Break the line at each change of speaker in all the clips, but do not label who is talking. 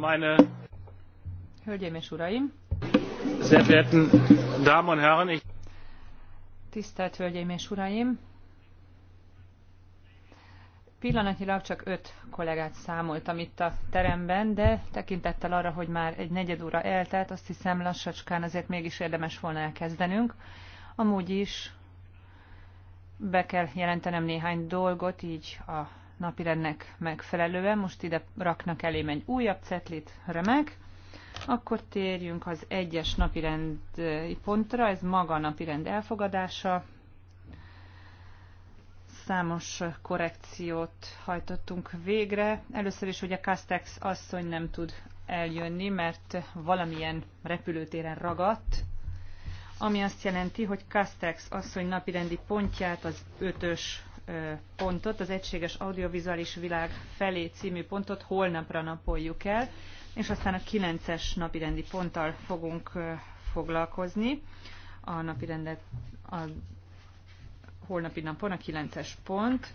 meine
Hölgyeim és Uraim!
Sehr verehrten Damen und Herren! Ich
Tisztelt Hölgyeim és Uraim! Pillanatnyilag csak öt kollégát számoltam itt a teremben, de tekintettel arra, hogy már egy negyed óra eltelt, azt hiszem lassacskán azért mégis érdemes volna elkezdenünk. Amúgy is be kell jelentenem néhány dolgot, így a napirendnek megfelelően. Most ide raknak elém egy újabb cetlit, remek. Akkor térjünk az egyes napirendi pontra, ez maga a napirend elfogadása. Számos korrekciót hajtottunk végre. Először is, hogy a Castex asszony nem tud eljönni, mert valamilyen repülőtéren ragadt, ami azt jelenti, hogy Castex asszony napirendi pontját, az ötös pontot, az Egységes Audiovizuális Világ felé című pontot holnapra napoljuk el, és aztán a 9-es napirendi ponttal fogunk foglalkozni. A napirendet a holnapi napon a 9-es pont.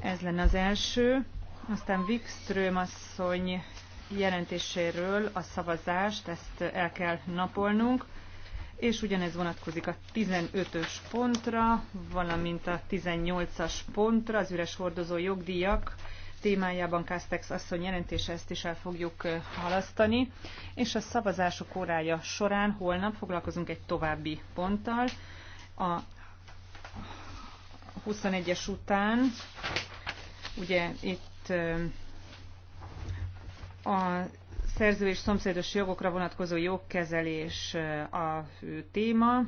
Ez lenne az első. Aztán Wikström asszony jelentéséről a szavazást, ezt el kell napolnunk és ugyanez vonatkozik a 15-ös pontra, valamint a 18-as pontra, az üres hordozó jogdíjak témájában Castex asszony jelentése, ezt is el fogjuk halasztani, és a szavazások órája során holnap foglalkozunk egy további ponttal, a 21-es után, ugye itt a szerződés szomszédos jogokra vonatkozó jogkezelés a fő téma.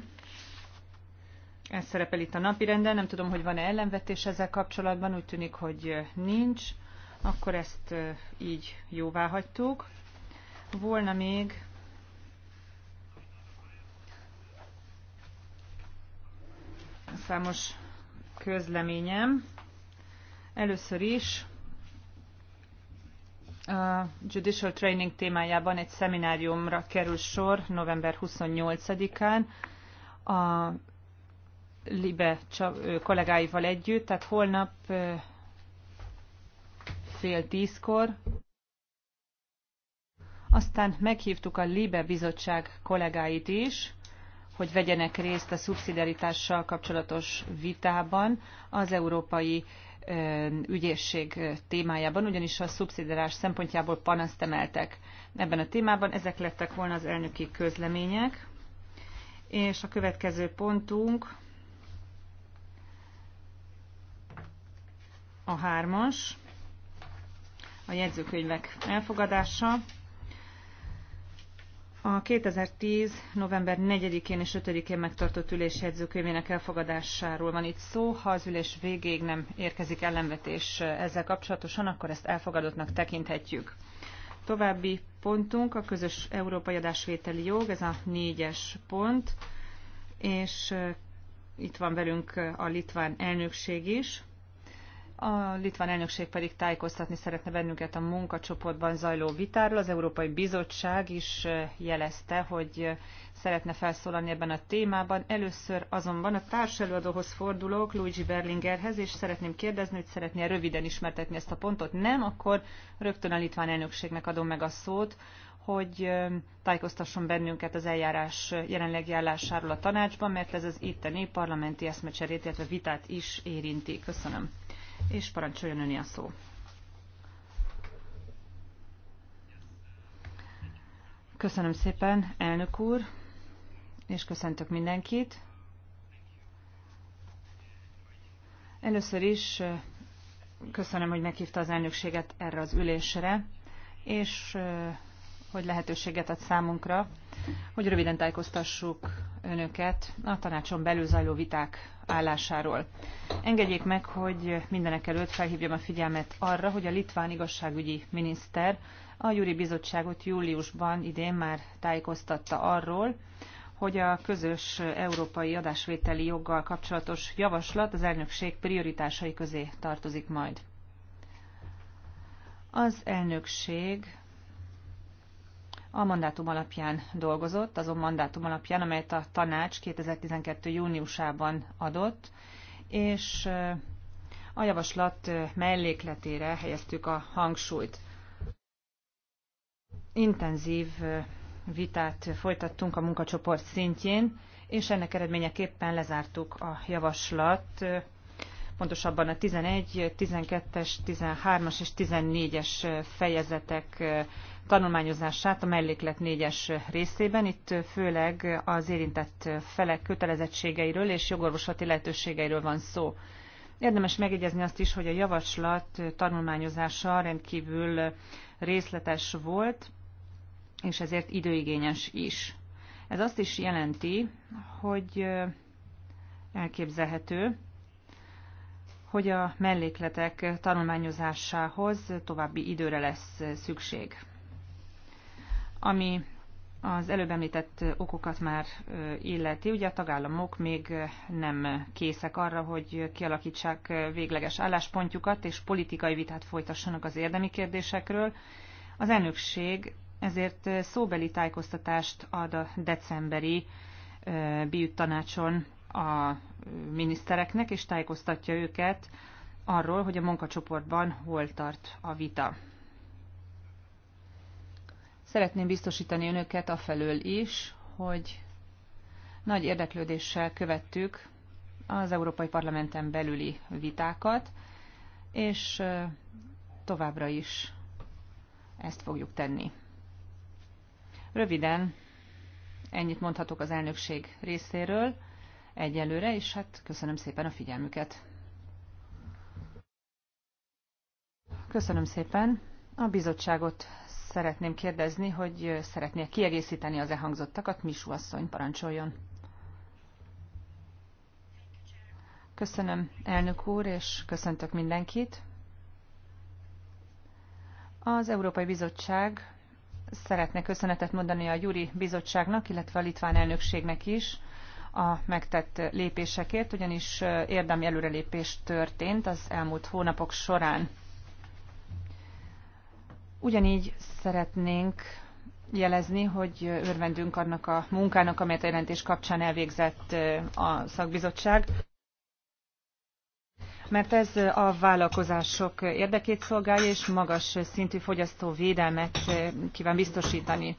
Ez szerepel itt a napirenden, nem tudom, hogy van-e ellenvetés ezzel kapcsolatban, úgy tűnik, hogy nincs. Akkor ezt így jóvá hagytuk. Volna még számos közleményem. Először is a Judicial Training témájában egy szemináriumra kerül sor november 28-án a Libe kollégáival együtt, tehát holnap fél tízkor. Aztán meghívtuk a Libe bizottság kollégáit is, hogy vegyenek részt a szubszidaritással kapcsolatos vitában az európai ügyészség témájában, ugyanis a szubszidiarás szempontjából panaszt emeltek ebben a témában. Ezek lettek volna az elnöki közlemények. És a következő pontunk a hármas, a jegyzőkönyvek elfogadása. A 2010. november 4-én és 5-én megtartott ülés jegyzőkönyvének elfogadásáról van itt szó. Ha az ülés végéig nem érkezik ellenvetés ezzel kapcsolatosan, akkor ezt elfogadottnak tekinthetjük. További pontunk a közös európai adásvételi jog, ez a négyes pont, és itt van velünk a litván elnökség is. A litván elnökség pedig tájékoztatni szeretne bennünket a munkacsoportban zajló vitáról. Az Európai Bizottság is eh, jelezte, hogy eh, szeretne felszólalni ebben a témában. Először azonban a társelőadóhoz fordulok, Luigi Berlingerhez, és szeretném kérdezni, hogy szeretné röviden ismertetni ezt a pontot. Nem, akkor rögtön a litván elnökségnek adom meg a szót, hogy eh, tájékoztasson bennünket az eljárás jelenlegi állásáról a tanácsban, mert ez az itteni parlamenti eszmecserét, illetve vitát is érinti. Köszönöm és parancsoljon öni a szó. Köszönöm szépen, elnök úr, és köszöntök mindenkit. Először is köszönöm, hogy meghívta az elnökséget erre az ülésre, és hogy lehetőséget ad számunkra, hogy röviden tájékoztassuk önöket a tanácson belül zajló viták állásáról. Engedjék meg, hogy mindenek előtt felhívjam a figyelmet arra, hogy a litván igazságügyi miniszter a Júri Bizottságot júliusban idén már tájékoztatta arról, hogy a közös európai adásvételi joggal kapcsolatos javaslat az elnökség prioritásai közé tartozik majd. Az elnökség a mandátum alapján dolgozott, azon mandátum alapján, amelyet a tanács 2012. júniusában adott, és a javaslat mellékletére helyeztük a hangsúlyt. Intenzív vitát folytattunk a munkacsoport szintjén, és ennek eredményeképpen lezártuk a javaslat pontosabban a 11, 12-es, 13-as és 14-es fejezetek eh, tanulmányozását a melléklet 4-es részében. Itt eh, főleg az érintett felek kötelezettségeiről és jogorvoslati lehetőségeiről van szó. Érdemes megjegyezni azt is, hogy a javaslat tanulmányozása rendkívül részletes volt, és ezért időigényes is. Ez azt is jelenti, hogy eh, elképzelhető, hogy a mellékletek tanulmányozásához további időre lesz szükség. Ami az előbb említett okokat már illeti, ugye a tagállamok még nem készek arra, hogy kialakítsák végleges álláspontjukat és politikai vitát folytassanak az érdemi kérdésekről. Az elnökség ezért szóbeli tájékoztatást ad a decemberi tanácson a minisztereknek, és tájékoztatja őket arról, hogy a munkacsoportban hol tart a vita. Szeretném biztosítani önöket afelől is, hogy nagy érdeklődéssel követtük az Európai Parlamenten belüli vitákat, és továbbra is ezt fogjuk tenni. Röviden ennyit mondhatok az elnökség részéről egyelőre, és hát köszönöm szépen a figyelmüket. Köszönöm szépen. A bizottságot szeretném kérdezni, hogy szeretné kiegészíteni az elhangzottakat. Misú asszony, parancsoljon. Köszönöm, elnök úr, és köszöntök mindenkit. Az Európai Bizottság szeretne köszönetet mondani a Juri Bizottságnak, illetve a Litván elnökségnek is a megtett lépésekért, ugyanis érdemi előrelépés történt az elmúlt hónapok során. Ugyanígy szeretnénk jelezni, hogy örvendünk annak a munkának, amelyet a jelentés kapcsán elvégzett a szakbizottság mert ez a vállalkozások érdekét szolgálja, és magas szintű fogyasztóvédelmet kíván biztosítani.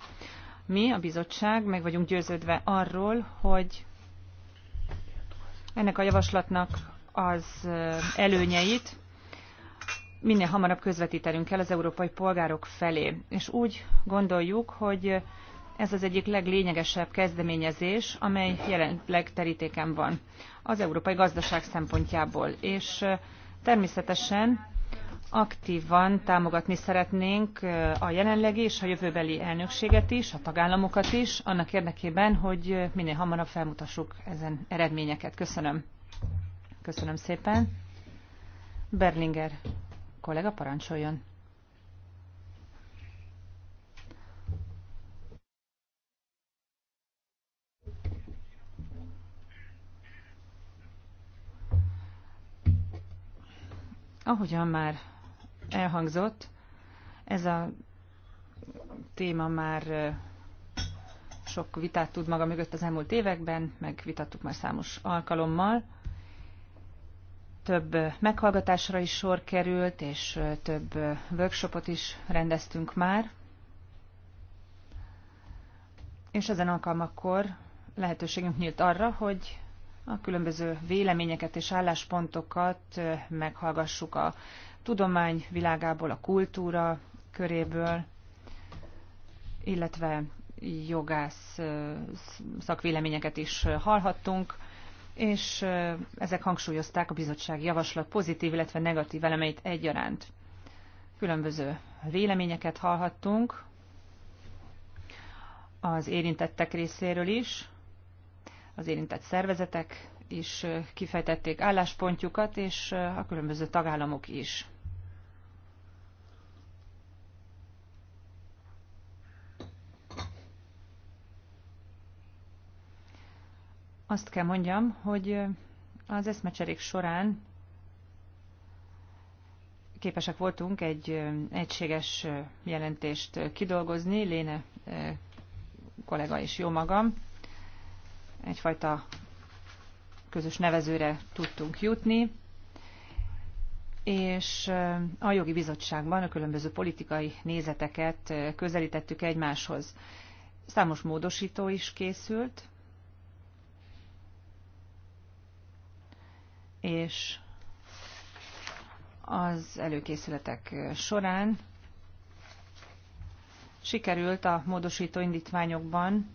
Mi, a bizottság, meg vagyunk győződve arról, hogy ennek a javaslatnak az előnyeit minél hamarabb közvetítenünk kell az európai polgárok felé. És úgy gondoljuk, hogy ez az egyik leglényegesebb kezdeményezés, amely jelenleg terítéken van az európai gazdaság szempontjából. És természetesen aktívan támogatni szeretnénk a jelenlegi és a jövőbeli elnökséget is, a tagállamokat is, annak érdekében, hogy minél hamarabb felmutassuk ezen eredményeket. Köszönöm. Köszönöm szépen. Berlinger kollega parancsoljon. Ahogyan már elhangzott. Ez a téma már sok vitát tud maga mögött az elmúlt években, meg vitattuk már számos alkalommal. Több meghallgatásra is sor került, és több workshopot is rendeztünk már. És ezen alkalmakkor lehetőségünk nyílt arra, hogy a különböző véleményeket és álláspontokat meghallgassuk a tudomány világából, a kultúra köréből, illetve jogász szakvéleményeket is hallhattunk, és ezek hangsúlyozták a bizottság javaslat pozitív, illetve negatív elemeit egyaránt. Különböző véleményeket hallhattunk az érintettek részéről is, az érintett szervezetek is kifejtették álláspontjukat, és a különböző tagállamok is. Azt kell mondjam, hogy az eszmecserék során képesek voltunk egy egységes jelentést kidolgozni, Léne kollega és jó magam. Egyfajta közös nevezőre tudtunk jutni, és a jogi bizottságban a különböző politikai nézeteket közelítettük egymáshoz. Számos módosító is készült, és az előkészületek során sikerült a módosító indítványokban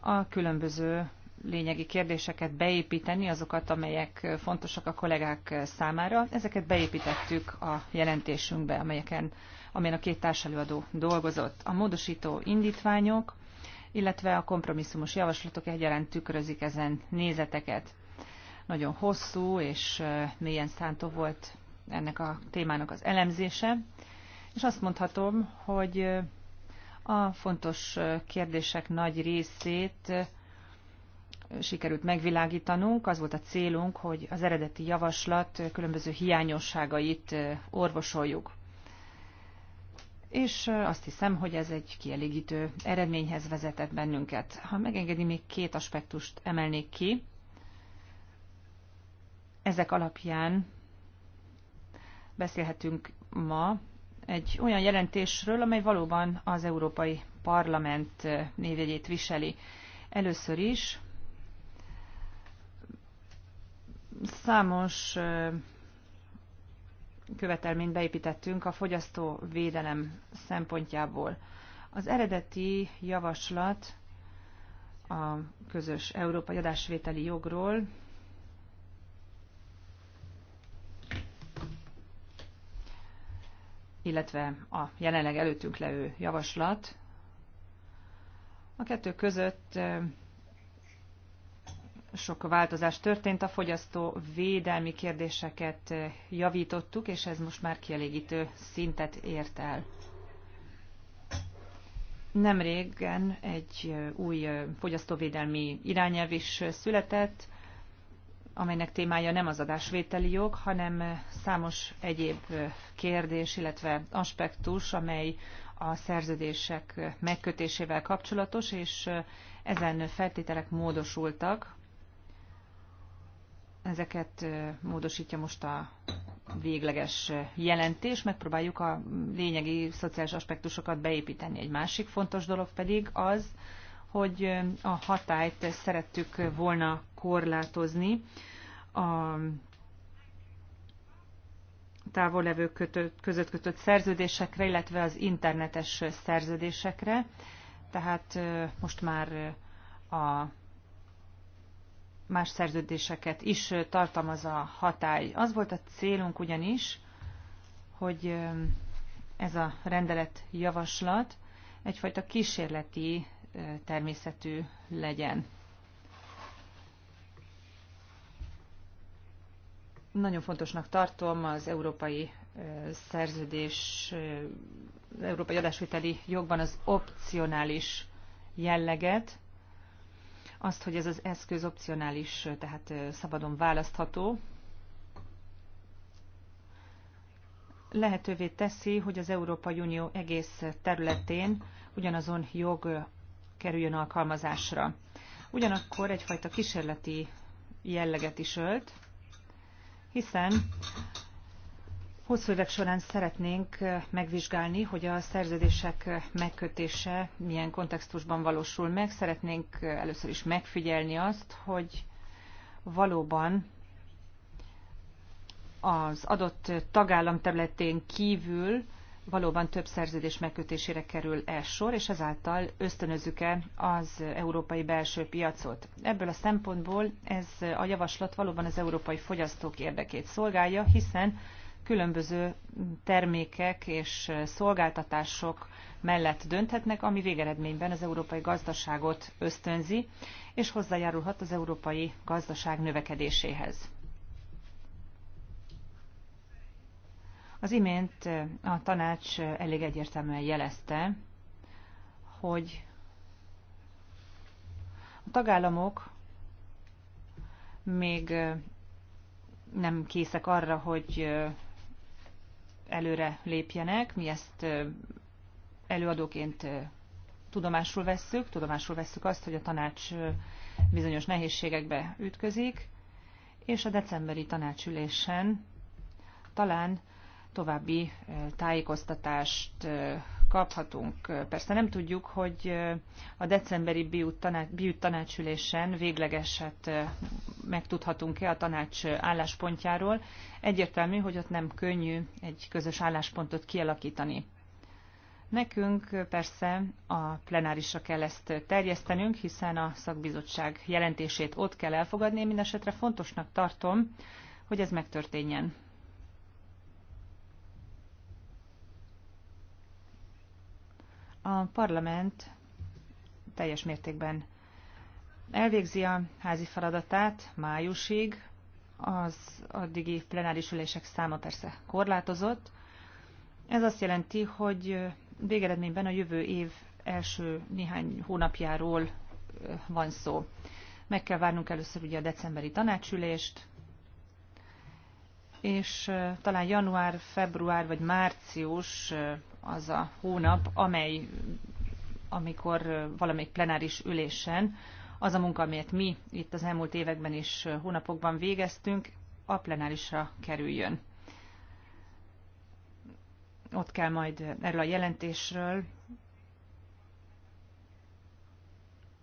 a különböző lényegi kérdéseket beépíteni, azokat, amelyek fontosak a kollégák számára. Ezeket beépítettük a jelentésünkbe, amelyeken, amelyen a két társelőadó dolgozott. A módosító indítványok, illetve a kompromisszumos javaslatok egyaránt tükrözik ezen nézeteket. Nagyon hosszú és mélyen szántó volt ennek a témának az elemzése, és azt mondhatom, hogy a fontos kérdések nagy részét sikerült megvilágítanunk. Az volt a célunk, hogy az eredeti javaslat különböző hiányosságait orvosoljuk. És azt hiszem, hogy ez egy kielégítő eredményhez vezetett bennünket. Ha megengedi, még két aspektust emelnék ki ezek alapján beszélhetünk ma egy olyan jelentésről, amely valóban az Európai Parlament névjegyét viseli. Először is számos követelményt beépítettünk a fogyasztóvédelem szempontjából. Az eredeti javaslat a közös európai adásvételi jogról illetve a jelenleg előttünk levő javaslat. A kettő között sok változás történt, a fogyasztó védelmi kérdéseket javítottuk, és ez most már kielégítő szintet ért el. Nemrégen egy új fogyasztóvédelmi irányelv is született, amelynek témája nem az adásvételi jog, hanem számos egyéb kérdés, illetve aspektus, amely a szerződések megkötésével kapcsolatos, és ezen feltételek módosultak. Ezeket módosítja most a végleges jelentés, megpróbáljuk a lényegi szociális aspektusokat beépíteni. Egy másik fontos dolog pedig az, hogy a hatályt szerettük volna korlátozni a távollevők kötött, között kötött szerződésekre, illetve az internetes szerződésekre. Tehát most már a más szerződéseket is tartalmaz a hatály. Az volt a célunk ugyanis, hogy ez a rendelet javaslat egyfajta kísérleti természetű legyen. Nagyon fontosnak tartom az európai szerződés, európai adásviteli jogban az opcionális jelleget, azt, hogy ez az eszköz opcionális, tehát szabadon választható, lehetővé teszi, hogy az Európai Unió egész területén ugyanazon jog kerüljön alkalmazásra. Ugyanakkor egyfajta kísérleti jelleget is ölt, hiszen hosszú évek során szeretnénk megvizsgálni, hogy a szerződések megkötése milyen kontextusban valósul meg. Szeretnénk először is megfigyelni azt, hogy valóban az adott tagállam területén kívül valóban több szerződés megkötésére kerül-e sor, és ezáltal ösztönözzük-e az európai belső piacot. Ebből a szempontból ez a javaslat valóban az európai fogyasztók érdekét szolgálja, hiszen különböző termékek és szolgáltatások mellett dönthetnek, ami végeredményben az európai gazdaságot ösztönzi, és hozzájárulhat az európai gazdaság növekedéséhez. Az imént a tanács elég egyértelműen jelezte, hogy a tagállamok még nem készek arra, hogy előre lépjenek. Mi ezt előadóként tudomásul vesszük, tudomásul vesszük azt, hogy a tanács bizonyos nehézségekbe ütközik, és a decemberi tanácsülésen talán további tájékoztatást kaphatunk. Persze nem tudjuk, hogy a decemberi biut tanácsülésen véglegeset megtudhatunk-e a tanács álláspontjáról. Egyértelmű, hogy ott nem könnyű egy közös álláspontot kialakítani. Nekünk persze a plenárisra kell ezt terjesztenünk, hiszen a szakbizottság jelentését ott kell elfogadni, mindesetre fontosnak tartom, hogy ez megtörténjen. A parlament teljes mértékben elvégzi a házi feladatát májusig, az addigi plenáris ülések száma persze korlátozott. Ez azt jelenti, hogy végeredményben a jövő év első néhány hónapjáról van szó. Meg kell várnunk először ugye a decemberi tanácsülést, és talán január, február vagy március az a hónap, amely, amikor valamelyik plenáris ülésen az a munka, amelyet mi itt az elmúlt években és hónapokban végeztünk, a plenárisra kerüljön. Ott kell majd erről a jelentésről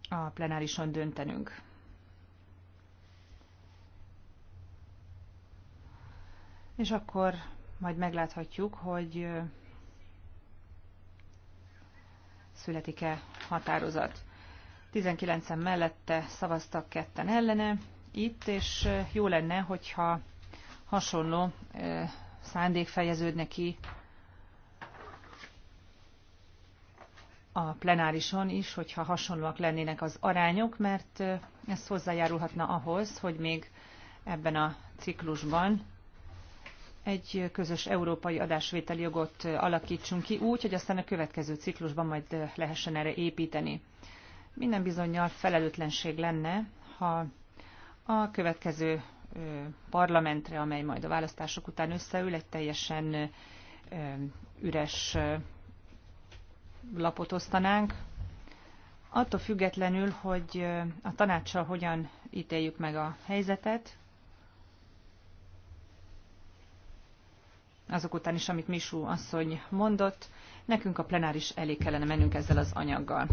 a plenárison döntenünk. és akkor majd megláthatjuk, hogy születik-e határozat. 19 mellette szavaztak ketten ellene itt, és jó lenne, hogyha hasonló szándék fejeződne ki a plenárison is, hogyha hasonlóak lennének az arányok, mert ez hozzájárulhatna ahhoz, hogy még ebben a ciklusban egy közös európai adásvételi jogot alakítsunk ki úgy, hogy aztán a következő ciklusban majd lehessen erre építeni. Minden bizonyal felelőtlenség lenne, ha a következő parlamentre, amely majd a választások után összeül, egy teljesen üres lapot osztanánk. Attól függetlenül, hogy a tanácssal hogyan ítéljük meg a helyzetet, azok után is, amit Misú asszony mondott, nekünk a plenáris elé kellene mennünk ezzel az anyaggal.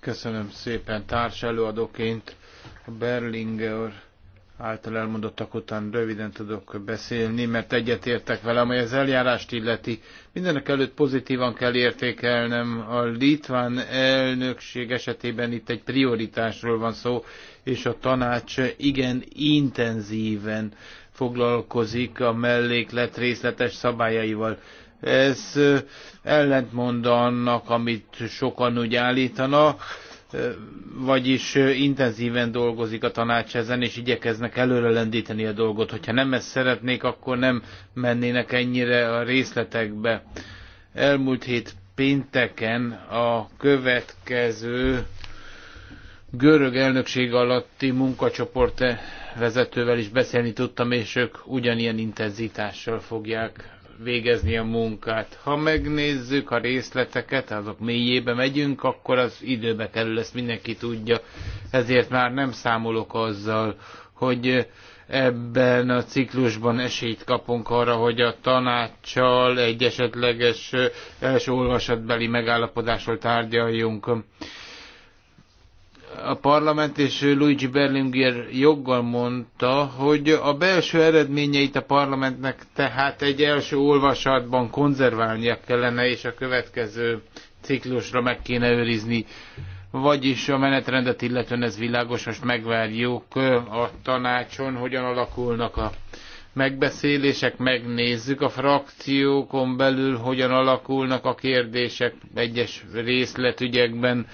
Köszönöm szépen társ előadóként Berlinger által elmondottak után röviden tudok beszélni, mert egyetértek velem, hogy az eljárást illeti. Mindenek előtt pozitívan kell értékelnem. A litván elnökség esetében itt egy prioritásról van szó, és a tanács igen intenzíven foglalkozik a melléklet részletes szabályaival. Ez ellentmond annak, amit sokan úgy állítanak, vagyis intenzíven dolgozik a tanács ezen, és igyekeznek előre lendíteni a dolgot. Hogyha nem ezt szeretnék, akkor nem mennének ennyire a részletekbe. Elmúlt hét pénteken a következő görög elnökség alatti munkacsoport vezetővel is beszélni tudtam, és ők ugyanilyen intenzitással fogják végezni a munkát. Ha megnézzük a részleteket, azok mélyébe megyünk, akkor az időbe kerül, ezt mindenki tudja. Ezért már nem számolok azzal, hogy ebben a ciklusban esélyt kapunk arra, hogy a tanácssal egy esetleges első olvasatbeli megállapodásról tárgyaljunk a parlament és Luigi Berlinguer joggal mondta, hogy a belső eredményeit a parlamentnek tehát egy első olvasatban konzerválnia kellene, és a következő ciklusra meg kéne őrizni. Vagyis a menetrendet illetően ez világos, most megvárjuk a tanácson, hogyan alakulnak a megbeszélések, megnézzük a frakciókon belül, hogyan alakulnak a kérdések egyes részletügyekben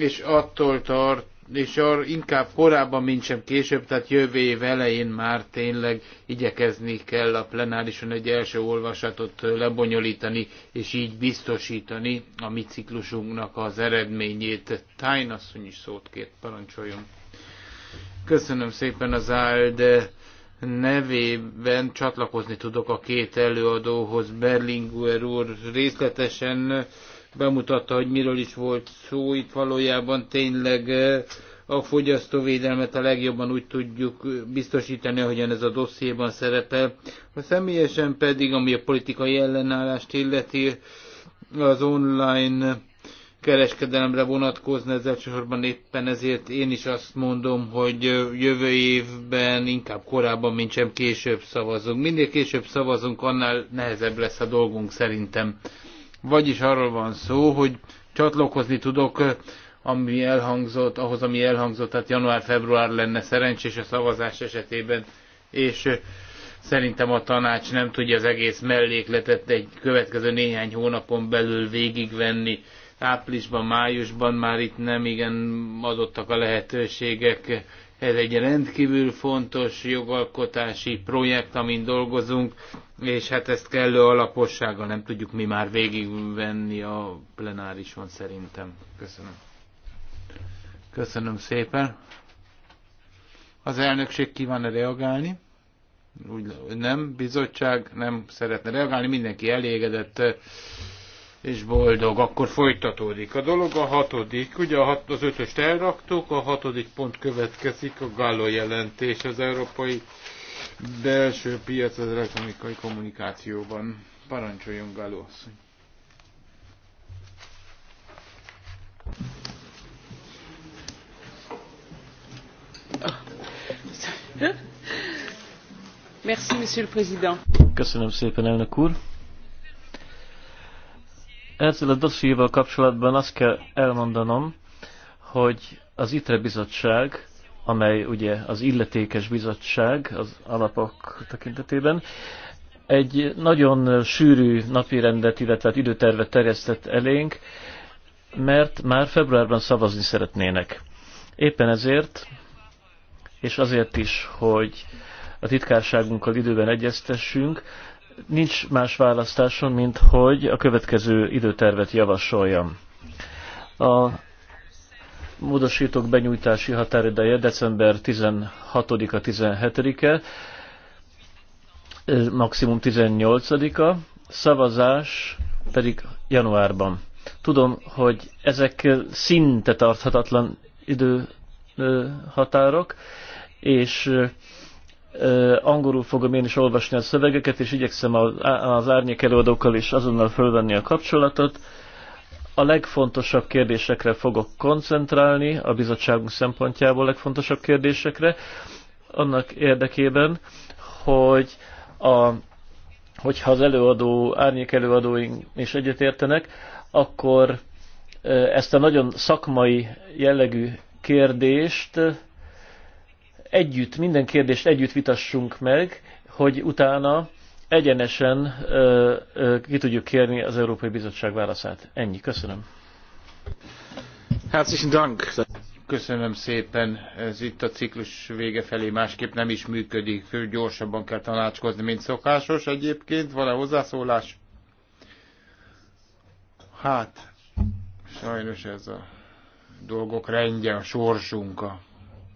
és attól tart, és arra inkább korábban, mint sem később, tehát jövő év elején már tényleg igyekezni kell a plenárison egy első olvasatot lebonyolítani, és így biztosítani a mi ciklusunknak az eredményét. Tájn asszony is szót kért, parancsoljon. Köszönöm szépen az áld nevében csatlakozni tudok a két előadóhoz. Berlinguer úr részletesen bemutatta, hogy miről is volt szó. Itt valójában tényleg a fogyasztóvédelmet a legjobban úgy tudjuk biztosítani, ahogyan ez a dossziéban szerepel. A személyesen pedig, ami a politikai ellenállást illeti, az online kereskedelemre vonatkozni ez elsősorban éppen ezért én is azt mondom, hogy jövő évben inkább korábban, mint sem később szavazunk. Minél később szavazunk, annál nehezebb lesz a dolgunk szerintem. Vagyis arról van szó, hogy csatlakozni tudok eh, ami elhangzott, ahhoz, ami elhangzott, tehát január-február lenne szerencsés a szavazás esetében, és eh, szerintem a tanács nem tudja az egész mellékletet egy következő néhány hónapon belül végigvenni. Áprilisban, májusban már itt nem igen adottak a lehetőségek, ez egy rendkívül fontos jogalkotási projekt, amin dolgozunk, és hát ezt kellő alapossággal nem tudjuk mi már végigvenni a plenárison szerintem. Köszönöm. Köszönöm szépen. Az elnökség kíván reagálni? Úgy, nem, bizottság nem szeretne reagálni, mindenki elégedett és boldog, akkor folytatódik a dolog. A hatodik, ugye az ötöst elraktuk, a hatodik pont következik, a Gallo jelentés az európai belső piac az elektronikai kommunikációban. Parancsoljon Gallo asszony.
Köszönöm szépen, elnök úr. Ezzel a dossziéval kapcsolatban azt kell elmondanom, hogy az ITRE bizottság, amely ugye az illetékes bizottság az alapok tekintetében, egy nagyon sűrű napirendet, illetve hát időtervet terjesztett elénk, mert már februárban szavazni szeretnének. Éppen ezért, és azért is, hogy a titkárságunkkal időben egyeztessünk, nincs más választásom, mint hogy a következő időtervet javasoljam. A módosítók benyújtási határideje december 16-a 17-e, maximum 18-a, szavazás pedig januárban. Tudom, hogy ezek szinte tarthatatlan időhatárok, és angolul fogom én is olvasni a szövegeket, és igyekszem az árnyék előadókkal is azonnal fölvenni a kapcsolatot. A legfontosabb kérdésekre fogok koncentrálni, a bizottságunk szempontjából legfontosabb kérdésekre, annak érdekében, hogy a, hogyha az előadó, árnyék előadóink is egyetértenek, akkor ezt a nagyon szakmai jellegű kérdést együtt, minden kérdést együtt vitassunk meg, hogy utána egyenesen ö, ö, ki tudjuk kérni az Európai Bizottság válaszát. Ennyi, köszönöm.
Herzlichen Dank. Köszönöm szépen. Ez itt a ciklus vége felé másképp nem is működik. Fő gyorsabban kell tanácskozni, mint szokásos egyébként. Van-e hozzászólás? Hát, sajnos ez a dolgok rendje, a sorsunk, a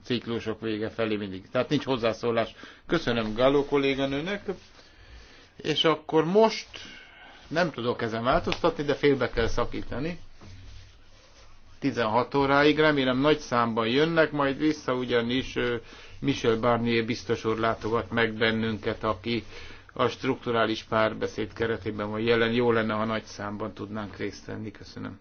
ciklusok vége felé mindig. Tehát nincs hozzászólás. Köszönöm Galló kolléganőnek. És akkor most nem tudok ezen változtatni, de félbe kell szakítani. 16 óráig, remélem nagy számban jönnek, majd vissza ugyanis Michel Barnier biztos úr látogat meg bennünket, aki a strukturális párbeszéd keretében van jelen. Jó lenne, ha nagy számban tudnánk részt venni. Köszönöm.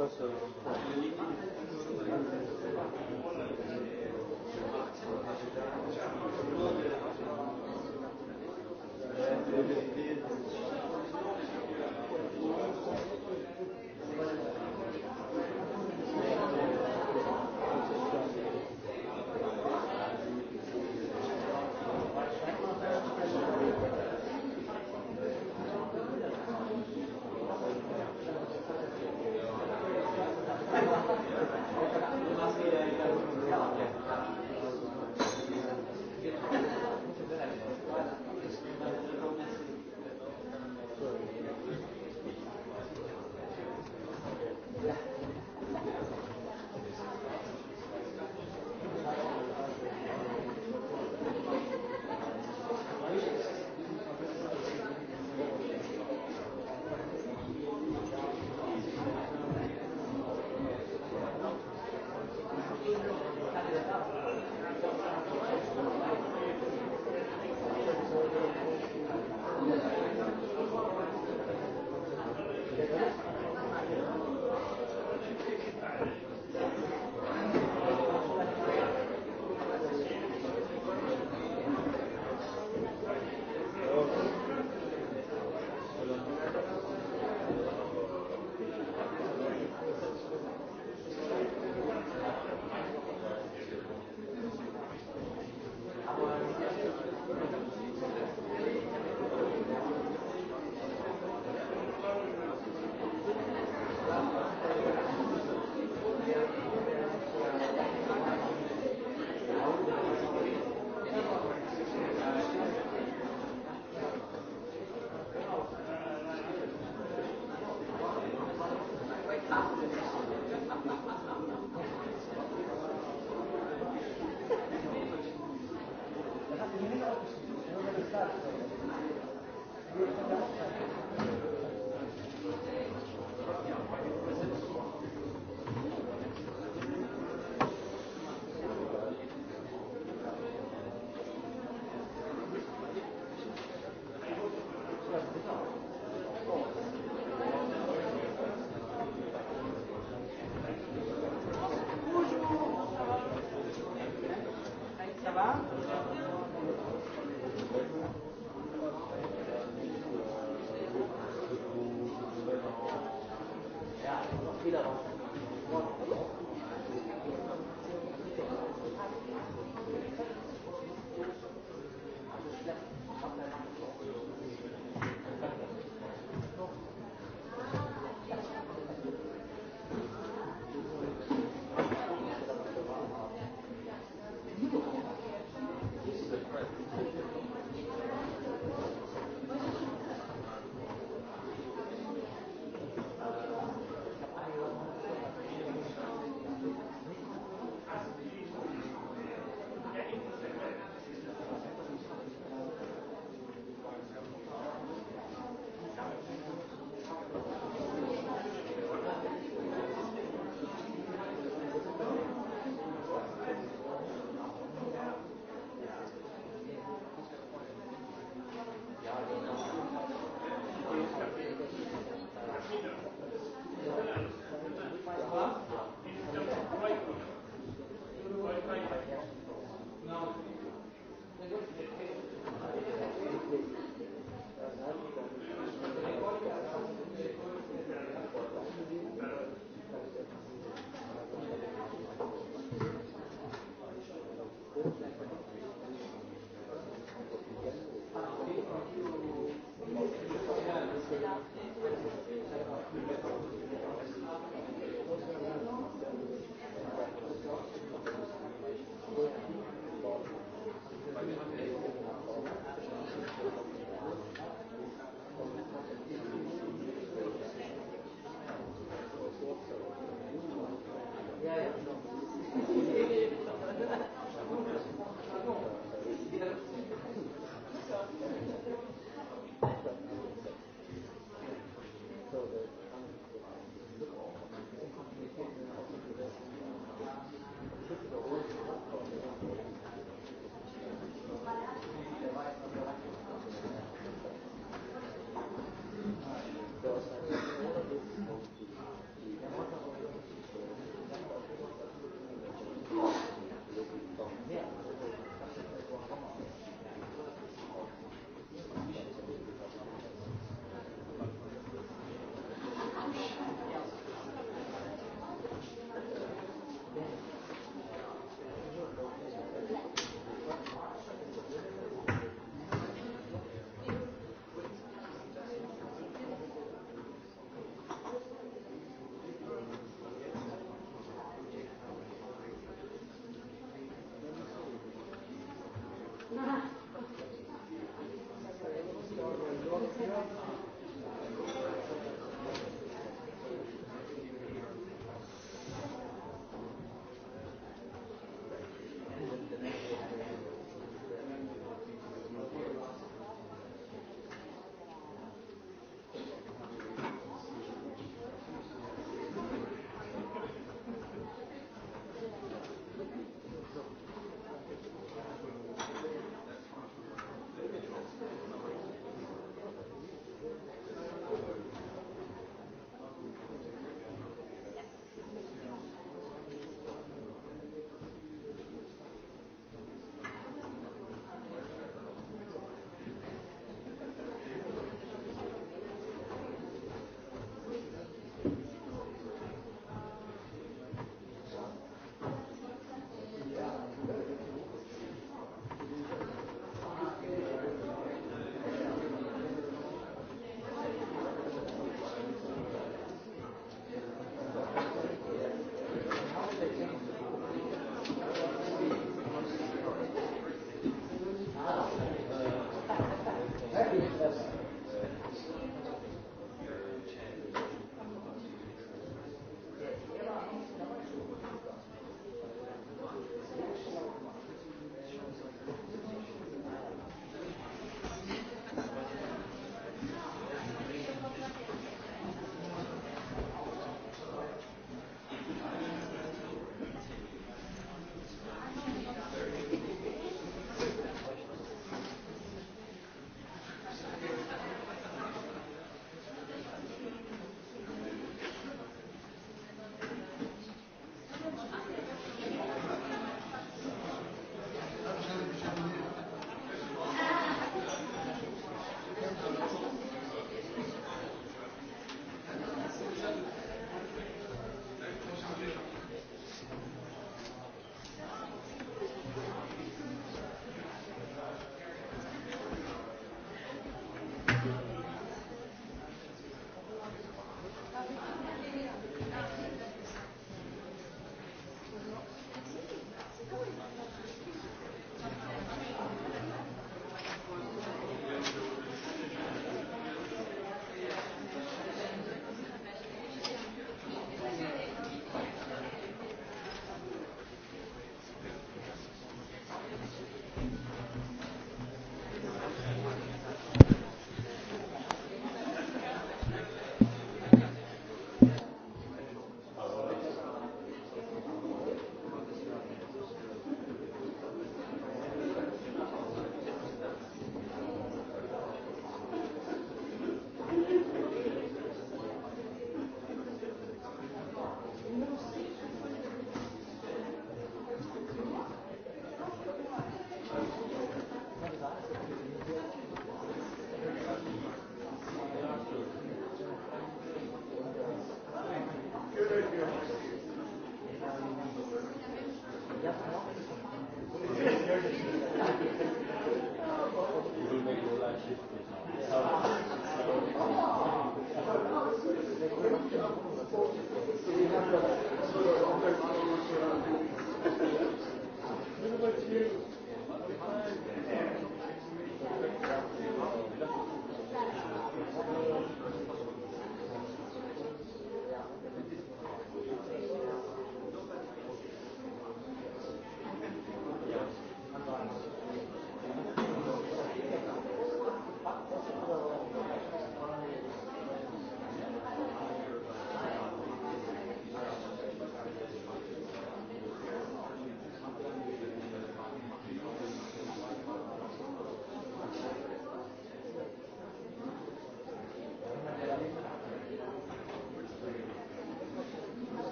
Pourquoi ça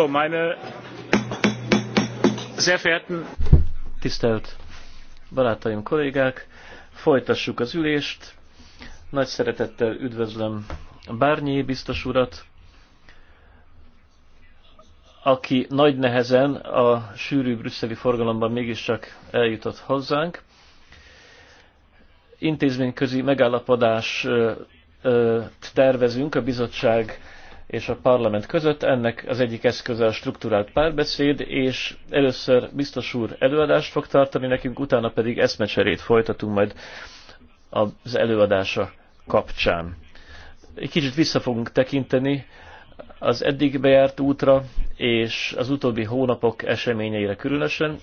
meine sehr verehrten Tisztelt barátaim, kollégák! Folytassuk az ülést. Nagy szeretettel üdvözlöm Bárnyi biztos urat, aki nagy nehezen a sűrű brüsszeli forgalomban mégiscsak eljutott hozzánk. Intézményközi megállapodás tervezünk a bizottság és a parlament között. Ennek az egyik eszköze a struktúrált párbeszéd, és először biztos úr előadást fog tartani nekünk, utána pedig eszmecserét folytatunk majd az előadása kapcsán. Egy kicsit vissza fogunk tekinteni az eddig bejárt útra, és az utóbbi hónapok eseményeire különösen,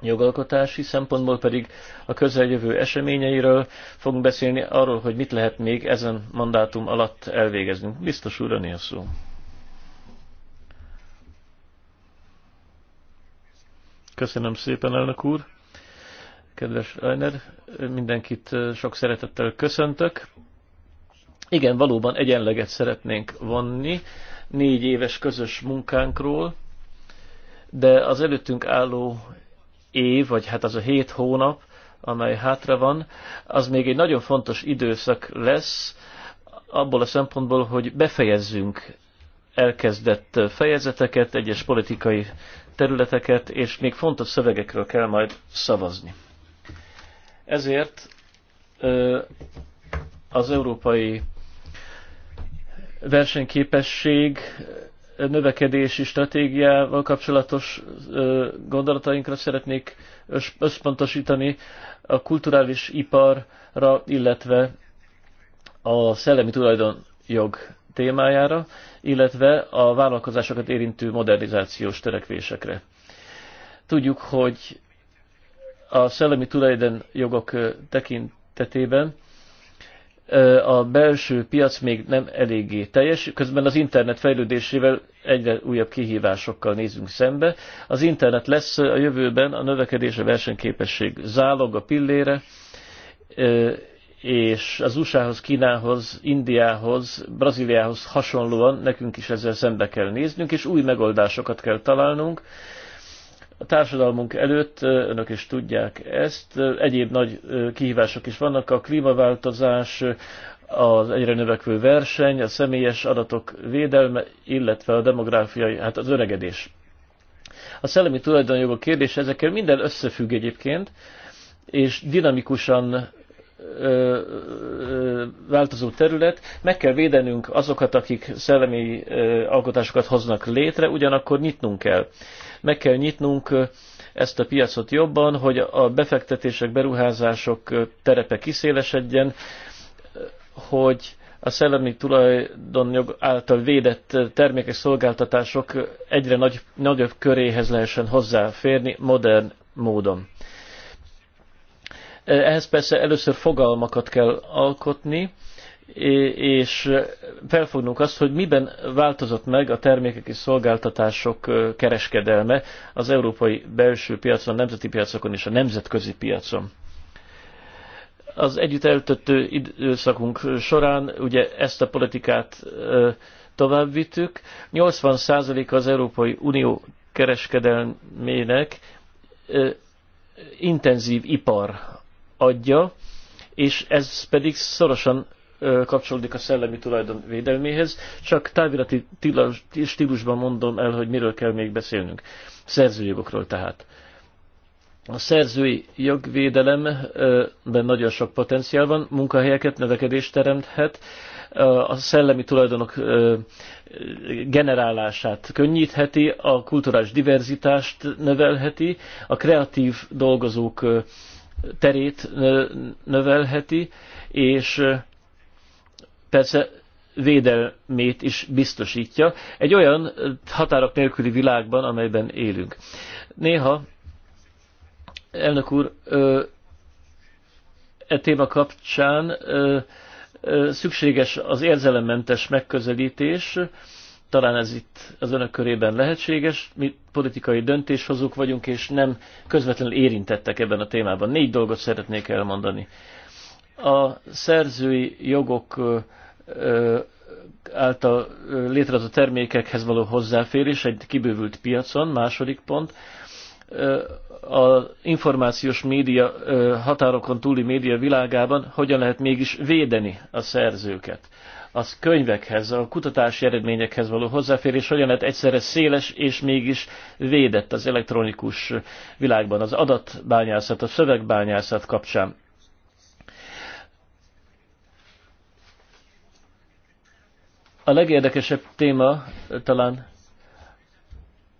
jogalkotási szempontból pedig a közeljövő eseményeiről fogunk beszélni, arról, hogy mit lehet még ezen mandátum alatt elvégezni. Biztos úr, a szó. Köszönöm szépen, elnök úr. Kedves Rainer, mindenkit sok szeretettel köszöntök. Igen, valóban egyenleget szeretnénk vonni négy éves közös munkánkról, de az előttünk álló év, vagy hát az a hét hónap, amely hátra van, az még egy nagyon fontos időszak lesz, abból a szempontból, hogy befejezzünk elkezdett fejezeteket, egyes politikai területeket, és még fontos szövegekről kell majd szavazni. Ezért az európai versenyképesség növekedési stratégiával kapcsolatos gondolatainkra szeretnék összpontosítani a kulturális iparra, illetve a szellemi tulajdonjog témájára, illetve a vállalkozásokat érintő modernizációs törekvésekre. Tudjuk, hogy a szellemi tulajdonjogok tekintetében a belső piac még nem eléggé teljes, közben az internet fejlődésével egyre újabb kihívásokkal nézünk szembe. Az internet lesz a jövőben a növekedés, a versenyképesség zálog a pillére, és az USA-hoz, Kínához, Indiához, Brazíliához hasonlóan nekünk is ezzel szembe kell néznünk, és új megoldásokat kell találnunk, a társadalmunk előtt, önök is tudják ezt, egyéb nagy kihívások is vannak, a klímaváltozás, az egyre növekvő verseny, a személyes adatok védelme, illetve a demográfiai, hát az öregedés. A szellemi tulajdonjogok kérdése ezekkel minden összefügg egyébként, és dinamikusan ö, ö, változó terület. Meg kell védenünk azokat, akik szellemi ö, alkotásokat hoznak létre, ugyanakkor nyitnunk kell. Meg kell nyitnunk ezt a piacot jobban, hogy a befektetések, beruházások terepe kiszélesedjen, hogy a szellemi tulajdonjog által védett termékek, szolgáltatások egyre nagy, nagyobb köréhez lehessen hozzáférni modern módon. Ehhez persze először fogalmakat kell alkotni, és felfognunk azt, hogy miben változott meg a termékek és szolgáltatások kereskedelme az európai belső piacon, a nemzeti piacokon és a nemzetközi piacon. Az együtt eltöltő időszakunk során ugye ezt a politikát tovább vittük. 80% az Európai Unió kereskedelmének intenzív ipar adja, és ez pedig szorosan kapcsolódik a szellemi tulajdon védelméhez, csak távirati stílusban mondom el, hogy miről kell még beszélnünk. Szerzőjogokról tehát. A szerzői jogvédelemben nagyon sok potenciál van, munkahelyeket, növekedést teremthet, a szellemi tulajdonok generálását könnyítheti, a kulturális diverzitást növelheti, a kreatív dolgozók terét növelheti, és persze védelmét is biztosítja, egy olyan határok nélküli világban, amelyben élünk. Néha, elnök úr, e téma kapcsán szükséges az érzelemmentes megközelítés, talán ez itt az önök körében lehetséges. Mi politikai döntéshozók vagyunk, és nem közvetlenül érintettek ebben a témában. Négy dolgot szeretnék elmondani a szerzői jogok által létrehozott termékekhez való hozzáférés egy kibővült piacon, második pont, a információs média, határokon túli média világában hogyan lehet mégis védeni a szerzőket. Az könyvekhez, a kutatási eredményekhez való hozzáférés hogyan lehet egyszerre széles és mégis védett az elektronikus világban, az adatbányászat, a szövegbányászat kapcsán. A legérdekesebb téma talán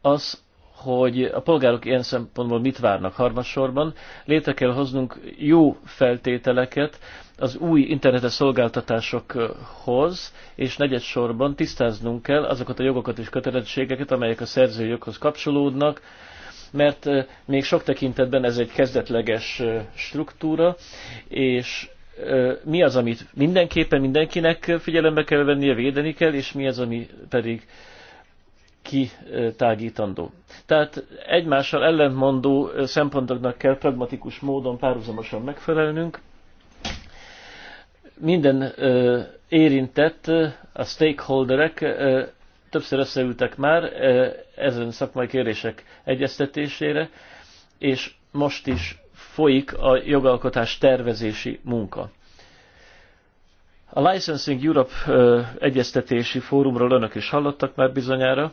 az, hogy a polgárok ilyen szempontból mit várnak harmadsorban. Létre kell hoznunk jó feltételeket az új internetes szolgáltatásokhoz, és negyedsorban tisztáznunk kell azokat a jogokat és kötelezettségeket, amelyek a szerzőjoghoz kapcsolódnak, mert még sok tekintetben ez egy kezdetleges struktúra, és mi az, amit mindenképpen mindenkinek figyelembe kell vennie, védeni kell, és mi az, ami pedig kitágítandó. Tehát egymással ellentmondó szempontoknak kell pragmatikus módon párhuzamosan megfelelnünk. Minden érintett, a stakeholderek többször összeültek már ezen szakmai kérések egyeztetésére, és most is folyik a jogalkotás tervezési munka. A Licensing Europe egyeztetési fórumról önök is hallottak már bizonyára.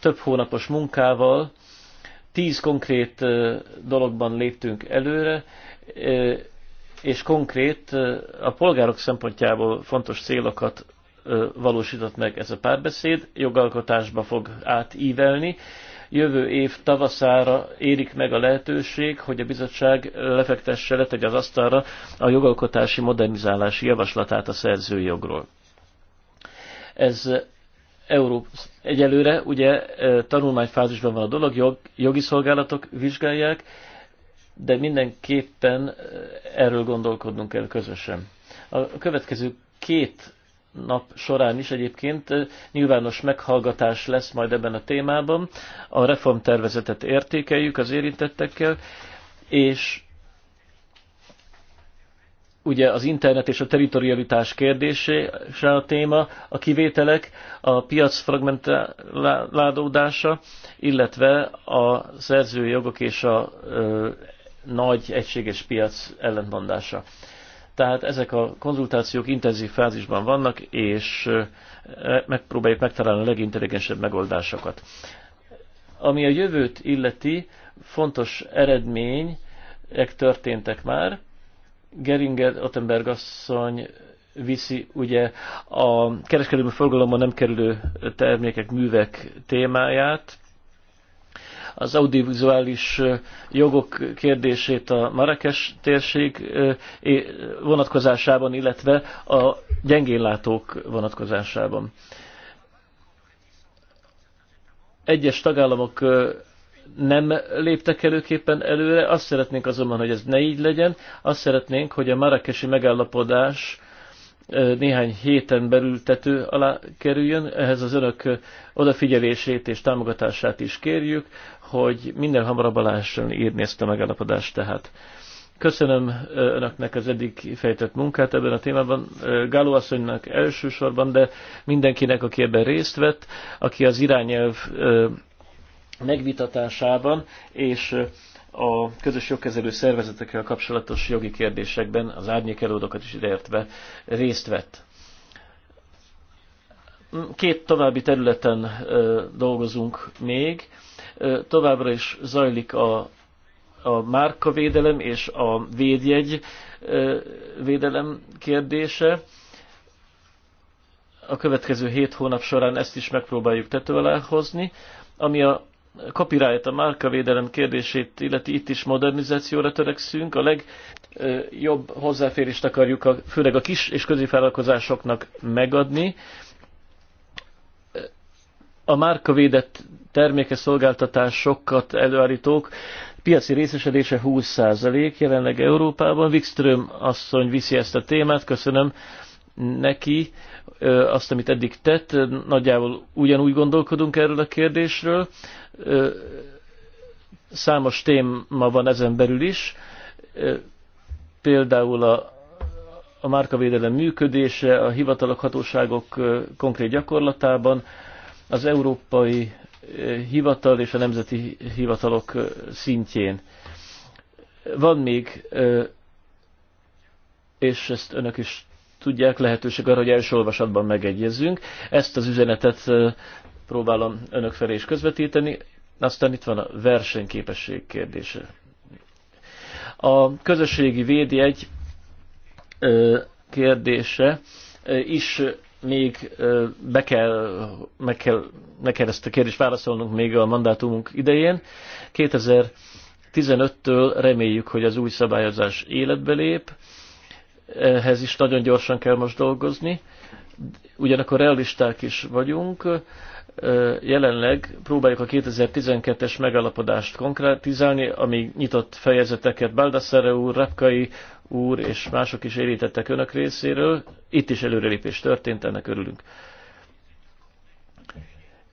Több hónapos munkával tíz konkrét dologban léptünk előre, és konkrét a polgárok szempontjából fontos célokat valósított meg ez a párbeszéd, jogalkotásba fog átívelni, jövő év tavaszára érik meg a lehetőség, hogy a bizottság lefektesse, letegye az asztalra a jogalkotási modernizálási javaslatát a szerzőjogról. Ez Európa. Egyelőre ugye e, tanulmányfázisban van a dolog, jog, jogi szolgálatok vizsgálják, de mindenképpen e, erről gondolkodnunk kell közösen. A következő két nap során is egyébként nyilvános meghallgatás lesz majd ebben a témában. A reformtervezetet értékeljük az érintettekkel, és ugye az internet és a teritorialitás kérdése a téma, a kivételek, a piac fragmentálódása, illetve a szerzői jogok és a ö, nagy egységes piac ellentmondása. Tehát ezek a konzultációk intenzív fázisban vannak, és megpróbáljuk megtalálni a legintelligensebb megoldásokat. Ami a jövőt illeti, fontos eredmények történtek már. Geringer Ottenberg asszony viszi ugye a kereskedelmi forgalomban nem kerülő termékek, művek témáját, az audiovizuális jogok kérdését a Marrakes térség vonatkozásában, illetve a gyengénlátók vonatkozásában. Egyes tagállamok nem léptek előképpen előre, azt szeretnénk azonban, hogy ez ne így legyen, azt szeretnénk, hogy a marakesi megállapodás néhány héten belül tető alá kerüljön. Ehhez az önök odafigyelését és támogatását is kérjük, hogy minden hamarabb alá essen írni ezt a megállapodást tehát. Köszönöm önöknek az eddig fejtett munkát ebben a témában, Gáló asszonynak elsősorban, de mindenkinek, aki ebben részt vett, aki az irányelv megvitatásában és a közös jogkezelő szervezetekkel kapcsolatos jogi kérdésekben az árnyékelődokat is ideértve részt vett. Két további területen dolgozunk még. Továbbra is zajlik a, a márkavédelem és a védjegy védelem kérdése. A következő hét hónap során ezt is megpróbáljuk tető alá hozni. Ami a copyright, a márkavédelem kérdését illeti itt is modernizációra törekszünk. A legjobb hozzáférést akarjuk a, főleg a kis és középvállalkozásoknak megadni. A márkavédett terméke szolgáltatásokat előállítók piaci részesedése 20% jelenleg Európában. Wikström asszony viszi ezt a témát, köszönöm neki azt, amit eddig tett, nagyjából ugyanúgy gondolkodunk erről a kérdésről. Számos téma van ezen belül is, például a, a márkavédelem működése, a hivatalok, hatóságok konkrét gyakorlatában, az európai hivatal és a nemzeti hivatalok szintjén. Van még, és ezt önök is tudják, lehetőség arra, hogy első olvasatban megegyezzünk. Ezt az üzenetet próbálom önök felé is közvetíteni. Aztán itt van a versenyképesség kérdése. A közösségi védjegy kérdése is még be kell, meg kell, meg kell ezt a kérdést válaszolnunk még a mandátumunk idején. 2015-től reméljük, hogy az új szabályozás életbe lép ehhez is nagyon gyorsan kell most dolgozni. Ugyanakkor realisták is vagyunk. Jelenleg próbáljuk a 2012-es megalapodást konkrétizálni, ami nyitott fejezeteket Baldassare úr, Repkai úr és mások is érintettek önök részéről. Itt is előrelépés történt, ennek örülünk.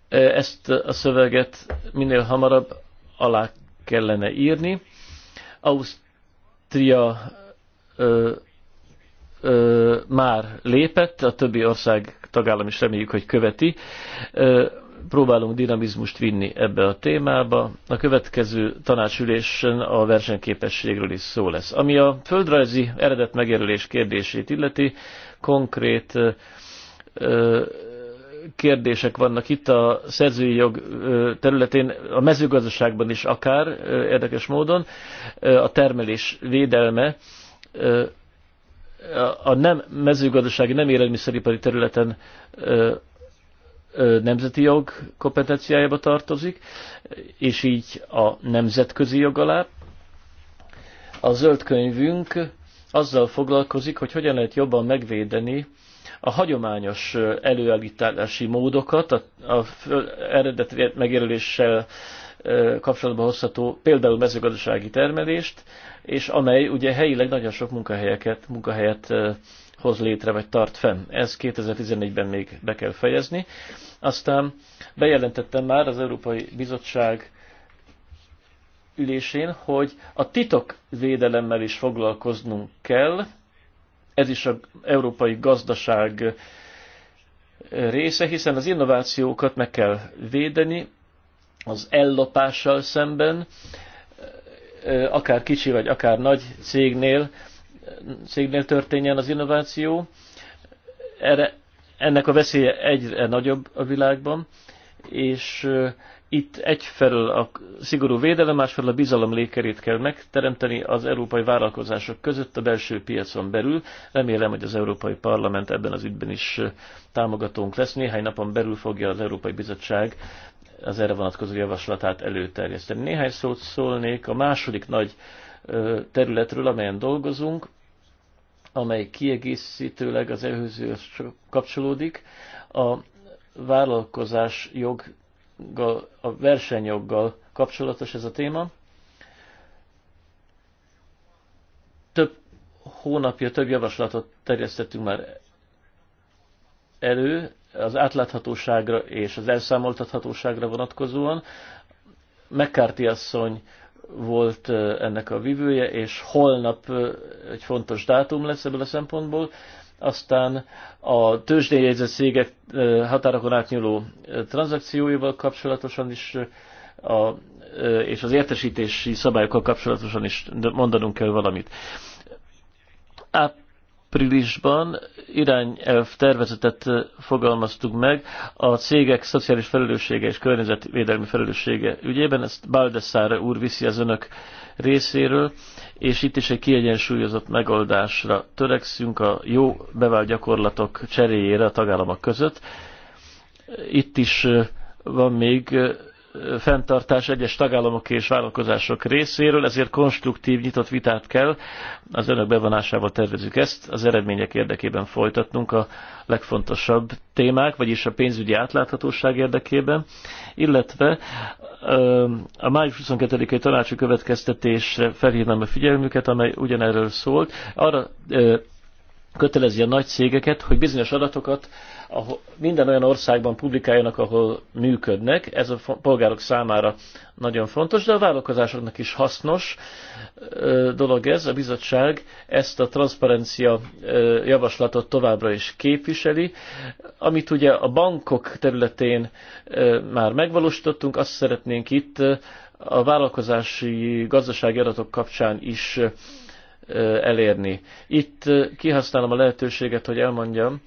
Ezt a szöveget minél hamarabb alá kellene írni. Ausztria ö, már lépett, a többi ország tagállam is reméljük, hogy követi. Ö, próbálunk dinamizmust vinni ebbe a témába. A következő tanácsülésen a versenyképességről is szó lesz. Ami a földrajzi eredet megjelölés kérdését illeti, konkrét ö, ö, kérdések vannak itt a szerzői jog területén, a mezőgazdaságban is akár érdekes módon, a termelés védelme a nem mezőgazdasági, nem élelmiszeripari területen nemzeti jog kompetenciájába tartozik, és így a nemzetközi jog alá. A zöld könyvünk azzal foglalkozik, hogy hogyan lehet jobban megvédeni a hagyományos előállítási módokat, a, a eredet megjelöléssel kapcsolatba hozható például mezőgazdasági termelést, és amely ugye helyileg nagyon sok munkahelyeket, munkahelyet hoz létre, vagy tart fenn. Ez 2014-ben még be kell fejezni. Aztán bejelentettem már az Európai Bizottság ülésén, hogy a titokvédelemmel is foglalkoznunk kell. Ez is az európai gazdaság része, hiszen az innovációkat meg kell védeni, az ellopással szemben, akár kicsi vagy akár nagy cégnél, cégnél történjen az innováció. Erre, ennek a veszélye egyre nagyobb a világban, és itt egyfelől a szigorú védelem, másfelől a bizalom lékerét kell megteremteni az európai vállalkozások között a belső piacon belül. Remélem, hogy az Európai Parlament ebben az ügyben is támogatónk lesz. Néhány napon belül fogja az Európai Bizottság az erre vonatkozó javaslatát előterjeszteni. Néhány szót szólnék a második nagy területről, amelyen dolgozunk, amely kiegészítőleg az előzőhöz kapcsolódik. A vállalkozás joggal, a versenyjoggal kapcsolatos ez a téma. Több hónapja több javaslatot terjesztettünk már elő az átláthatóságra és az elszámoltathatóságra vonatkozóan. McCarthy asszony volt ennek a vivője, és holnap egy fontos dátum lesz ebből a szempontból. Aztán a tőzsdén jegyzett cégek határokon átnyúló tranzakcióival kapcsolatosan is a, és az értesítési szabályokkal kapcsolatosan is mondanunk kell valamit. Áp, áprilisban irányelv tervezetet fogalmaztuk meg a cégek szociális felelőssége és környezetvédelmi felelőssége ügyében. Ezt Baldessare úr viszi az önök részéről, és itt is egy kiegyensúlyozott megoldásra törekszünk a jó bevált gyakorlatok cseréjére a tagállamok között. Itt is van még fenntartás egyes tagállamok és vállalkozások részéről, ezért konstruktív, nyitott vitát kell. Az önök bevonásával tervezük ezt, az eredmények érdekében folytatnunk a legfontosabb témák, vagyis a pénzügyi átláthatóság érdekében, illetve a május 22-i tanácsi következtetésre felhívnám a figyelmüket, amely ugyanerről szólt. Arra kötelezi a nagy cégeket, hogy bizonyos adatokat ahol minden olyan országban publikáljanak, ahol működnek. Ez a polgárok számára nagyon fontos, de a vállalkozásoknak is hasznos dolog ez. A bizottság ezt a transzparencia javaslatot továbbra is képviseli, amit ugye a bankok területén már megvalósítottunk, azt szeretnénk itt a vállalkozási gazdasági adatok kapcsán is elérni. Itt kihasználom a lehetőséget, hogy elmondjam,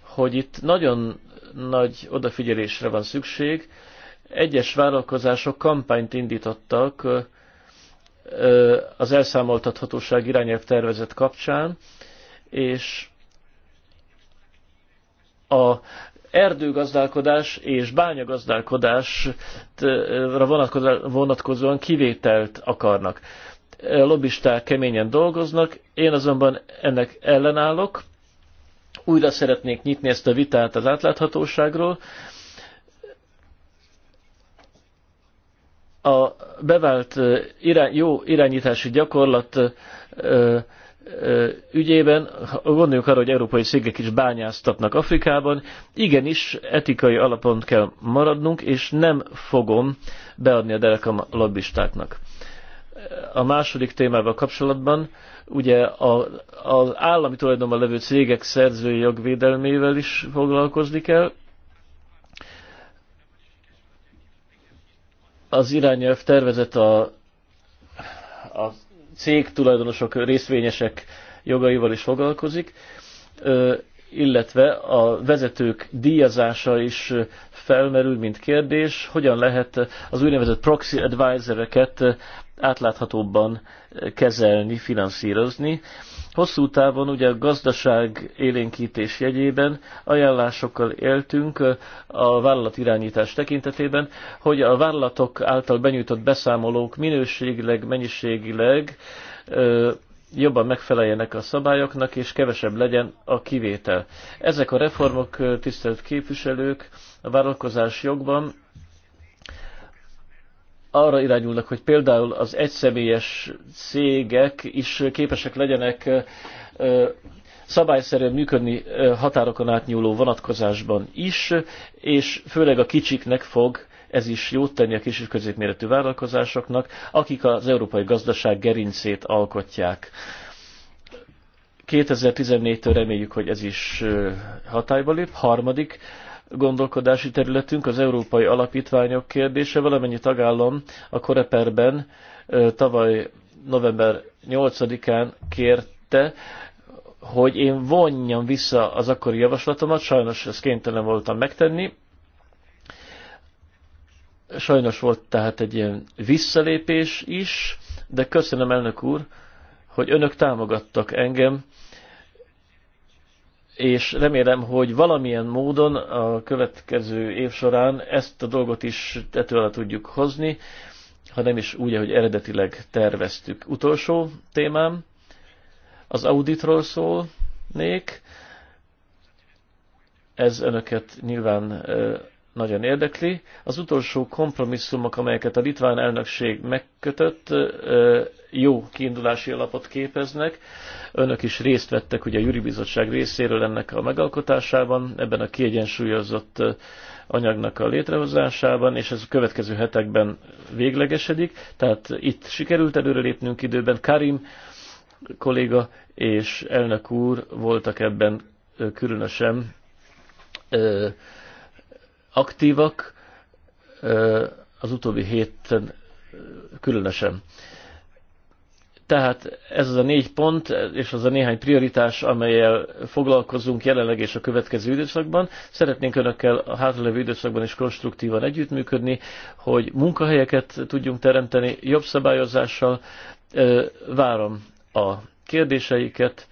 hogy itt nagyon nagy odafigyelésre van szükség. Egyes vállalkozások kampányt indítottak az elszámoltathatóság irányelv tervezet kapcsán, és a erdőgazdálkodás és bányagazdálkodásra vonatkozóan kivételt akarnak lobbisták keményen dolgoznak, én azonban ennek ellenállok, újra szeretnék nyitni ezt a vitát az átláthatóságról. A bevált irány, jó irányítási gyakorlat ügyében, gondoljuk arra, hogy európai szégek is bányáztatnak Afrikában, igenis etikai alapon kell maradnunk, és nem fogom beadni a derekam lobbistáknak a második témával kapcsolatban, ugye a, az állami tulajdonban levő cégek szerzői jogvédelmével is foglalkozni kell. Az irányelv tervezet a, a cég tulajdonosok, részvényesek jogaival is foglalkozik illetve a vezetők díjazása is felmerül, mint kérdés, hogyan lehet az úgynevezett proxy advisereket átláthatóbban kezelni, finanszírozni. Hosszú távon ugye a gazdaság élénkítés jegyében ajánlásokkal éltünk a vállalatirányítás tekintetében, hogy a vállalatok által benyújtott beszámolók minőségileg, mennyiségileg jobban megfeleljenek a szabályoknak, és kevesebb legyen a kivétel. Ezek a reformok, tisztelt képviselők, a vállalkozás jogban arra irányulnak, hogy például az egyszemélyes cégek is képesek legyenek szabályszerűen működni határokon átnyúló vonatkozásban is, és főleg a kicsiknek fog ez is jót tenni a kis és középméretű vállalkozásoknak, akik az európai gazdaság gerincét alkotják. 2014-től reméljük, hogy ez is hatályba lép. Harmadik gondolkodási területünk az európai alapítványok kérdése. Valamennyi tagállam a Koreperben tavaly november 8-án kérte, hogy én vonjam vissza az akkori javaslatomat, sajnos ezt kénytelen voltam megtenni, Sajnos volt tehát egy ilyen visszalépés is, de köszönöm elnök úr, hogy önök támogattak engem, és remélem, hogy valamilyen módon a következő év során ezt a dolgot is tető alá tudjuk hozni, ha nem is úgy, ahogy eredetileg terveztük. Utolsó témám az auditról szólnék. Ez önöket nyilván nagyon érdekli. Az utolsó kompromisszumok, amelyeket a litván elnökség megkötött, jó kiindulási alapot képeznek. Önök is részt vettek ugye a Jüri Bizottság részéről ennek a megalkotásában, ebben a kiegyensúlyozott anyagnak a létrehozásában, és ez a következő hetekben véglegesedik. Tehát itt sikerült előrelépnünk időben. Karim kolléga és elnök úr voltak ebben különösen aktívak, az utóbbi héten különösen. Tehát ez az a négy pont, és az a néhány prioritás, amelyel foglalkozunk jelenleg és a következő időszakban. Szeretnénk Önökkel a hátralévő időszakban is konstruktívan együttműködni, hogy munkahelyeket tudjunk teremteni jobb szabályozással. Várom a kérdéseiket,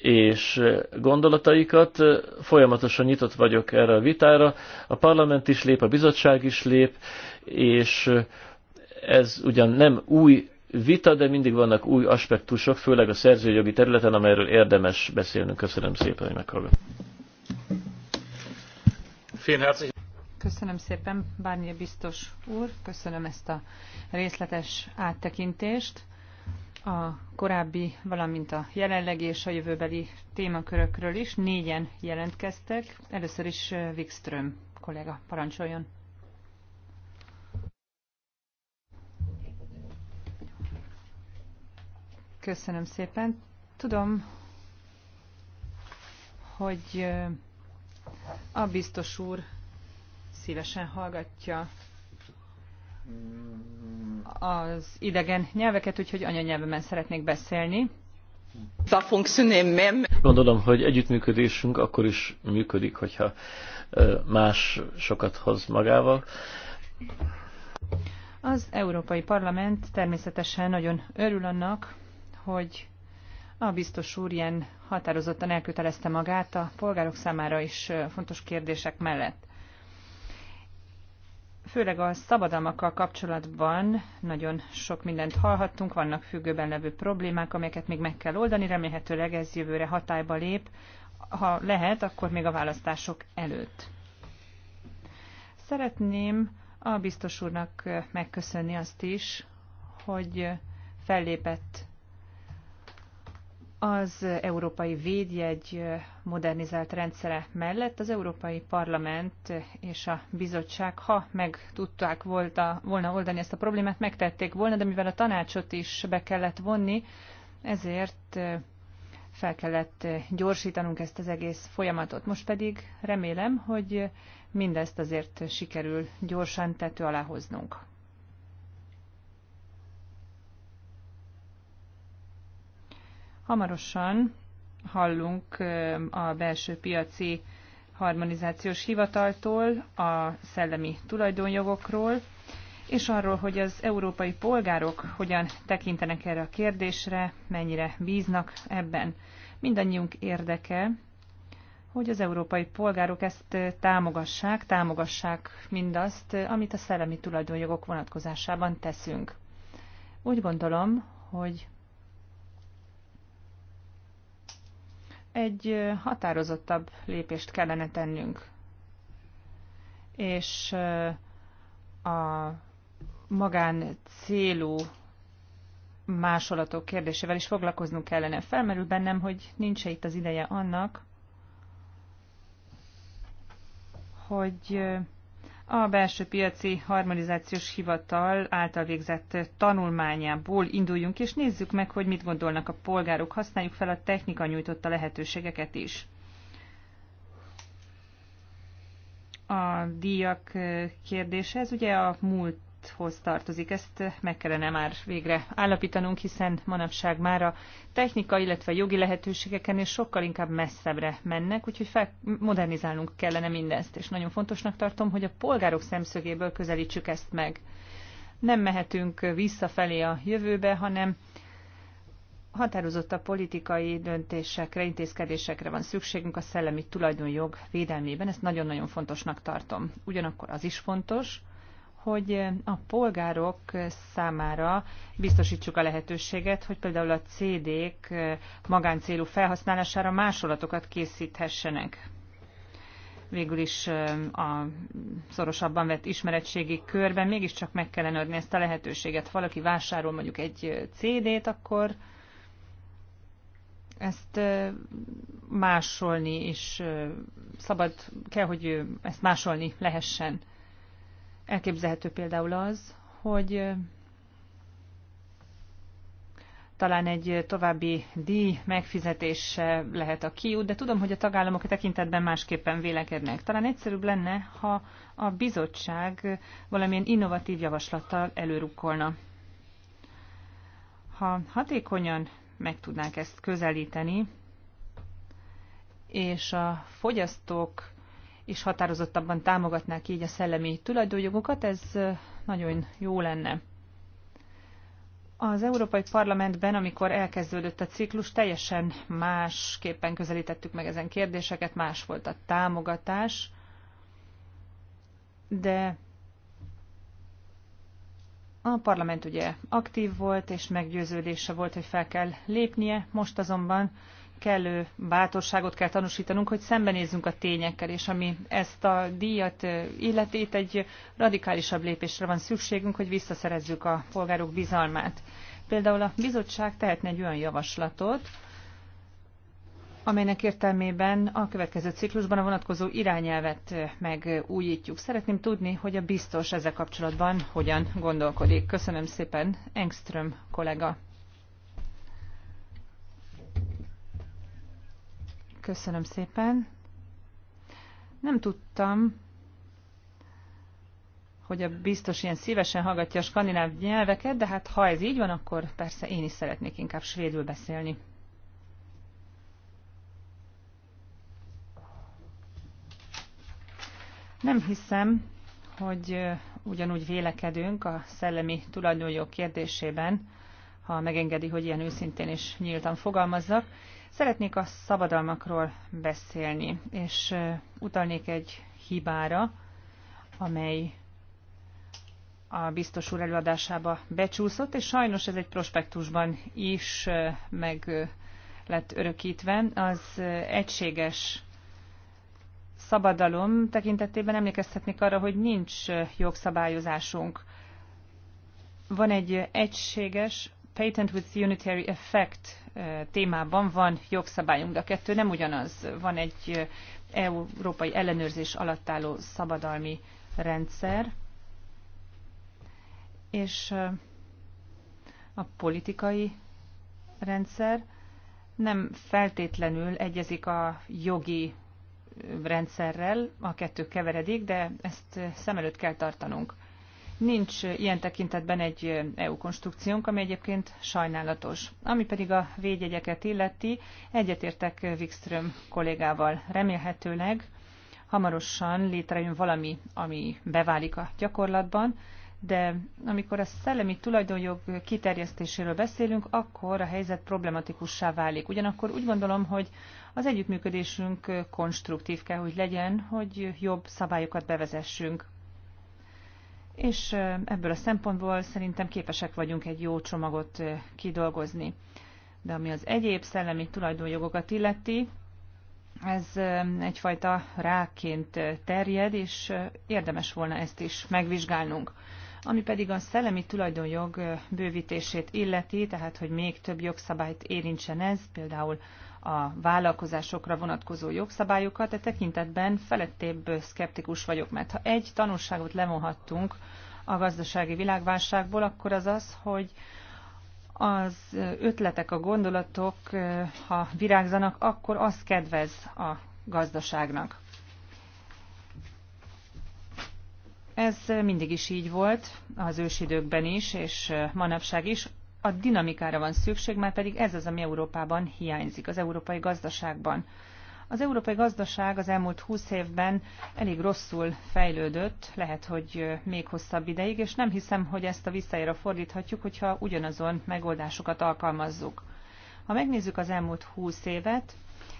és gondolataikat. Folyamatosan nyitott vagyok erre a vitára. A parlament is lép, a bizottság is lép, és ez ugyan nem új vita, de mindig vannak új aspektusok, főleg a szerzőjogi területen, amelyről érdemes beszélnünk. Köszönöm szépen, hogy meghallgat.
Köszönöm szépen, Bárnyi biztos úr, köszönöm ezt a részletes áttekintést a korábbi, valamint a jelenlegi és a jövőbeli témakörökről is. Négyen jelentkeztek. Először is eh, Wikström kollega, parancsoljon. Köszönöm szépen. Tudom, hogy eh, a biztos úr szívesen hallgatja az idegen nyelveket, úgyhogy anyanyelvemen szeretnék beszélni.
Gondolom, hogy együttműködésünk akkor is működik, hogyha más sokat hoz magával.
Az Európai Parlament természetesen nagyon örül annak, hogy a biztos úr ilyen határozottan elkötelezte magát a polgárok számára is fontos kérdések mellett. Főleg a szabadalmakkal kapcsolatban nagyon sok mindent hallhattunk, vannak függőben levő problémák, amelyeket még meg kell oldani, remélhetőleg ez jövőre hatályba lép, ha lehet, akkor még a választások előtt. Szeretném a biztos úrnak megköszönni azt is, hogy fellépett az európai védjegy modernizált rendszere mellett az Európai Parlament és a bizottság, ha meg tudták volna oldani ezt a problémát, megtették volna, de mivel a tanácsot is be kellett vonni, ezért fel kellett gyorsítanunk ezt az egész folyamatot. Most pedig remélem, hogy mindezt azért sikerül gyorsan tető alá hoznunk. Hamarosan hallunk a belső piaci harmonizációs hivataltól, a szellemi tulajdonjogokról, és arról, hogy az európai polgárok hogyan tekintenek erre a kérdésre, mennyire bíznak ebben. Mindannyiunk érdeke, hogy az európai polgárok ezt támogassák, támogassák mindazt, amit a szellemi tulajdonjogok vonatkozásában teszünk. Úgy gondolom, hogy egy határozottabb lépést kellene tennünk. És a magán célú másolatok kérdésével is foglalkoznunk kellene. Felmerül bennem, hogy nincs -e itt az ideje annak, hogy a belső piaci harmonizációs hivatal által végzett tanulmányából induljunk, és nézzük meg, hogy mit gondolnak a polgárok. Használjuk fel a technika nyújtotta lehetőségeket is. A díjak kérdése, ez ugye a múlt Hoz tartozik. Ezt meg kellene már végre állapítanunk, hiszen manapság már a technika, illetve a jogi lehetőségeken és sokkal inkább messzebbre mennek, úgyhogy fel, modernizálnunk kellene mindezt. És nagyon fontosnak tartom, hogy a polgárok szemszögéből közelítsük ezt meg. Nem mehetünk visszafelé a jövőbe, hanem határozott a politikai döntésekre, intézkedésekre van szükségünk a szellemi tulajdonjog védelmében, ezt nagyon-nagyon fontosnak tartom. Ugyanakkor az is fontos, hogy a polgárok számára biztosítsuk a lehetőséget, hogy például a CD-k magáncélú felhasználására másolatokat készíthessenek. Végül is a szorosabban vett ismeretségi körben mégiscsak meg kellene adni ezt a lehetőséget. Ha valaki vásárol mondjuk egy CD-t, akkor ezt másolni is szabad, kell, hogy ezt másolni lehessen. Elképzelhető például az, hogy talán egy további díj megfizetés lehet a kiút, de tudom, hogy a tagállamok a tekintetben másképpen vélekednek. Talán egyszerűbb lenne, ha a bizottság valamilyen innovatív javaslattal előrukkolna. Ha hatékonyan meg tudnánk ezt közelíteni, és a fogyasztók és határozottabban támogatnák így a szellemi tulajdonjogokat, ez nagyon jó lenne. Az Európai Parlamentben, amikor elkezdődött a ciklus, teljesen másképpen közelítettük meg ezen kérdéseket, más volt a támogatás, de a parlament ugye aktív volt, és meggyőződése volt, hogy fel kell lépnie, most azonban kellő bátorságot kell tanúsítanunk, hogy szembenézzünk a tényekkel, és ami ezt a díjat illetét egy radikálisabb lépésre van szükségünk, hogy visszaszerezzük a polgárok bizalmát. Például a bizottság tehetne egy olyan javaslatot, amelynek értelmében a következő ciklusban a vonatkozó irányelvet megújítjuk. Szeretném tudni, hogy a biztos ezzel kapcsolatban hogyan gondolkodik. Köszönöm szépen, Engström kollega. Köszönöm szépen. Nem tudtam, hogy a biztos ilyen szívesen hallgatja a skandináv nyelveket, de hát ha ez így van, akkor persze én is szeretnék inkább svédül beszélni. Nem hiszem, hogy ugyanúgy vélekedünk a szellemi tulajdonjog kérdésében, ha megengedi, hogy ilyen őszintén és nyíltan fogalmazzak Szeretnék a szabadalmakról beszélni, és utalnék egy hibára, amely a biztos úr előadásába becsúszott, és sajnos ez egy prospektusban is meg lett örökítve. Az egységes szabadalom tekintetében emlékeztetnék arra, hogy nincs jogszabályozásunk. Van egy egységes Patent with Unitary Effect eh, témában van jogszabályunk, de a kettő nem ugyanaz. Van egy eh, európai ellenőrzés alatt álló szabadalmi rendszer, és eh, a politikai rendszer nem feltétlenül egyezik a jogi rendszerrel, a kettő keveredik, de ezt szem előtt kell tartanunk. Nincs ilyen tekintetben egy EU konstrukciónk, ami egyébként sajnálatos. Ami pedig a védjegyeket illeti, egyetértek Wikström kollégával. Remélhetőleg hamarosan létrejön valami, ami beválik a gyakorlatban, de amikor a szellemi tulajdonjog kiterjesztéséről beszélünk, akkor a helyzet problematikussá válik. Ugyanakkor úgy gondolom, hogy az együttműködésünk konstruktív kell, hogy legyen, hogy jobb szabályokat bevezessünk és ebből a szempontból szerintem képesek vagyunk egy jó csomagot kidolgozni. De ami az egyéb szellemi tulajdonjogokat illeti, ez egyfajta ráként terjed, és érdemes volna ezt is megvizsgálnunk. Ami pedig a szellemi tulajdonjog bővítését illeti, tehát hogy még több jogszabályt érintsen ez, például a vállalkozásokra vonatkozó jogszabályokat, de tekintetben felettébb szkeptikus vagyok, mert ha egy tanulságot levonhattunk a gazdasági világválságból, akkor az az, hogy az ötletek, a gondolatok, e, ha virágzanak, akkor az kedvez a gazdaságnak. Ez mindig is így volt, az ősidőkben is, és manapság is a dinamikára van szükség, mert pedig ez az, ami Európában hiányzik, az európai gazdaságban. Az európai gazdaság az elmúlt húsz évben elég rosszul fejlődött, lehet, hogy még hosszabb ideig, és nem hiszem, hogy ezt a visszaéra fordíthatjuk, hogyha ugyanazon megoldásokat alkalmazzuk. Ha megnézzük az elmúlt húsz évet,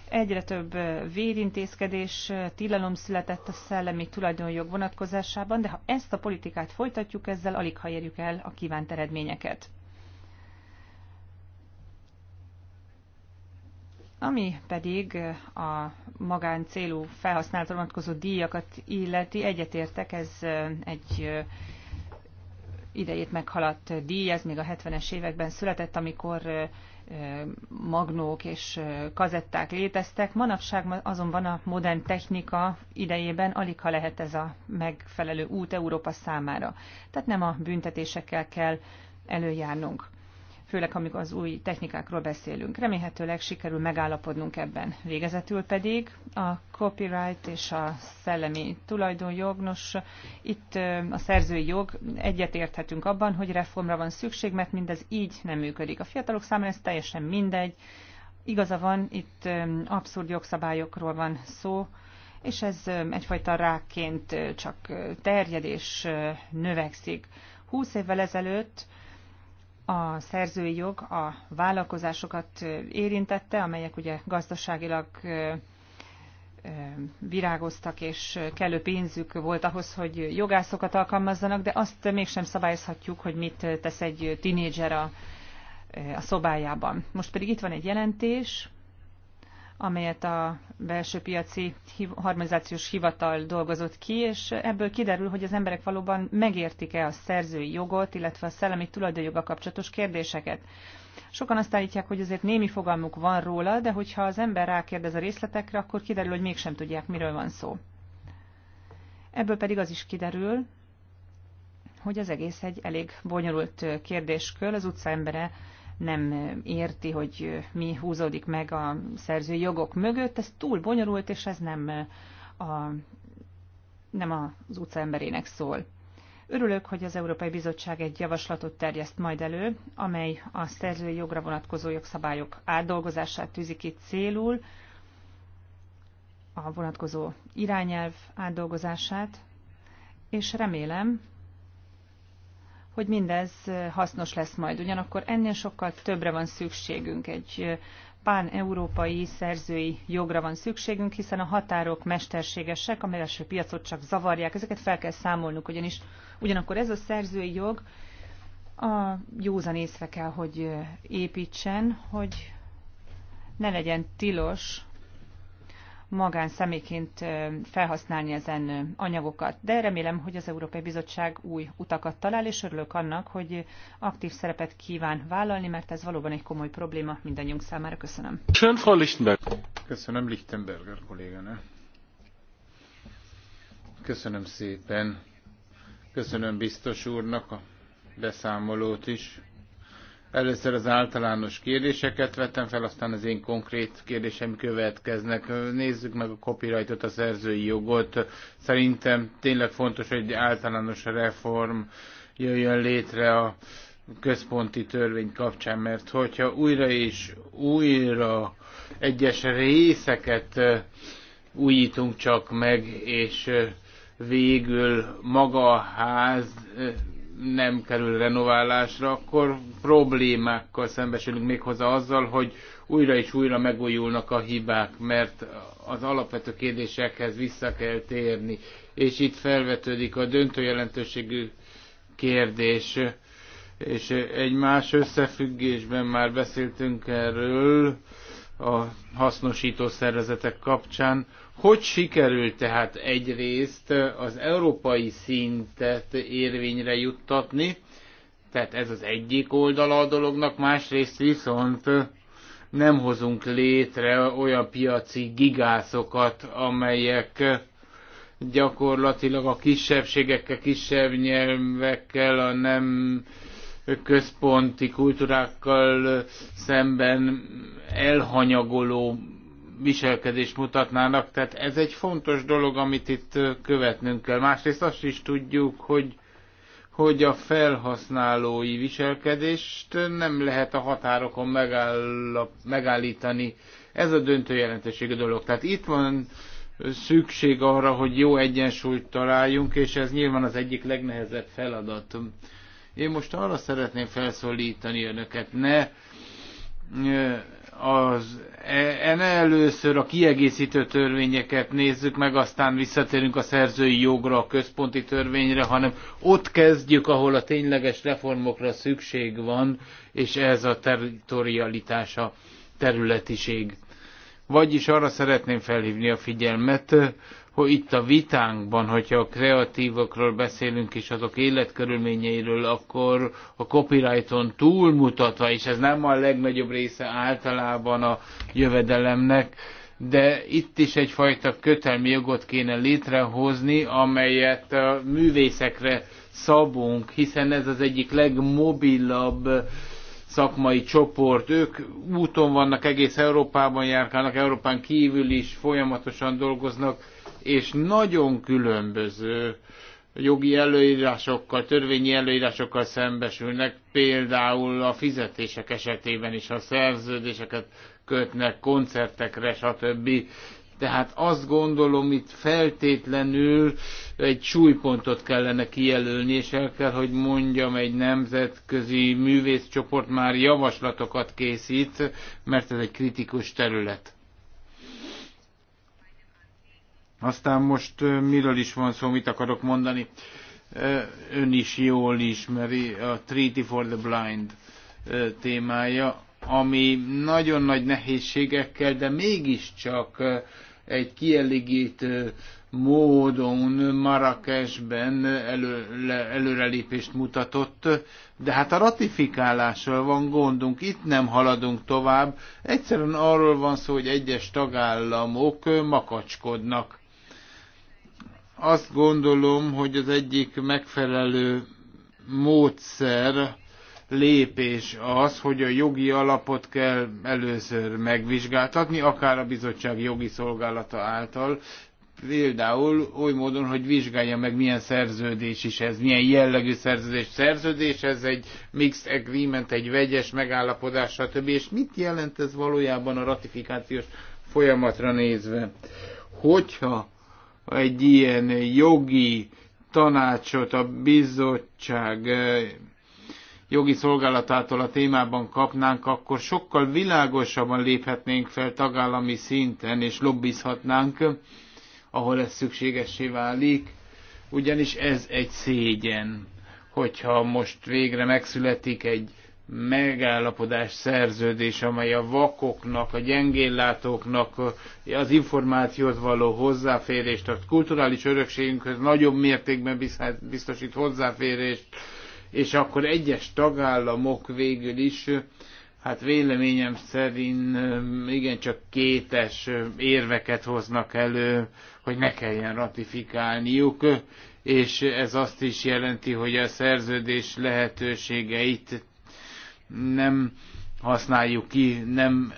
egyre több vérintézkedés, tilalom született a szellemi tulajdonjog vonatkozásában, de ha ezt a politikát folytatjuk, ezzel alig ha érjük el a kívánt eredményeket. Ami pedig a magán célú felhasználatra vonatkozó díjakat illeti, egyetértek, ez egy idejét meghaladt díj, ez még a 70-es években született, amikor magnók és kazetták léteztek. Manapság azonban a modern technika idejében alig ha lehet ez a megfelelő út Európa számára. Tehát nem a büntetésekkel kell előjárnunk főleg amikor az új technikákról beszélünk. Remélhetőleg sikerül megállapodnunk ebben. Végezetül pedig a copyright és a szellemi tulajdonjog. Nos, itt a szerzői jog egyetérthetünk abban, hogy reformra van szükség, mert mindez így nem működik. A fiatalok számára ez teljesen mindegy. Igaza van, itt abszurd jogszabályokról van szó, és ez egyfajta rákként csak terjed és növekszik. Húsz évvel ezelőtt a szerzői jog a vállalkozásokat érintette, amelyek ugye gazdaságilag virágoztak, és kellő pénzük volt ahhoz, hogy jogászokat alkalmazzanak, de azt mégsem szabályozhatjuk, hogy mit tesz egy tinédzser a, a szobájában. Most pedig itt van egy jelentés, amelyet a belső piaci harmonizációs hivatal dolgozott ki, és ebből kiderül, hogy az emberek valóban megértik-e a szerzői jogot, illetve a szellemi tulajdonjoga kapcsolatos kérdéseket. Sokan azt állítják, hogy azért némi fogalmuk van róla, de hogyha az ember rákérdez a részletekre, akkor kiderül, hogy mégsem tudják, miről van szó. Ebből pedig az is kiderül, hogy az egész egy elég bonyolult kérdéskör, az utca embere nem érti, hogy mi húzódik meg a szerző jogok mögött. Ez túl bonyolult, és ez nem, a, nem az utcaemberének emberének szól. Örülök, hogy az Európai Bizottság egy javaslatot terjeszt majd elő, amely a szerzői jogra vonatkozó jogszabályok átdolgozását tűzi ki célul, a vonatkozó irányelv átdolgozását, és remélem, hogy mindez hasznos lesz majd. Ugyanakkor ennél sokkal többre van szükségünk, egy pán-európai szerzői jogra van szükségünk, hiszen a határok mesterségesek, a belső piacot csak zavarják, ezeket fel kell számolnunk, ugyanis ugyanakkor ez a szerzői jog a józan észre kell, hogy építsen, hogy ne legyen tilos magánszemélyként felhasználni ezen anyagokat. De remélem, hogy az Európai Bizottság új utakat talál, és örülök annak, hogy aktív szerepet kíván vállalni, mert ez valóban egy komoly probléma mindannyiunk számára. Köszönöm.
Köszönöm, Frau Lichtenberg. Köszönöm, Lichtenberger kolléganő. Köszönöm szépen. Köszönöm biztos úrnak a beszámolót is. Először az általános kérdéseket vettem fel, aztán az én konkrét kérdésem következnek. Nézzük meg a copyrightot, a szerzői jogot. Szerintem tényleg fontos, hogy egy általános reform jöjjön létre a központi törvény kapcsán, mert hogyha újra és újra egyes részeket újítunk csak meg, és végül maga a ház nem kerül renoválásra, akkor problémákkal szembesülünk méghozzá azzal, hogy újra és újra megújulnak a hibák, mert az alapvető kérdésekhez vissza kell térni. És itt felvetődik a döntő jelentőségű kérdés, és egy más összefüggésben már beszéltünk erről a hasznosító szervezetek kapcsán, hogy sikerült tehát egyrészt az európai szintet érvényre juttatni, tehát ez az egyik oldala a dolognak, másrészt viszont nem hozunk létre olyan piaci gigászokat, amelyek gyakorlatilag a kisebbségekkel, kisebb nyelvekkel, a nem központi kultúrákkal szemben elhanyagoló viselkedést mutatnának. Tehát ez egy fontos dolog, amit itt követnünk kell. Másrészt azt is tudjuk, hogy hogy a felhasználói viselkedést nem lehet a határokon megáll, megállítani. Ez a döntő jelentőségű dolog. Tehát itt van szükség arra, hogy jó egyensúlyt találjunk, és ez nyilván az egyik legnehezebb feladat. Én most arra szeretném felszólítani önöket, ne az en először a kiegészítő törvényeket nézzük meg, aztán visszatérünk a szerzői jogra, a központi törvényre, hanem ott kezdjük, ahol a tényleges reformokra szükség van, és ez a territorialitás, a területiség. Vagyis arra szeretném felhívni a figyelmet, hogy itt a vitánkban, hogyha a kreatívokról beszélünk és azok életkörülményeiről, akkor a copyrighton túlmutatva, és ez nem a legnagyobb része általában a jövedelemnek, de itt is egyfajta kötelmi jogot kéne létrehozni, amelyet a művészekre szabunk, hiszen ez az egyik legmobilabb szakmai csoport. Ők úton vannak, egész Európában járkálnak, Európán kívül is folyamatosan dolgoznak, és nagyon különböző jogi előírásokkal, törvényi előírásokkal szembesülnek, például a fizetések esetében is, ha szerződéseket kötnek, koncertekre, stb. Tehát azt gondolom, itt feltétlenül egy súlypontot kellene kijelölni, és el kell, hogy mondjam, egy nemzetközi művészcsoport már javaslatokat készít, mert ez egy kritikus terület. Aztán most miről is van szó, mit akarok mondani? Ön is jól ismeri a Treaty for the Blind témája, ami nagyon nagy nehézségekkel, de mégiscsak egy kielégítő módon Marrakesben elő, le, előrelépést mutatott, de hát a ratifikálással van gondunk, itt nem haladunk tovább. Egyszerűen arról van szó, hogy egyes tagállamok makacskodnak. Azt gondolom, hogy az egyik megfelelő módszer, lépés az, hogy a jogi alapot kell először megvizsgáltatni, akár a bizottság jogi szolgálata által, például oly módon, hogy vizsgálja meg milyen szerződés is ez, milyen jellegű szerződés. Szerződés ez egy mixed agreement, egy vegyes megállapodás, stb. És mit jelent ez valójában a ratifikációs folyamatra nézve? Hogyha egy ilyen jogi tanácsot a bizottság eh, jogi szolgálatától a témában kapnánk, akkor sokkal világosabban léphetnénk fel tagállami szinten, és lobbizhatnánk, ahol ez szükségessé válik, ugyanis ez egy szégyen, hogyha most végre megszületik egy megállapodás, szerződés, amely a vakoknak, a gyengéllátóknak az információhoz való hozzáférést, a kulturális örökségünkhöz nagyobb mértékben biztosít hozzáférést, és akkor egyes tagállamok végül is, hát véleményem szerint igencsak kétes érveket hoznak elő, hogy ne kelljen ratifikálniuk, és ez azt is jelenti, hogy a szerződés lehetőségeit nem használjuk ki, nem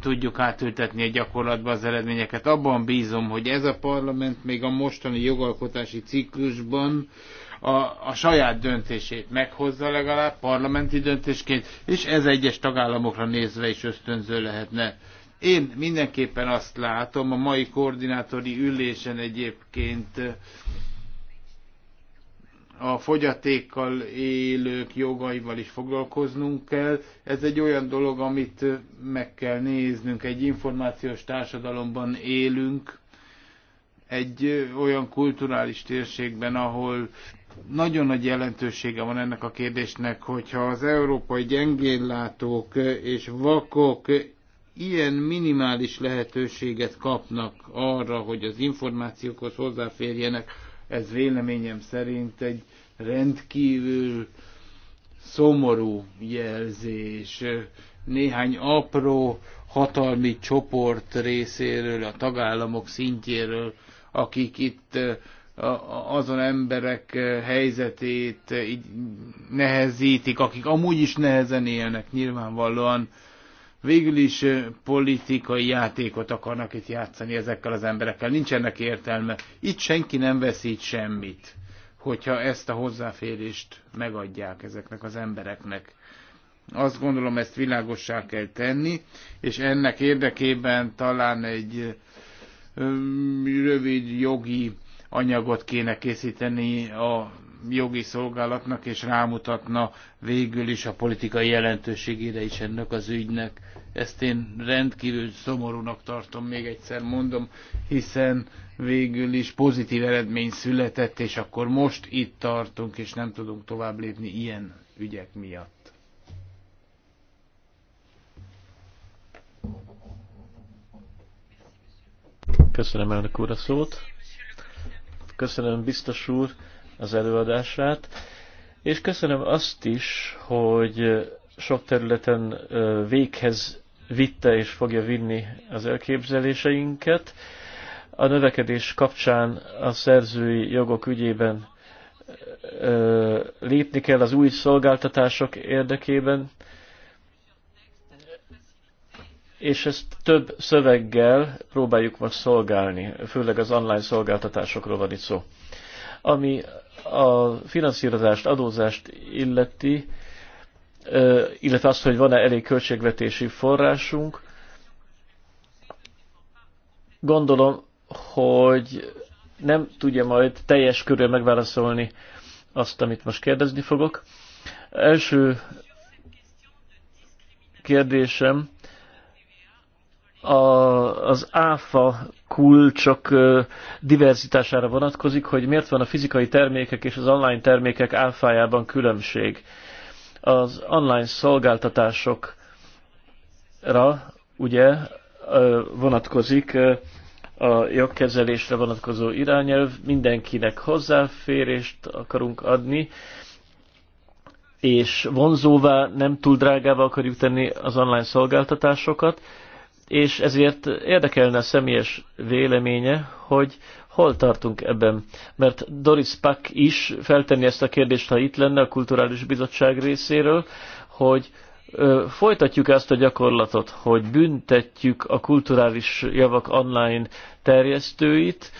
tudjuk átültetni a gyakorlatba az eredményeket. Abban bízom, hogy ez a parlament még a mostani jogalkotási ciklusban a, a saját döntését meghozza legalább parlamenti döntésként, és ez egyes tagállamokra nézve is ösztönző lehetne. Én mindenképpen azt látom, a mai koordinátori ülésen egyébként a fogyatékkal élők jogaival is foglalkoznunk kell. Ez egy olyan dolog, amit meg kell néznünk. Egy információs társadalomban élünk, egy olyan kulturális térségben, ahol nagyon nagy jelentősége van ennek a kérdésnek, hogyha az európai gyengénlátók és vakok ilyen minimális lehetőséget kapnak arra, hogy az információkhoz hozzáférjenek, ez véleményem szerint egy rendkívül szomorú jelzés. Néhány apró hatalmi csoport részéről, a tagállamok szintjéről, akik itt azon emberek helyzetét így nehezítik, akik amúgy is nehezen élnek nyilvánvalóan, végül is politikai játékot akarnak itt játszani ezekkel az emberekkel. Nincsenek értelme. Itt senki nem veszít semmit, hogyha ezt a hozzáférést megadják ezeknek az embereknek. Azt gondolom, ezt világossá kell tenni, és ennek érdekében talán egy rövid jogi anyagot kéne készíteni a jogi szolgálatnak, és rámutatna végül is a politikai jelentőségére is ennek az ügynek. Ezt én rendkívül szomorúnak tartom, még egyszer mondom, hiszen végül is pozitív eredmény született, és akkor most itt tartunk, és nem tudunk tovább lépni ilyen ügyek miatt.
Köszönöm elnök úr a szót. Köszönöm biztos úr az előadását, és köszönöm azt is, hogy sok területen véghez vitte és fogja vinni az elképzeléseinket. A növekedés kapcsán a szerzői jogok ügyében lépni kell az új szolgáltatások érdekében, és ezt több szöveggel próbáljuk most szolgálni, főleg az online szolgáltatásokról van itt szó. Ami a finanszírozást, adózást illeti, illetve azt, hogy van-e elég költségvetési forrásunk, gondolom, hogy nem tudja majd teljes körül megválaszolni azt, amit most kérdezni fogok. Első kérdésem a, az áfa kulcsok diverzitására vonatkozik, hogy miért van a fizikai termékek és az online termékek álfájában különbség. Az online szolgáltatásokra ugye vonatkozik a jogkezelésre vonatkozó irányelv, mindenkinek hozzáférést akarunk adni, és vonzóvá, nem túl drágává akarjuk tenni az online szolgáltatásokat, és ezért érdekelne a személyes véleménye, hogy hol tartunk ebben. Mert Doris Pack is feltenni ezt a kérdést, ha itt lenne a Kulturális Bizottság részéről, hogy folytatjuk ezt a gyakorlatot, hogy büntetjük a kulturális javak online terjesztőit,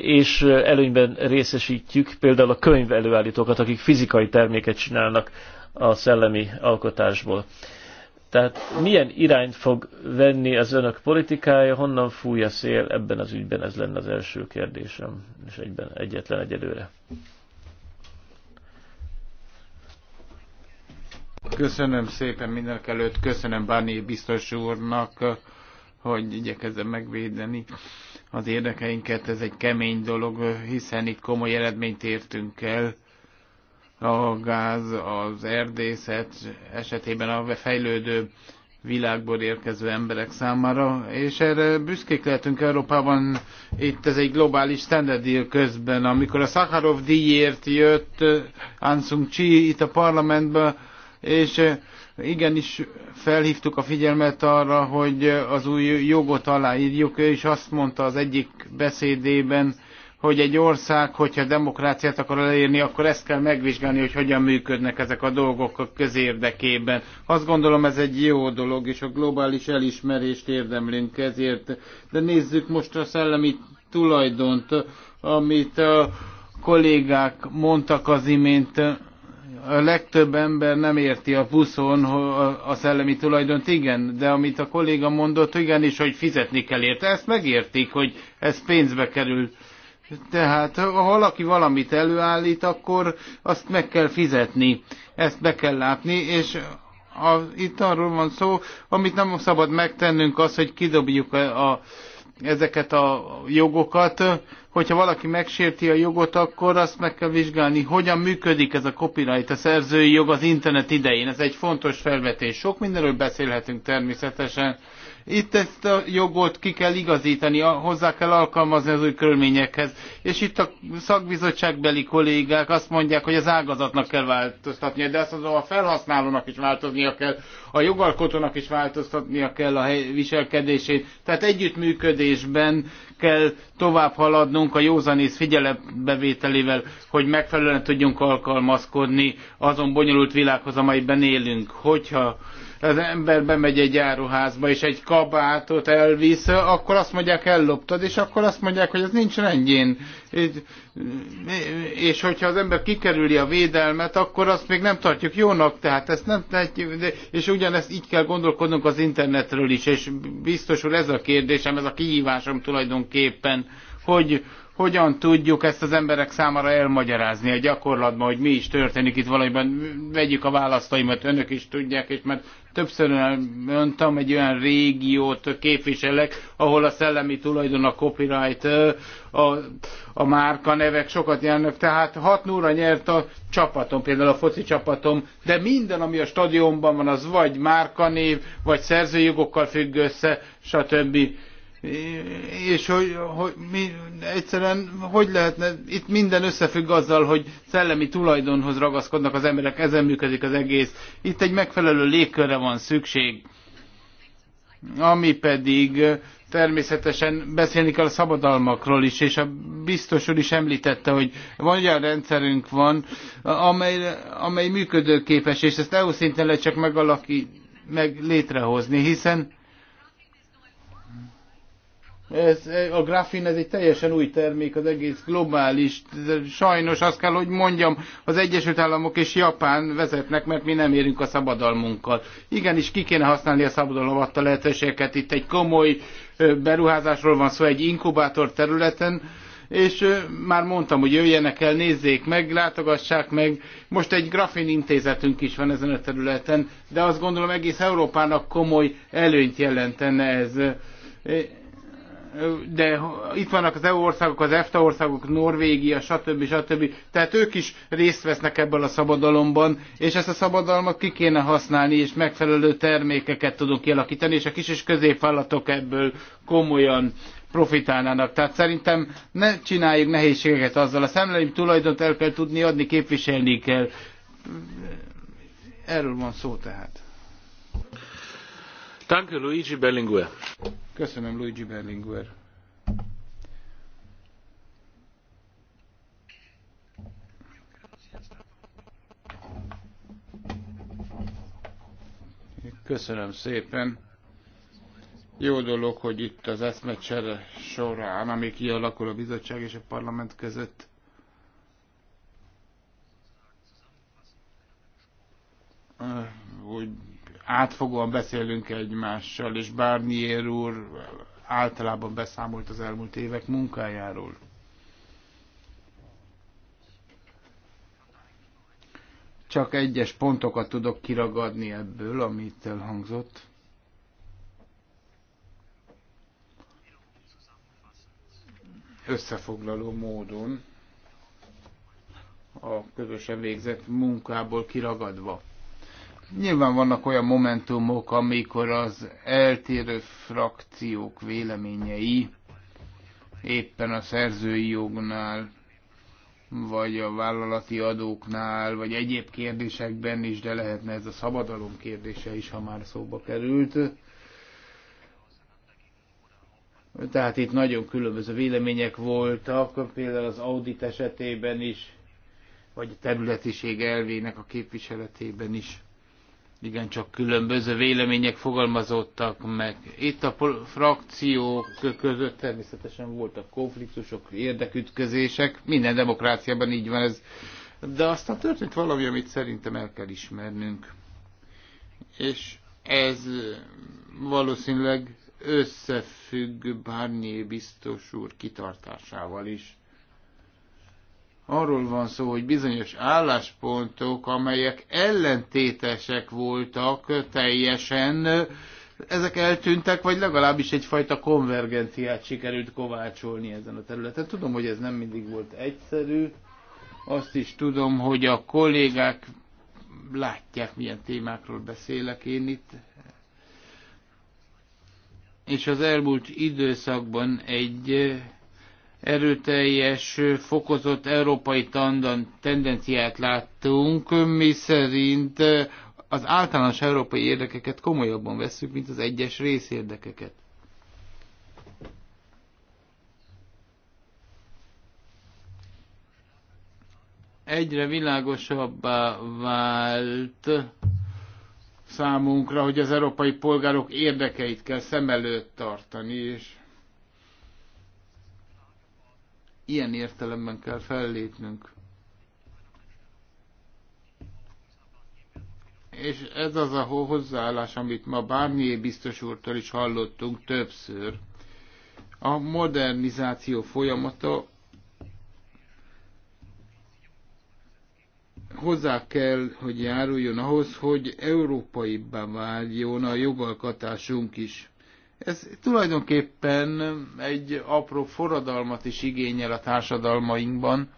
és előnyben részesítjük például a könyvelőállítókat, akik fizikai terméket csinálnak a szellemi alkotásból. Tehát milyen irányt fog venni az önök politikája, honnan fúj a szél ebben az ügyben, ez lenne az első kérdésem, és egyben egyetlen egyelőre.
Köszönöm szépen mindenek előtt, köszönöm Báné biztos úrnak, hogy igyekezem megvédeni az érdekeinket. Ez egy kemény dolog, hiszen itt komoly eredményt értünk el a gáz az erdészet esetében a fejlődő világból érkező emberek számára, és erre büszkék lehetünk Európában, itt ez egy globális standard közben, amikor a Szakharov díjért jött eh, Ansung Chi itt a parlamentbe, és eh, igenis felhívtuk a figyelmet arra, hogy eh, az új jogot aláírjuk, ő is azt mondta az egyik beszédében, hogy egy ország, hogyha demokráciát akar elérni, akkor ezt kell megvizsgálni, hogy hogyan működnek ezek a dolgok a közérdekében. Azt gondolom ez egy jó dolog, és a globális elismerést érdemlünk ezért. De nézzük most a szellemi tulajdont, amit a kollégák mondtak az imént. A legtöbb ember nem érti a buszon a szellemi tulajdont, igen, de amit a kolléga mondott, igenis, hogy fizetni kell érte. Ezt megértik, hogy ez pénzbe kerül tehát ha valaki valamit előállít, akkor azt meg kell fizetni, ezt be kell látni, és a, itt arról van szó, amit nem szabad megtennünk az, hogy kidobjuk a, a, ezeket a jogokat. Hogyha valaki megsérti a jogot, akkor azt meg kell vizsgálni, hogyan működik ez a copyright, a szerzői jog az internet idején. Ez egy fontos felvetés. Sok mindenről beszélhetünk természetesen. Itt ezt a jogot ki kell igazítani, hozzá kell alkalmazni az új körülményekhez. És itt a szakbizottságbeli kollégák azt mondják, hogy az ágazatnak kell változtatnia, de azt mondom, a felhasználónak is változnia kell, a jogalkotónak is változtatnia kell a viselkedését. Tehát együttműködésben kell tovább haladnunk a józanész figyelembevételével, hogy megfelelően tudjunk alkalmazkodni azon bonyolult világhoz, amelyben élünk. Hogyha az ember bemegy egy áruházba, és egy kabátot elvisz, akkor azt mondják, elloptad, és akkor azt mondják, hogy ez nincs rendjén. És hogyha az ember kikerüli a védelmet, akkor azt még nem tartjuk jónak, tehát ezt nem tehetjük, és ugyanezt így kell gondolkodnunk az internetről is, és biztosul ez a kérdésem, ez a kihívásom tulajdonképpen, hogy hogyan tudjuk ezt az emberek számára elmagyarázni a gyakorlatban, hogy mi is történik itt valamiben. Vegyük a választaimat, önök is tudják, és mert többször mondtam, egy olyan régiót képviselek, ahol a szellemi tulajdon, a copyright, a, a márkanevek sokat jelnek. Tehát 6 óra nyert a csapatom, például a foci csapatom, de minden, ami a stadionban van, az vagy márkanév, vagy szerzőjogokkal függ össze, stb és hogy, hogy mi, egyszerűen hogy lehetne, itt minden összefügg azzal, hogy szellemi tulajdonhoz ragaszkodnak az emberek, ezen működik az egész. Itt egy megfelelő légkörre van szükség, ami pedig természetesen beszélni kell a szabadalmakról is, és a biztos úr is említette, hogy van olyan rendszerünk van, amely, amely működőképes, és ezt EU szinten lehet csak megalaki, meg létrehozni, hiszen ez, a grafin ez egy teljesen új termék, az egész globális. Sajnos azt kell, hogy mondjam, az Egyesült Államok és Japán vezetnek, mert mi nem érünk a szabadalmunkkal. Igenis, ki kéne használni a szabadalom adta lehetőségeket. Itt egy komoly beruházásról van szó egy inkubátor területen, és már mondtam, hogy jöjjenek el, nézzék meg, látogassák meg. Most egy grafin intézetünk is van ezen a területen, de azt gondolom egész Európának komoly előnyt jelentene ez de itt vannak az EU országok, az EFTA országok, Norvégia, stb. stb. Tehát ők is részt vesznek ebből a szabadalomban, és ezt a szabadalmat ki kéne használni, és megfelelő termékeket tudunk kialakítani, és a kis és középvállalatok ebből komolyan profitálnának. Tehát szerintem ne csináljuk nehézségeket azzal. A szemleim tulajdont el kell tudni adni, képviselni kell. Erről van szó tehát. Köszönöm, Luigi Berlinguer. Köszönöm szépen. Jó dolog, hogy itt az eszmecsere során, ami kialakul a bizottság és a parlament között, úgy átfogóan beszélünk egymással, és Barnier úr általában beszámolt az elmúlt évek munkájáról. Csak egyes pontokat tudok kiragadni ebből, amit elhangzott. Összefoglaló módon a közösen végzett munkából kiragadva. Nyilván vannak olyan momentumok, amikor az eltérő frakciók véleményei éppen a szerzői jognál, vagy a vállalati adóknál, vagy egyéb kérdésekben is, de lehetne ez a szabadalom kérdése is, ha már szóba került. Tehát itt nagyon különböző vélemények voltak, például az audit esetében is, vagy a területiség elvének a képviseletében is igen, csak különböző vélemények fogalmazódtak meg. Itt a frakciók között természetesen voltak konfliktusok, érdekütközések, minden demokráciában így van ez. De aztán történt valami, amit szerintem el kell ismernünk. És ez valószínűleg összefügg Barnier biztos úr kitartásával is. Arról van szó, hogy bizonyos álláspontok, amelyek ellentétesek voltak teljesen, ezek eltűntek, vagy legalábbis egyfajta konvergenciát sikerült kovácsolni ezen a területen. Tudom, hogy ez nem mindig volt egyszerű. Azt is tudom, hogy a kollégák látják, milyen témákról beszélek én itt. És az elmúlt időszakban egy erőteljes, fokozott európai tandan tendenciát láttunk, mi szerint az általános európai érdekeket komolyabban vesszük, mint az egyes részérdekeket. Egyre világosabbá vált számunkra, hogy az európai polgárok érdekeit kell szem előtt tartani, és ilyen értelemben kell fellépnünk. És ez az a hozzáállás, amit ma bármilyen biztos úrtól is hallottunk többször. A modernizáció folyamata hozzá kell, hogy járuljon ahhoz, hogy európaibbá váljon a jogalkatásunk is. Ez tulajdonképpen egy apró forradalmat is igényel a társadalmainkban,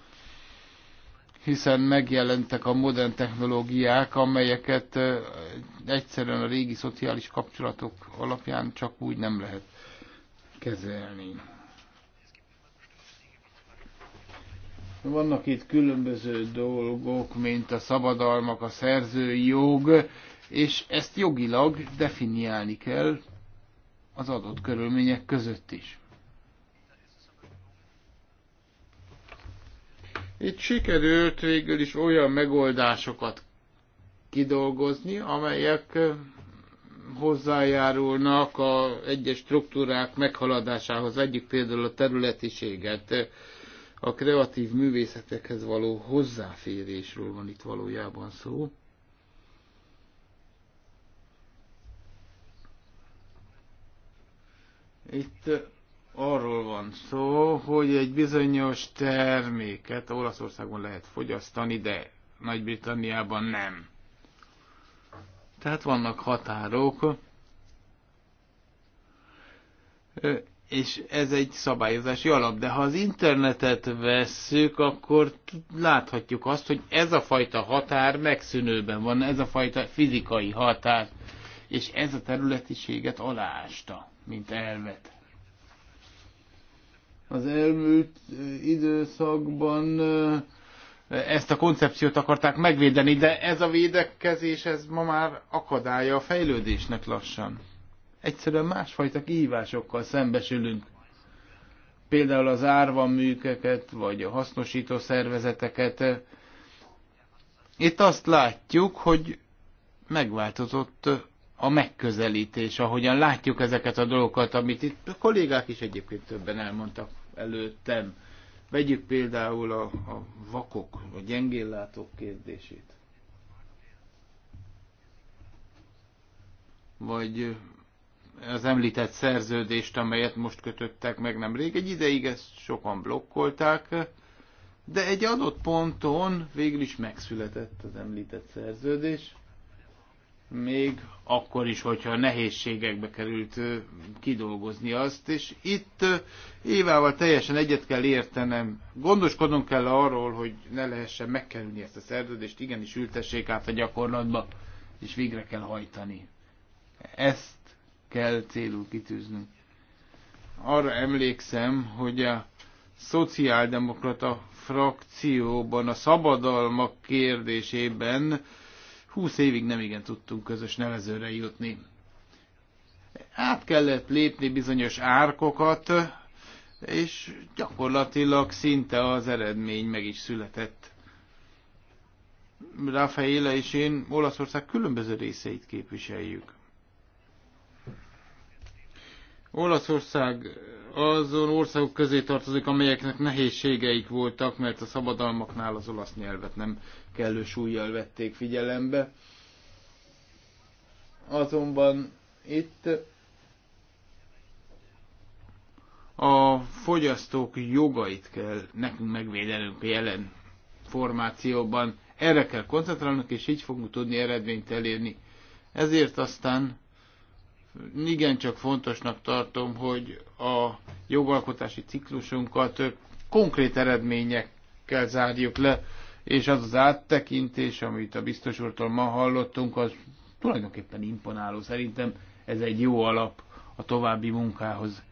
hiszen megjelentek a modern technológiák, amelyeket egyszerűen a régi szociális kapcsolatok alapján csak úgy nem lehet kezelni. Vannak itt különböző dolgok, mint a szabadalmak, a szerzői jog, és ezt jogilag definiálni kell, az adott körülmények között is. Itt sikerült végül is olyan megoldásokat kidolgozni, amelyek hozzájárulnak a egyes struktúrák meghaladásához, egyik például a területiséget, a kreatív művészetekhez való hozzáférésről van itt valójában szó. Itt arról van szó, hogy egy bizonyos terméket Olaszországban lehet fogyasztani, de Nagy-Britanniában nem. Tehát vannak határok, és ez egy szabályozási alap. De ha az internetet vesszük, akkor láthatjuk azt, hogy ez a fajta határ megszűnőben van, ez a fajta fizikai határ, és ez a területiséget aláásta mint elvet. Az elmúlt időszakban ezt a koncepciót akarták megvédeni, de ez a védekezés ez ma már akadálya a fejlődésnek lassan. Egyszerűen másfajta kihívásokkal szembesülünk. Például az árva műkeket, vagy a hasznosító szervezeteket. Itt azt látjuk, hogy megváltozott a megközelítés, ahogyan látjuk ezeket a dolgokat, amit itt a kollégák is egyébként többen elmondtak előttem. Vegyük például a, a vakok, a gyengéllátók kérdését. Vagy az említett szerződést, amelyet most kötöttek meg nemrég. Egy ideig ezt sokan blokkolták, de egy adott ponton végül is megszületett az említett szerződés még akkor is, hogyha nehézségekbe került kidolgozni azt, és itt Évával teljesen egyet kell értenem. Gondoskodnunk kell arról, hogy ne lehessen megkerülni ezt a szerződést, igenis ültessék át a gyakorlatba, és végre kell hajtani. Ezt kell célul kitűznünk. Arra emlékszem, hogy a szociáldemokrata frakcióban a szabadalmak kérdésében Húsz évig nem igen tudtunk közös nevezőre jutni. Át kellett lépni bizonyos árkokat, és gyakorlatilag szinte az eredmény meg is született. Rafaela és én Olaszország különböző részeit képviseljük. Olaszország azon országok közé tartozik, amelyeknek nehézségeik voltak, mert a szabadalmaknál az olasz nyelvet nem kellő súlyjal vették figyelembe. Azonban itt a fogyasztók jogait kell nekünk megvédenünk a jelen formációban. Erre kell koncentrálnunk, és így fogunk tudni eredményt elérni. Ezért aztán igencsak fontosnak tartom, hogy a jogalkotási ciklusunkat konkrét eredményekkel zárjuk le és az az áttekintés, amit a biztos úrtól ma hallottunk, az tulajdonképpen imponáló. Szerintem ez egy jó alap a további munkához.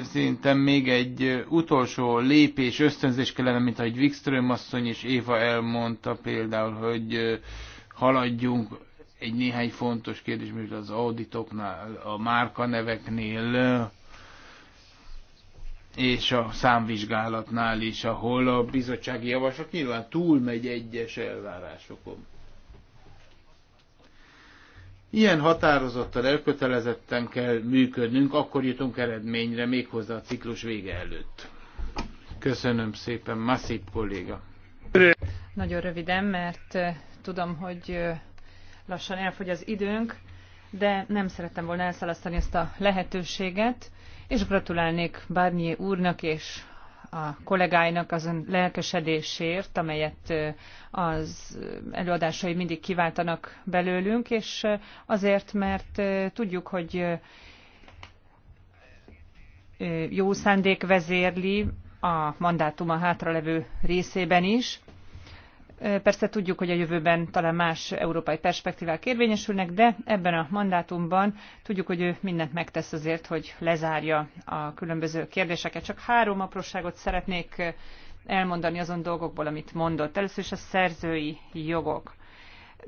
Szerintem még egy utolsó lépés, ösztönzés kellene, mint ahogy Wikström asszony és Éva elmondta például, hogy haladjunk egy néhány fontos kérdés, mint az auditoknál, a márkaneveknél, és a számvizsgálatnál is, ahol a bizottsági javaslat nyilván túlmegy egyes elvárásokon. Ilyen határozottan, elkötelezetten kell működnünk, akkor jutunk eredményre, méghozzá a ciklus vége előtt. Köszönöm szépen, masszív kolléga.
Nagyon röviden, mert tudom, hogy lassan elfogy az időnk, de nem szerettem volna elszalasztani ezt a lehetőséget és gratulálnék Barnier úrnak és a kollégáinak azon lelkesedésért, amelyet az előadásai mindig kiváltanak belőlünk, és azért, mert tudjuk, hogy jó szándék vezérli a mandátuma hátralevő részében is, Persze tudjuk, hogy a jövőben talán más európai perspektívák érvényesülnek, de ebben a mandátumban tudjuk, hogy ő mindent megtesz azért, hogy lezárja a különböző kérdéseket. Csak három apróságot szeretnék elmondani azon dolgokból, amit mondott. Először is a szerzői jogok.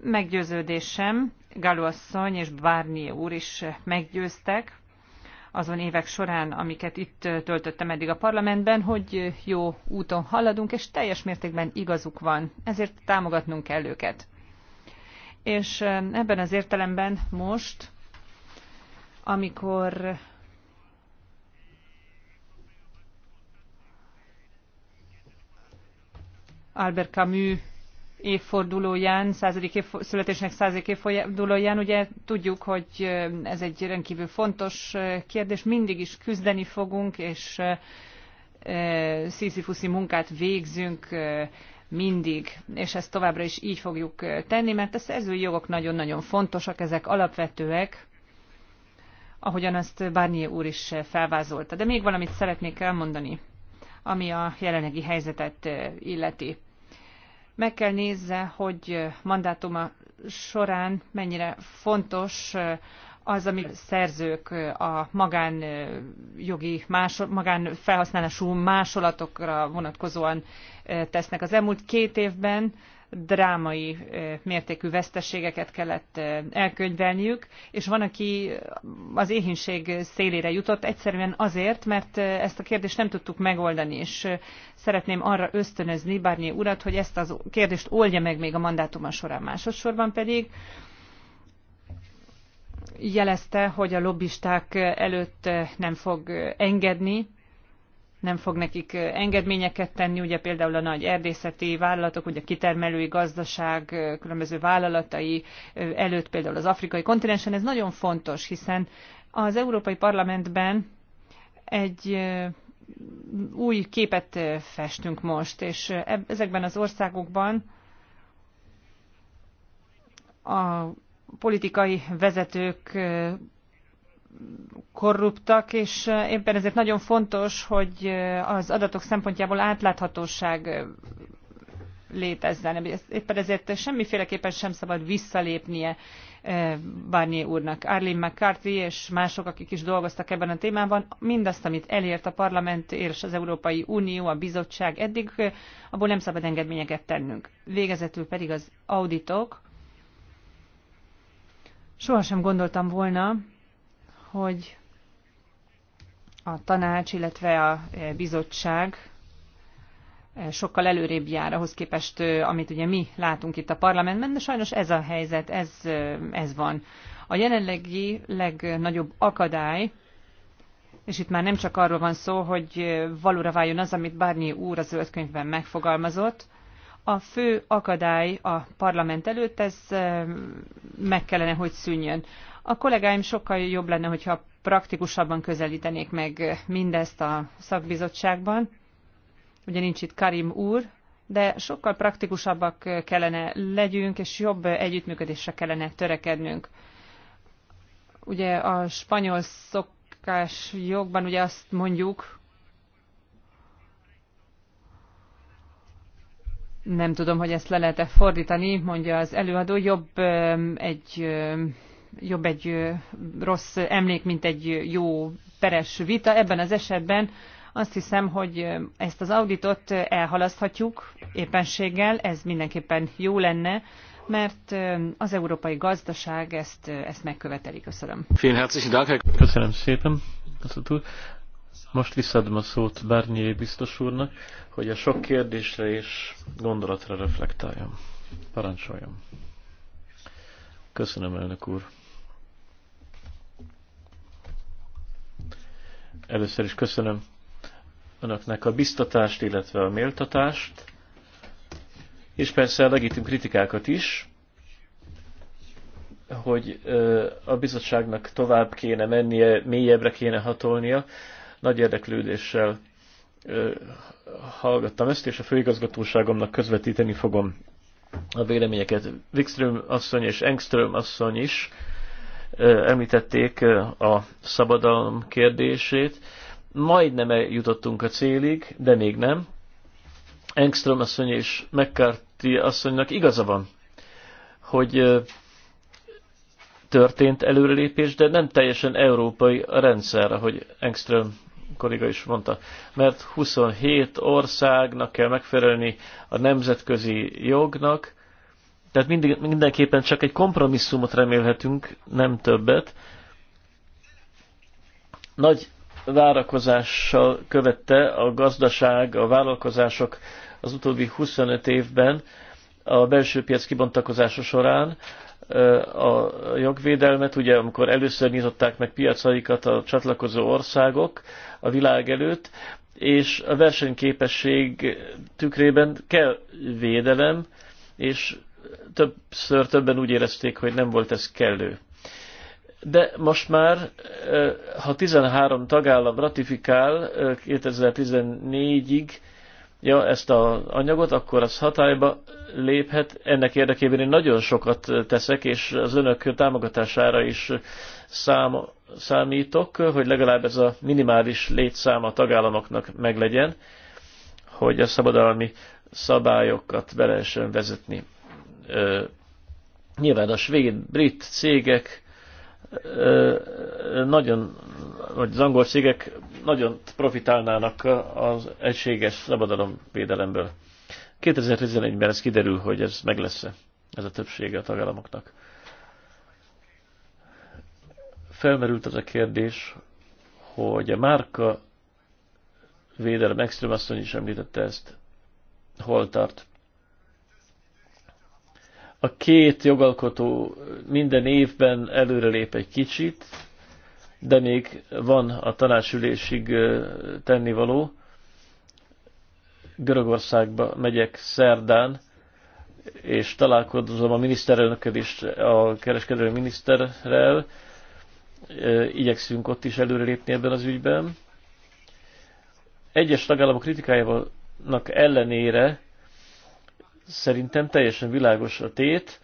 Meggyőződésem, Galo asszony és Barnier úr is meggyőztek, azon évek során, amiket itt töltöttem eddig a parlamentben, hogy jó úton haladunk, és teljes mértékben igazuk van. Ezért támogatnunk kell őket. És ebben az értelemben most, amikor Albert Camus évfordulóján, századik év, születésnek századik évfordulóján, ugye tudjuk, hogy ez egy rendkívül fontos kérdés, mindig is küzdeni fogunk, és szízifuszi munkát végzünk mindig, és ezt továbbra is így fogjuk tenni, mert a szerzői jogok nagyon-nagyon fontosak, ezek alapvetőek, ahogyan azt Barnier úr is felvázolta. De még valamit szeretnék elmondani, ami a jelenlegi helyzetet illeti meg kell nézze, hogy mandátuma során mennyire fontos az, amit szerzők a magánjogi, másol, magánfelhasználású másolatokra vonatkozóan tesznek. Az elmúlt két évben drámai eh, mértékű veszteségeket kellett eh, elkönyvelniük, és van, aki az éhínség szélére jutott egyszerűen azért, mert eh, ezt a kérdést nem tudtuk megoldani, és szeretném arra ösztönözni Barnier urat, hogy ezt a kérdést oldja meg még a mandátuma során. Másodszorban pedig jelezte, hogy a lobbisták előtt nem fog engedni, nem fog nekik engedményeket tenni, ugye például a nagy erdészeti vállalatok, ugye a kitermelői gazdaság különböző vállalatai előtt például az afrikai kontinensen, ez nagyon fontos, hiszen az Európai Parlamentben egy új képet festünk most, és ezekben az országokban a politikai vezetők korruptak, és éppen ezért nagyon fontos, hogy az adatok szempontjából átláthatóság létezzen. Éppen ezért semmiféleképpen sem szabad visszalépnie Barnier úrnak. Arlene McCarthy és mások, akik is dolgoztak ebben a témában, mindazt, amit elért a parlament és az Európai Unió, a bizottság eddig, abból nem szabad engedményeket tennünk. Végezetül pedig az auditok. Sohasem gondoltam volna, hogy a tanács, illetve a bizottság sokkal előrébb jár ahhoz képest, amit ugye mi látunk itt a parlamentben, de sajnos ez a helyzet, ez, ez van. A jelenlegi legnagyobb akadály, és itt már nem csak arról van szó, hogy valóra váljon az, amit Barney úr a zöld könyvben megfogalmazott, a fő akadály a parlament előtt, ez meg kellene, hogy szűnjön. A kollégáim sokkal jobb lenne, hogyha praktikusabban közelítenék meg mindezt a szakbizottságban. Ugye nincs itt Karim úr, de sokkal praktikusabbak kellene legyünk, és jobb együttműködésre kellene törekednünk. Ugye a spanyol szokás jogban ugye azt mondjuk, nem tudom, hogy ezt le lehet-e fordítani, mondja az előadó, jobb egy jobb egy rossz emlék, mint egy jó peres vita. Ebben az esetben azt hiszem, hogy ezt az auditot elhalaszthatjuk éppenséggel, ez mindenképpen jó lenne, mert az európai gazdaság ezt, ezt megköveteli. Köszönöm.
Köszönöm szépen. Most visszadom a szót Barnier biztos úrnak, hogy a sok kérdésre és gondolatra reflektáljam. parancsoljam. Köszönöm, elnök úr. Először is köszönöm önöknek a biztatást, illetve a méltatást, és persze a legitim kritikákat is, hogy a bizottságnak tovább kéne mennie, mélyebbre kéne hatolnia. Nagy érdeklődéssel hallgattam ezt, és a főigazgatóságomnak közvetíteni fogom a véleményeket. Wikström asszony és Engström asszony is említették a szabadalom kérdését. Majdnem jutottunk a célig, de még nem. Engström asszony és McCarthy asszonynak igaza van, hogy történt előrelépés, de nem teljesen európai a rendszer, ahogy Engström kolléga is mondta, mert 27 országnak kell megfelelni a nemzetközi jognak, tehát mindig, mindenképpen csak egy kompromisszumot remélhetünk, nem többet. Nagy várakozással követte a gazdaság, a vállalkozások az utóbbi 25 évben a belső piac kibontakozása során a jogvédelmet, ugye amikor először nyitották meg piacaikat a csatlakozó országok a világ előtt, és a versenyképesség tükrében kell védelem, és többször többen úgy érezték, hogy nem volt ez kellő. De most már, ha 13 tagállam ratifikál 2014-ig ja, ezt az anyagot, akkor az hatályba léphet. Ennek érdekében én nagyon sokat teszek, és az önök támogatására is szám, számítok, hogy legalább ez a minimális létszám a tagállamoknak meglegyen, hogy a szabadalmi szabályokat be lehessen vezetni. Nyilván a svéd, brit cégek nagyon, vagy az angol cégek nagyon profitálnának az egységes szabadalomvédelemből. 2011-ben ez kiderül, hogy ez meg lesz -e, ez a többsége a tagállamoknak. Felmerült az a kérdés, hogy a márka védelem, Extrém asszony is említette ezt, hol tart a két jogalkotó minden évben előrelép egy kicsit, de még van a tanácsülésig tennivaló. Görögországba megyek szerdán, és találkozom a miniszterelnökkel is, a kereskedelmi miniszterrel. Igyekszünk ott is előrelépni ebben az ügyben. Egyes tagállamok kritikájának ellenére Szerintem teljesen világos a tét.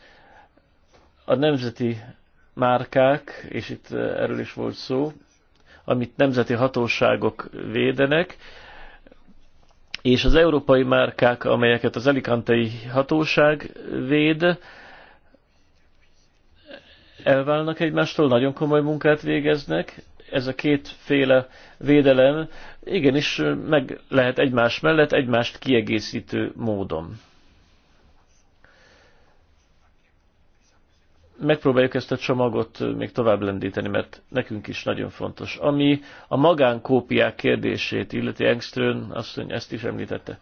A nemzeti márkák, és itt eh, erről is volt szó, amit nemzeti hatóságok védenek, és az európai márkák, amelyeket az Alicantei hatóság véd, elválnak egymástól, nagyon komoly munkát végeznek. Ez a kétféle védelem igenis meg lehet egymás mellett, egymást kiegészítő módon. megpróbáljuk ezt a csomagot még tovább lendíteni, mert nekünk is nagyon fontos. Ami a magánkópiák kérdését illeti, Engström azt mondja, ezt is említette.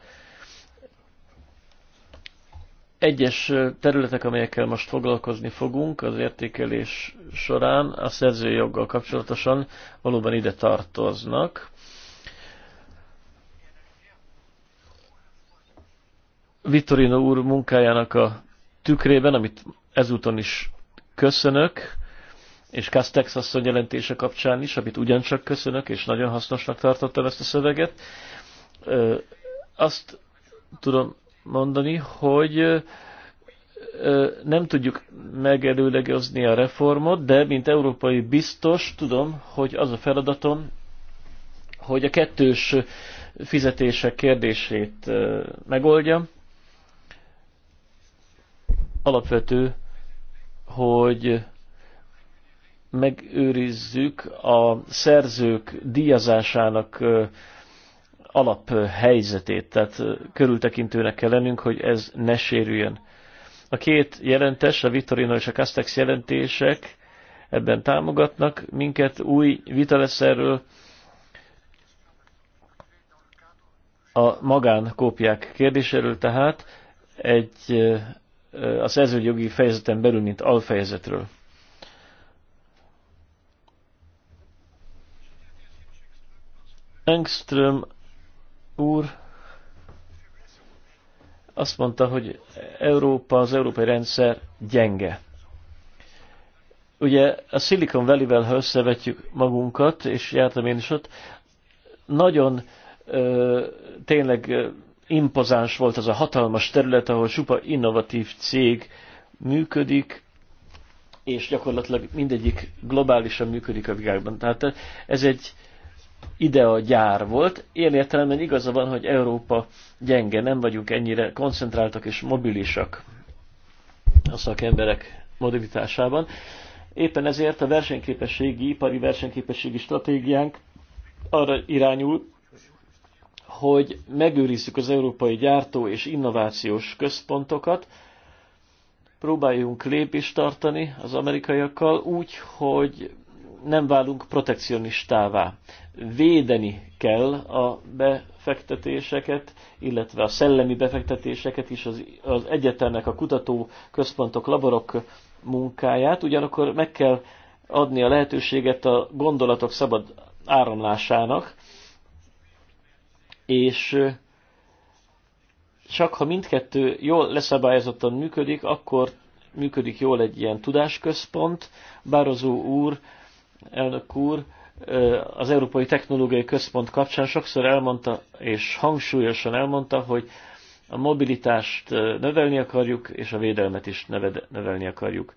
Egyes területek, amelyekkel most foglalkozni fogunk az értékelés során, a szerzőjoggal kapcsolatosan valóban ide tartoznak. Vittorino úr munkájának a tükrében, amit ezúton is köszönök, és Castex asszony jelentése kapcsán is, amit ugyancsak köszönök, és nagyon hasznosnak tartottam ezt a szöveget. Azt tudom mondani, hogy nem tudjuk megelőlegezni a reformot, de mint európai biztos tudom, hogy az a feladatom, hogy a kettős fizetések kérdését megoldjam. Alapvető hogy megőrizzük a szerzők díjazásának alaphelyzetét, tehát körültekintőnek kell lennünk, hogy ez ne sérüljön. A két jelentés, a Vitorino és a Castex jelentések ebben támogatnak minket, új vita lesz erről a magánkópiák kérdéséről, tehát egy a jogi fejezeten belül, mint alfejezetről. Engström úr azt mondta, hogy Európa, az európai rendszer gyenge. Ugye a Silicon Valley-vel, ha összevetjük magunkat, és jártam én is ott, nagyon ö, tényleg impozáns volt az a hatalmas terület, ahol supa innovatív cég működik, és gyakorlatilag mindegyik globálisan működik a világban. Tehát ez egy ide a gyár volt. Ilyen értelemben igaza van, hogy Európa gyenge, nem vagyunk ennyire koncentráltak és mobilisak a szakemberek modalitásában. Éppen ezért a versenyképességi, ipari versenyképességi stratégiánk arra irányul, hogy megőrizzük az európai gyártó és innovációs központokat, próbáljunk lépést tartani az amerikaiakkal úgy, hogy nem válunk protekcionistává. Védeni kell a befektetéseket, illetve a szellemi befektetéseket is, az, az egyetemek, a kutató központok, laborok munkáját, ugyanakkor meg kell adni a lehetőséget a gondolatok szabad áramlásának, és csak ha mindkettő jól leszabályozottan működik, akkor működik jól egy ilyen tudásközpont. Bározó úr, elnök úr, az Európai Technológiai Központ kapcsán sokszor elmondta, és hangsúlyosan elmondta, hogy a mobilitást növelni akarjuk, és a védelmet is növelni akarjuk.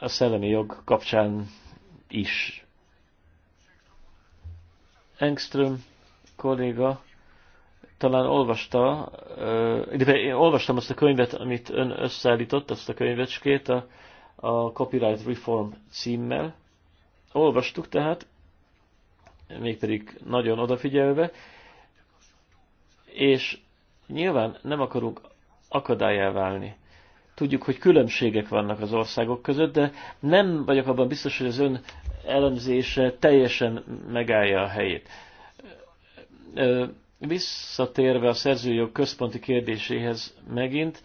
A szellemi jog kapcsán is Engström kolléga talán olvasta, illetve én olvastam azt a könyvet, amit ön összeállított, azt a könyvecskét a, a Copyright Reform címmel. Olvastuk tehát, mégpedig nagyon odafigyelve, és nyilván nem akarunk akadályá válni. Tudjuk, hogy különbségek vannak az országok között, de nem vagyok abban biztos, hogy az ön elemzése teljesen megállja a helyét. Visszatérve a szerzőjog központi kérdéséhez megint,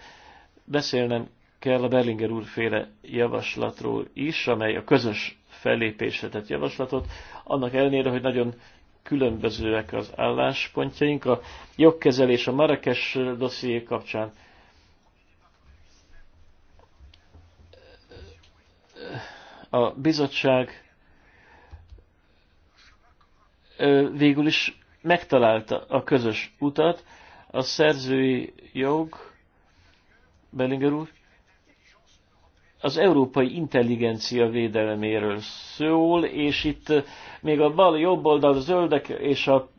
beszélnem kell a Berlinger úrféle javaslatról is, amely a közös fellépésre tett javaslatot, annak ellenére, hogy nagyon különbözőek az álláspontjaink. A jogkezelés a Marrakes dosszié kapcsán a bizottság végül is megtalálta a közös utat. A szerzői jog, Bellinger úr, az európai intelligencia védelméről szól, és itt még a bal, jobb oldal, a zöldek és a,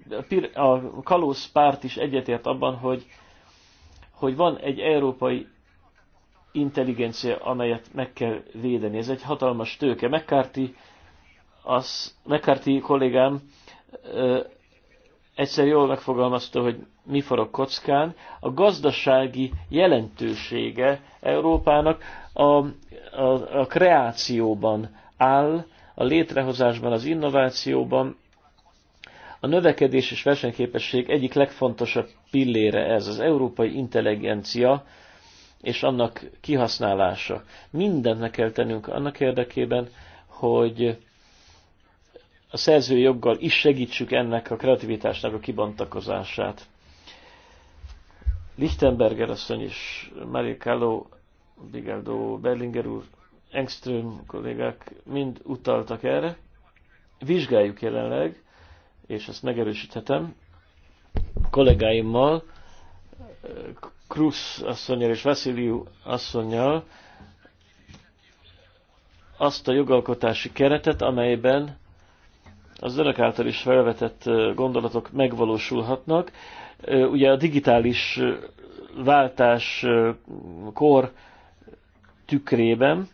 a kalóz párt is egyetért abban, hogy, hogy van egy európai intelligencia, amelyet meg kell védeni. Ez egy hatalmas tőke. McCarthy, az, McCarthy kollégám egyszer jól megfogalmazta, hogy mi forog kockán, a gazdasági jelentősége Európának a, a, a kreációban áll, a létrehozásban, az innovációban. A növekedés és versenyképesség egyik legfontosabb pillére ez, az európai intelligencia és annak kihasználása. Mindent meg kell tennünk annak érdekében, hogy a szerzői joggal is segítsük ennek a kreativitásnak a kibontakozását. Lichtenberger asszony is, Marie Calló, Bigeldo, Berlinger úr, Engström kollégák mind utaltak erre. Vizsgáljuk jelenleg, és ezt megerősíthetem, kollégáimmal, Krusz asszonyjal és Vasiliu asszonyjal azt a jogalkotási keretet, amelyben az önök által is felvetett gondolatok megvalósulhatnak. Ugye a digitális váltás kor tükrében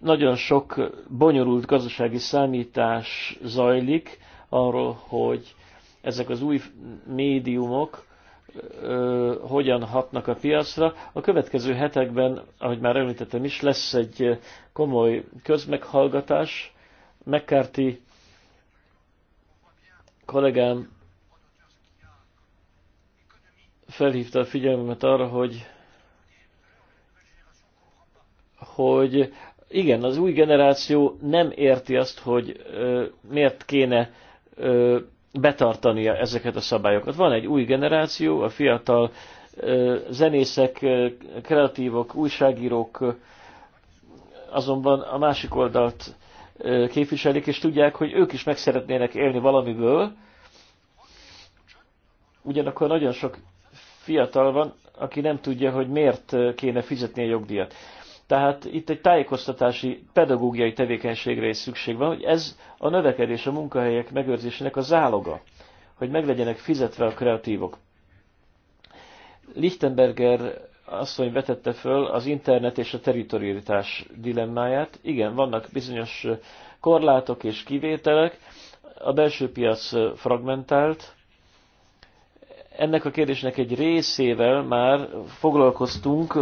nagyon sok bonyolult gazdasági számítás zajlik arról, hogy ezek az új médiumok ö, hogyan hatnak a piacra. A következő hetekben, ahogy már említettem is, lesz egy komoly közmeghallgatás. McCarthy kollégám felhívta a figyelmemet arra, hogy hogy igen, az új generáció nem érti azt, hogy ö, miért kéne ö, betartania ezeket a szabályokat. Van egy új generáció, a fiatal ö, zenészek, ö, kreatívok, újságírók, ö, azonban a másik oldalt képviselik, és tudják, hogy ők is meg szeretnének élni valamiből. Ugyanakkor nagyon sok fiatal van, aki nem tudja, hogy miért kéne fizetni a jogdíjat. Tehát itt egy tájékoztatási, pedagógiai tevékenységre is szükség van, hogy ez a növekedés, a munkahelyek megőrzésének a záloga, hogy meglegyenek fizetve a kreatívok. Lichtenberger asszony vetette föl az internet és a teritorialitás dilemmáját. Igen, vannak bizonyos korlátok és kivételek, a belső piac fragmentált, ennek a kérdésnek egy részével már foglalkoztunk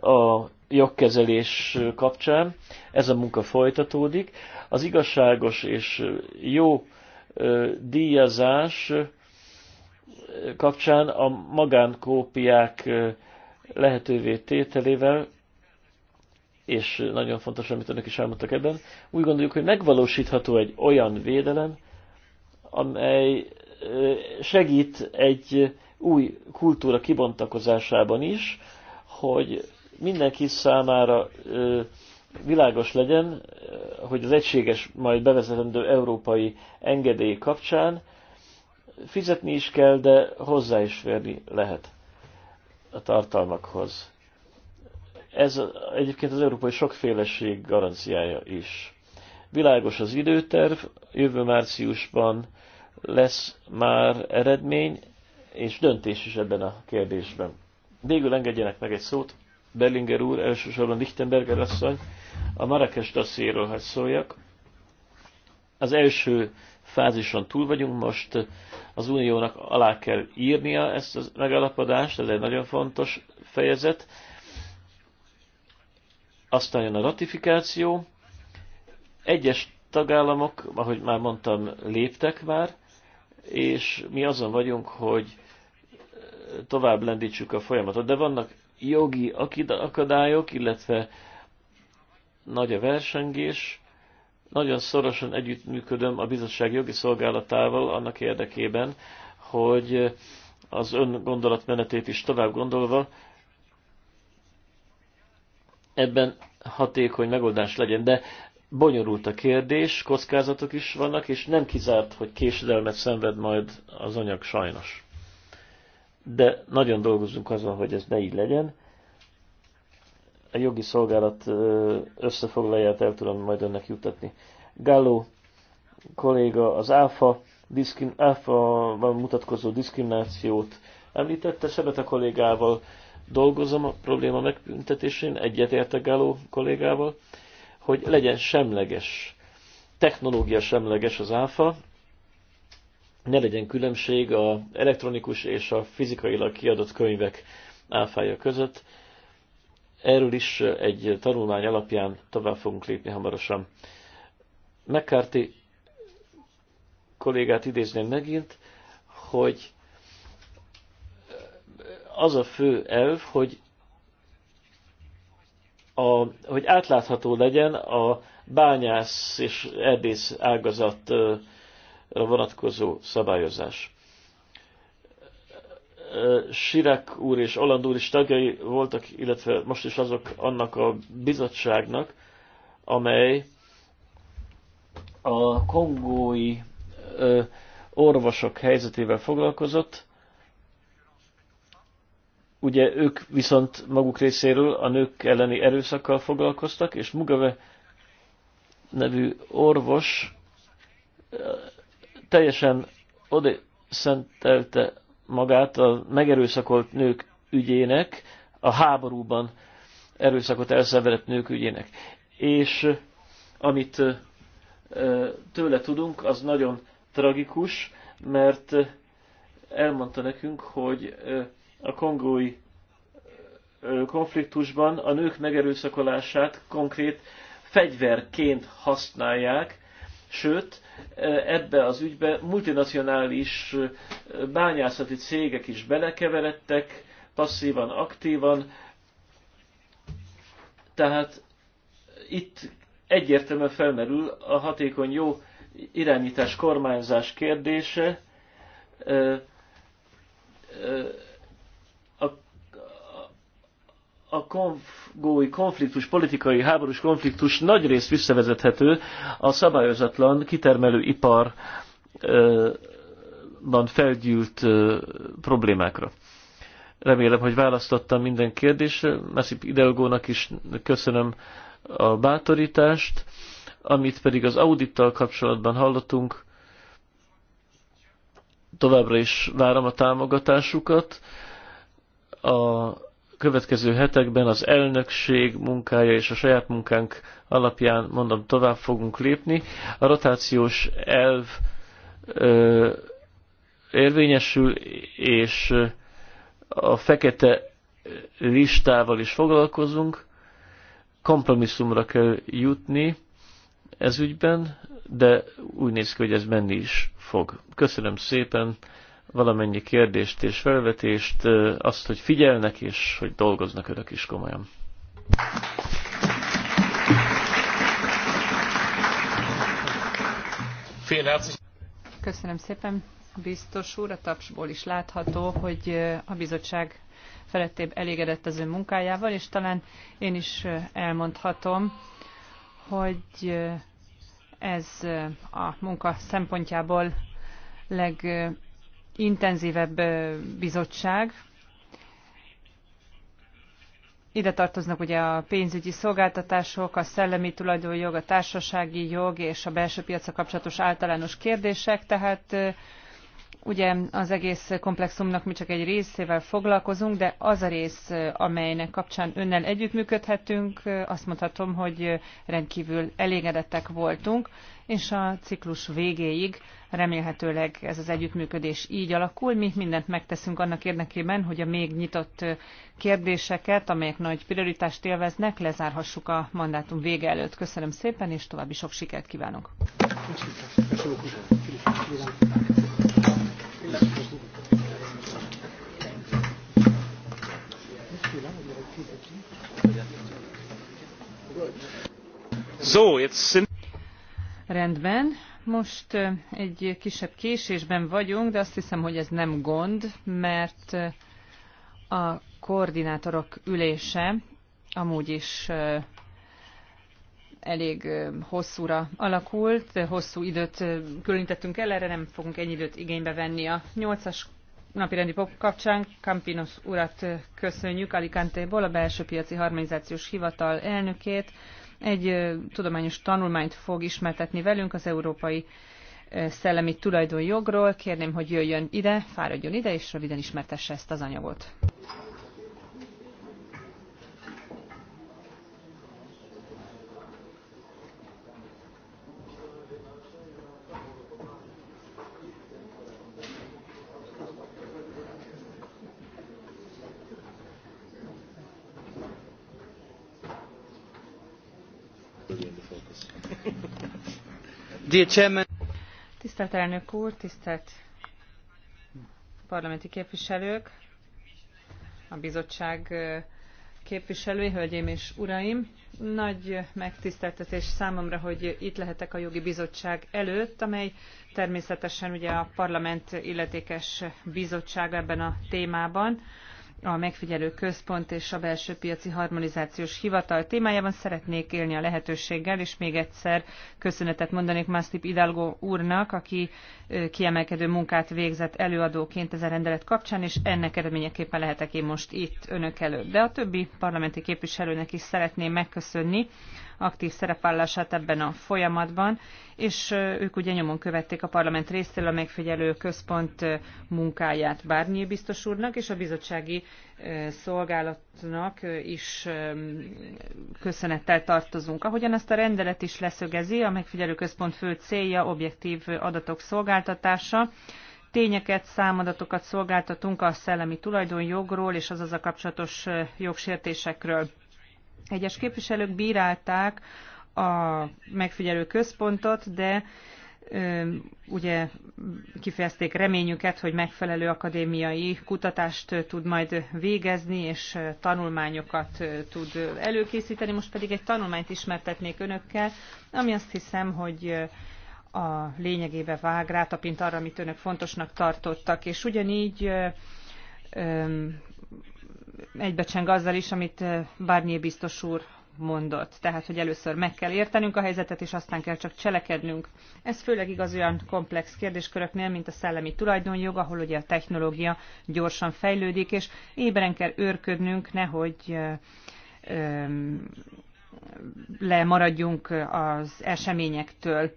a jogkezelés kapcsán, ez a munka folytatódik. Az igazságos és jó díjazás kapcsán a magánkópiák lehetővé tételével, és nagyon fontos, amit önök is elmondtak ebben, úgy gondoljuk, hogy megvalósítható egy olyan védelem, amely segít egy új kultúra kibontakozásában is, hogy mindenki számára világos legyen, hogy az egységes, majd bevezetendő európai engedély kapcsán fizetni is kell, de hozzá is férni lehet a tartalmakhoz. Ez egyébként az európai sokféleség garanciája is. Világos az időterv, jövő márciusban lesz már eredmény, és döntés is ebben a kérdésben. Végül engedjenek meg egy szót, Berlinger úr, elsősorban Lichtenberger asszony, a Marrakes dossziéről hadd szóljak. Az első fázison túl vagyunk, most az uniónak alá kell írnia ezt a megállapodást, ez egy nagyon fontos fejezet. Aztán jön a ratifikáció. Egyes tagállamok, ahogy már mondtam, léptek már, és mi azon vagyunk, hogy tovább lendítsük a folyamatot. De vannak jogi akadályok, illetve nagy a versengés, nagyon szorosan együttműködöm a bizottság jogi szolgálatával annak érdekében, hogy az ön gondolatmenetét is tovább gondolva ebben hatékony megoldás legyen. De bonyolult a kérdés, kockázatok is vannak, és nem kizárt, hogy késedelmet szenved majd az anyag sajnos. De nagyon dolgozunk azon, hogy ez ne így legyen a jogi szolgálat összefoglalját el tudom majd önnek juttatni. Galló kolléga az ÁFA, diszkin, áfa-ban mutatkozó diszkriminációt említette, Sebete kollégával dolgozom a probléma megbüntetésén, egyetértek Gáló kollégával, hogy legyen semleges, technológia semleges az áfa, ne legyen különbség a elektronikus és a fizikailag kiadott könyvek áfája között, Erről is egy tanulmány alapján tovább fogunk lépni hamarosan. McCarthy kollégát idézném megint, hogy az a fő elv, hogy, a, hogy átlátható legyen a bányász és erdész ágazatra vonatkozó szabályozás. Sirek úr és Aland úr is tagjai voltak, illetve most is azok annak a bizottságnak, amely a kongói orvosok helyzetével foglalkozott. Ugye ők viszont maguk részéről a nők elleni erőszakkal foglalkoztak, és Mugave nevű orvos teljesen oda szentelte magát a megerőszakolt nők ügyének, a háborúban erőszakot elszenvedett nők ügyének. És amit tőle tudunk, az nagyon tragikus, mert elmondta nekünk, hogy a kongói konfliktusban a nők megerőszakolását konkrét fegyverként használják, Sőt, ebbe az ügybe multinacionális bányászati cégek is belekeveredtek, passzívan, aktívan. Tehát itt egyértelműen felmerül a hatékony jó irányítás, kormányzás kérdése a konfgói konfliktus, politikai háborús konfliktus nagy rész visszavezethető a szabályozatlan kitermelő iparban felgyűlt problémákra. Remélem, hogy választottam minden kérdést. Messzip Idelgónak is köszönöm a bátorítást, amit pedig az audittal kapcsolatban hallottunk. Továbbra is várom a támogatásukat. A következő hetekben az elnökség munkája és a saját munkánk alapján, mondom, tovább fogunk lépni. A rotációs elv ö, érvényesül, és a fekete listával is foglalkozunk. Kompromisszumra kell jutni ez ügyben, de úgy néz ki, hogy ez menni is fog. Köszönöm szépen! valamennyi kérdést és felvetést, azt, hogy figyelnek és hogy dolgoznak önök is komolyan.
Köszönöm szépen, biztos úr. A tapsból is látható, hogy a bizottság felettébb elégedett az ön munkájával, és talán én is elmondhatom, hogy ez a munka szempontjából leg intenzívebb bizottság. Ide tartoznak ugye a pénzügyi szolgáltatások, a szellemi tulajdonjog, a társasági jog és a belső piacra kapcsolatos általános kérdések, tehát Ugye az egész komplexumnak mi csak egy részével foglalkozunk, de az a rész, amelynek kapcsán önnel együttműködhetünk, azt mondhatom, hogy rendkívül elégedettek voltunk, és a ciklus végéig remélhetőleg ez az együttműködés így alakul. Mi mindent megteszünk annak érdekében, hogy a még nyitott kérdéseket, amelyek nagy prioritást élveznek, lezárhassuk a mandátum vége előtt. Köszönöm szépen, és további sok sikert kívánok! Köszönöm. Rendben, most egy kisebb késésben vagyunk, de azt hiszem, hogy ez nem gond, mert a koordinátorok ülése amúgy is elég hosszúra alakult, hosszú időt különítettünk el, erre nem fogunk ennyi időt igénybe venni. A nyolcas napirendi kapcsán Campinos urat köszönjük Alicante-ból, a belső piaci harmonizációs hivatal elnökét. Egy tudományos tanulmányt fog ismertetni velünk az európai szellemi tulajdonjogról. Kérném, hogy jöjjön ide, fáradjon ide, és röviden ismertesse ezt az anyagot. Tisztelt elnök úr, tisztelt parlamenti képviselők, a bizottság képviselői, hölgyeim és uraim! Nagy megtiszteltetés számomra, hogy itt lehetek a jogi bizottság előtt, amely természetesen ugye a parlament illetékes bizottság ebben a témában a megfigyelő központ és a belső piaci harmonizációs hivatal témájában szeretnék élni a lehetőséggel, és még egyszer köszönetet mondanék Mastip Hidalgo úrnak, aki kiemelkedő munkát végzett előadóként ezen rendelet kapcsán, és ennek eredményeképpen lehetek én most itt önök előtt. De a többi parlamenti képviselőnek is szeretném megköszönni aktív szerepvállását ebben a folyamatban, és ők ugye nyomon követték a parlament részéről a megfigyelő központ munkáját Bárnyi biztos úrnak, és a bizottsági szolgálatnak is köszönettel tartozunk. Ahogyan azt a rendelet is leszögezi, a megfigyelő központ fő célja objektív adatok szolgáltatása, tényeket, számadatokat szolgáltatunk a szellemi tulajdonjogról és az a kapcsolatos jogsértésekről. Egyes képviselők bírálták a megfigyelő központot, de ugye kifejezték reményüket, hogy megfelelő akadémiai kutatást tud majd végezni, és tanulmányokat tud előkészíteni. Most pedig egy tanulmányt ismertetnék önökkel, ami azt hiszem, hogy a lényegébe vág, rátapint arra, amit önök fontosnak tartottak, és ugyanígy egybecseng azzal is, amit eh, Barnier biztos úr mondott. Tehát, hogy először meg kell értenünk a helyzetet, és aztán kell csak cselekednünk. Ez főleg igaz olyan komplex kérdésköröknél, mint a szellemi tulajdonjog, ahol ugye a technológia gyorsan fejlődik, és éberen kell őrködnünk, nehogy eh, lemaradjunk az eseményektől.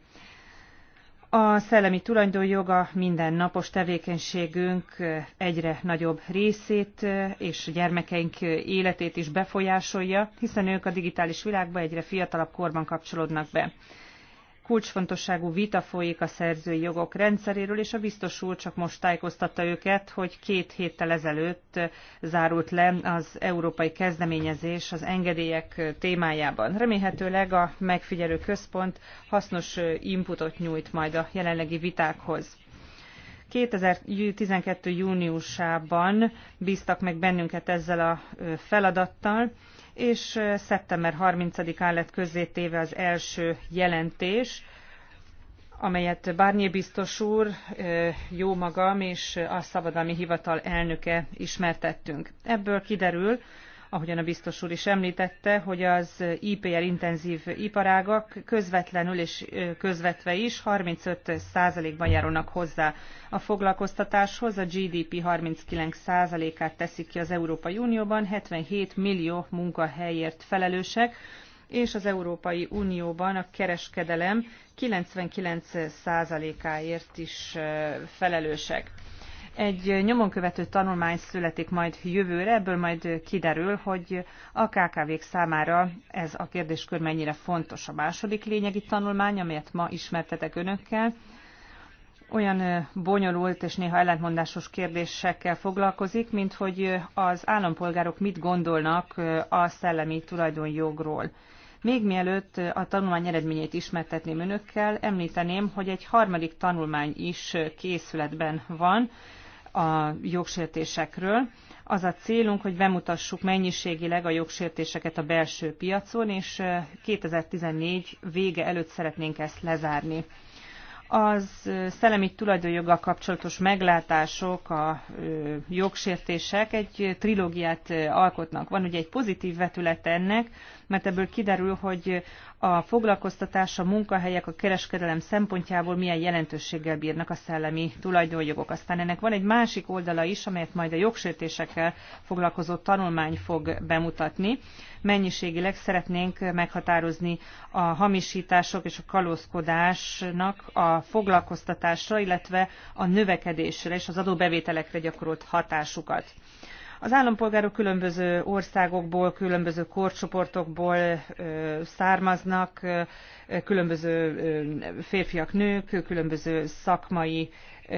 A szellemi tulajdonjoga mindennapos tevékenységünk egyre nagyobb részét és gyermekeink életét is befolyásolja, hiszen ők a digitális világba egyre fiatalabb korban kapcsolódnak be kulcsfontosságú vita folyik a szerzői jogok rendszeréről, és a biztos úr csak most tájékoztatta őket, hogy két héttel ezelőtt zárult le az európai kezdeményezés az engedélyek témájában. Remélhetőleg a megfigyelő központ hasznos inputot nyújt majd a jelenlegi vitákhoz. 2012. júniusában bíztak meg bennünket ezzel a feladattal, és szeptember 30-án lett közzétéve az első jelentés, amelyet Barnier biztos úr, jó magam és a szabadalmi hivatal elnöke ismertettünk. Ebből kiderül, ahogyan a biztos úr is említette, hogy az IPR intenzív iparágak közvetlenül és közvetve is 35%-ban járulnak hozzá a foglalkoztatáshoz. A GDP 39%-át teszik ki az Európai Unióban, 77 millió munkahelyért felelősek, és az Európai Unióban a kereskedelem 99%-áért is felelősek. Egy nyomon követő tanulmány születik majd jövőre, ebből majd kiderül, hogy a KKV-k számára ez a kérdéskör mennyire fontos. A második lényegi tanulmány, amelyet ma ismertetek önökkel, olyan bonyolult és néha ellentmondásos kérdésekkel foglalkozik, mint hogy az állampolgárok mit gondolnak a szellemi tulajdonjogról. Még mielőtt a tanulmány eredményét ismertetném önökkel, említeném, hogy egy harmadik tanulmány is készületben van, a jogsértésekről. Az a célunk, hogy bemutassuk mennyiségileg a jogsértéseket a belső piacon, és 2014 vége előtt szeretnénk ezt lezárni. Az szellemi tulajdonjoggal kapcsolatos meglátások, a jogsértések egy trilógiát alkotnak. Van ugye egy pozitív vetület ennek, mert ebből kiderül, hogy a foglalkoztatás, a munkahelyek, a kereskedelem szempontjából milyen jelentőséggel bírnak a szellemi tulajdonjogok. Aztán ennek van egy másik oldala is, amelyet majd a jogsértésekkel foglalkozó tanulmány fog bemutatni. Mennyiségileg szeretnénk meghatározni a hamisítások és a kalózkodásnak a foglalkoztatásra, illetve a növekedésre és az adóbevételekre gyakorolt hatásukat. Az állampolgárok különböző országokból, különböző korcsoportokból származnak, különböző férfiak, nők, különböző szakmai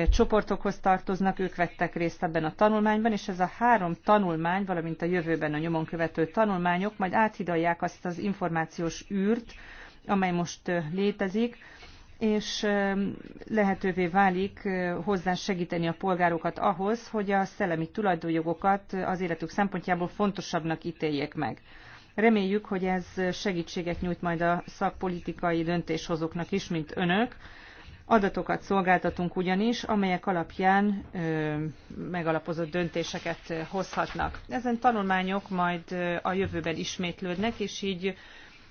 csoportokhoz tartoznak, ők vettek részt ebben a tanulmányban, és ez a három tanulmány, valamint a jövőben a nyomon követő tanulmányok majd áthidalják azt az információs űrt, amely most létezik, és lehetővé válik hozzá segíteni a polgárokat ahhoz, hogy a szellemi tulajdonjogokat az életük szempontjából fontosabbnak ítéljék meg. Reméljük, hogy ez segítséget nyújt majd a szakpolitikai döntéshozóknak is, mint önök. Adatokat szolgáltatunk ugyanis, amelyek alapján ö, megalapozott döntéseket hozhatnak. Ezen tanulmányok majd a jövőben ismétlődnek, és így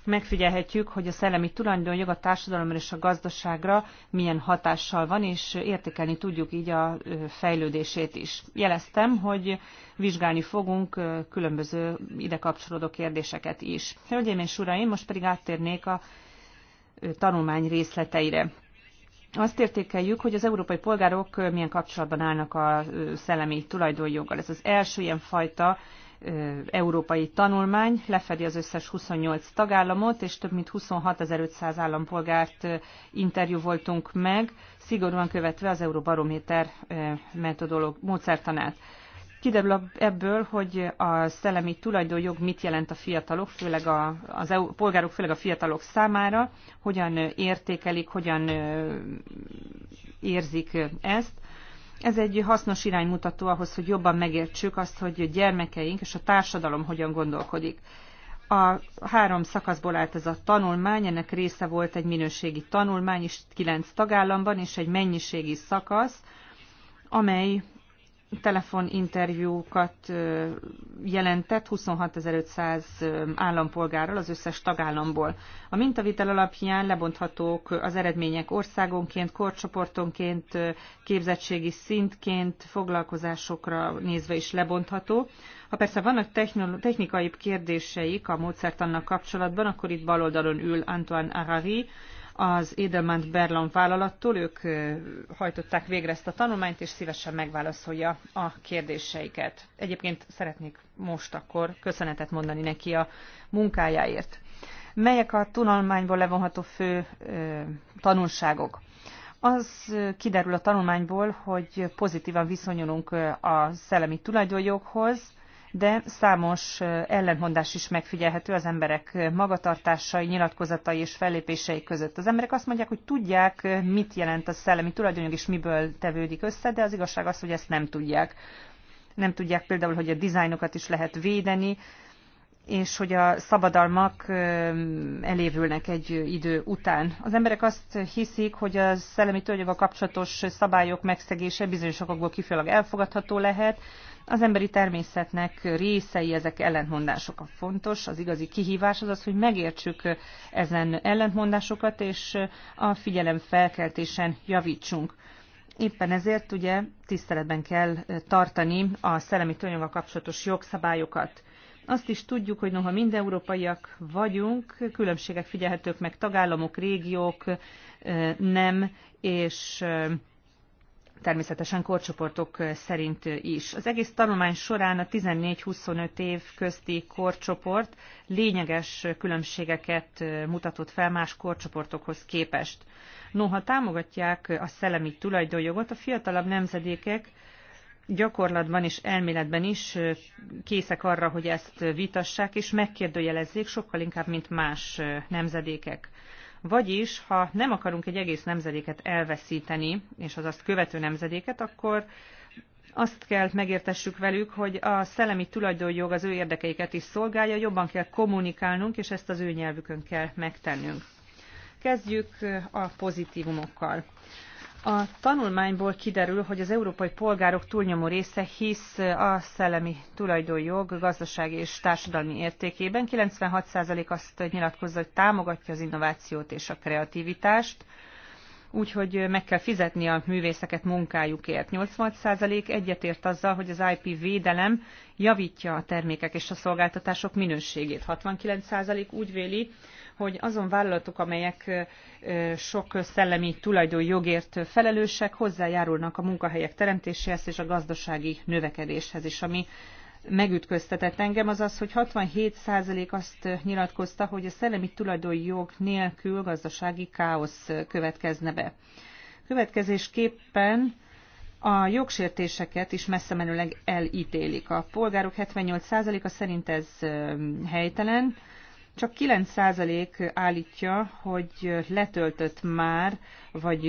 megfigyelhetjük, hogy a szellemi tulajdonjog a társadalomra és a gazdaságra milyen hatással van, és értékelni tudjuk így a fejlődését is. Jeleztem, hogy vizsgálni fogunk különböző ide kapcsolódó kérdéseket is. Hölgyeim és uraim, most pedig áttérnék a tanulmány részleteire. Azt értékeljük, hogy az európai polgárok milyen kapcsolatban állnak a szellemi tulajdonjoggal. Ez az első ilyen fajta európai tanulmány, lefedi az összes 28 tagállamot, és több mint 26.500 állampolgárt interjú voltunk meg, szigorúan követve az Euróbarométer metodológ módszertanát. Kiderül ebből, hogy a szellemi tulajdonjog mit jelent a fiatalok, főleg a, az EU, a polgárok, főleg a fiatalok számára, hogyan értékelik, hogyan érzik ezt. Ez egy hasznos iránymutató ahhoz, hogy jobban megértsük azt, hogy a gyermekeink és a társadalom hogyan gondolkodik. A három szakaszból állt ez a tanulmány, ennek része volt egy minőségi tanulmány is kilenc tagállamban, és egy mennyiségi szakasz, amely telefoninterjúkat jelentett 26.500 állampolgárral az összes tagállamból. A mintavitel alapján lebonthatók az eredmények országonként, korcsoportonként, képzettségi szintként, foglalkozásokra nézve is lebontható. Ha persze vannak technikai kérdéseik a módszertannak kapcsolatban, akkor itt bal oldalon ül Antoine Arari, az Edelman Berlon vállalattól. Ők hajtották végre ezt a tanulmányt, és szívesen megválaszolja a kérdéseiket. Egyébként szeretnék most akkor köszönetet mondani neki a munkájáért. Melyek a tanulmányból levonható fő tanulságok? Az kiderül a tanulmányból, hogy pozitívan viszonyulunk a szellemi tulajdonjoghoz, de számos ellentmondás is megfigyelhető az emberek magatartásai, nyilatkozatai és fellépései között. Az emberek azt mondják, hogy tudják, mit jelent a szellemi tulajdonjog és miből tevődik össze, de az igazság az, hogy ezt nem tudják. Nem tudják például, hogy a dizájnokat is lehet védeni, és hogy a szabadalmak elévülnek egy idő után. Az emberek azt hiszik, hogy a szellemi tulajdonjoga kapcsolatos szabályok megszegése bizonyos okokból kifejezőleg elfogadható lehet. Az emberi természetnek részei ezek ellentmondások a fontos. Az igazi kihívás az az, hogy megértsük ezen ellentmondásokat, és a figyelem felkeltésen javítsunk. Éppen ezért ugye tiszteletben kell tartani a szellemi tulajdonjoga kapcsolatos jogszabályokat azt is tudjuk, hogy noha mind európaiak vagyunk, különbségek figyelhetők meg tagállamok, régiók, nem, és természetesen korcsoportok szerint is. Az egész tanulmány során a 14-25 év közti korcsoport lényeges különbségeket mutatott fel más korcsoportokhoz képest. Noha támogatják a szellemi tulajdonjogot, a fiatalabb nemzedékek gyakorlatban és elméletben is készek arra, hogy ezt vitassák és megkérdőjelezzék sokkal inkább, mint más nemzedékek. Vagyis, ha nem akarunk egy egész nemzedéket elveszíteni, és az azt követő nemzedéket, akkor azt kell megértessük velük, hogy a szellemi tulajdonjog az ő érdekeiket is szolgálja, jobban kell kommunikálnunk, és ezt az ő nyelvükön kell megtennünk. Kezdjük a pozitívumokkal. A tanulmányból kiderül, hogy az európai polgárok túlnyomó része hisz a szellemi tulajdonjog gazdasági és társadalmi értékében. 96% azt nyilatkozza, hogy támogatja az innovációt és a kreativitást, úgyhogy meg kell fizetni a művészeket munkájukért. 86% egyetért azzal, hogy az IP védelem javítja a termékek és a szolgáltatások minőségét. 69% úgy véli, hogy azon vállalatok, amelyek sok szellemi jogért felelősek, hozzájárulnak a munkahelyek teremtéséhez és a gazdasági növekedéshez is, ami megütköztetett engem, az az, hogy 67% azt nyilatkozta, hogy a szellemi tulajdonjog nélkül gazdasági káosz következne be. Következésképpen a jogsértéseket is messze menőleg elítélik. A polgárok 78%-a szerint ez helytelen, csak 9% állítja, hogy letöltött már, vagy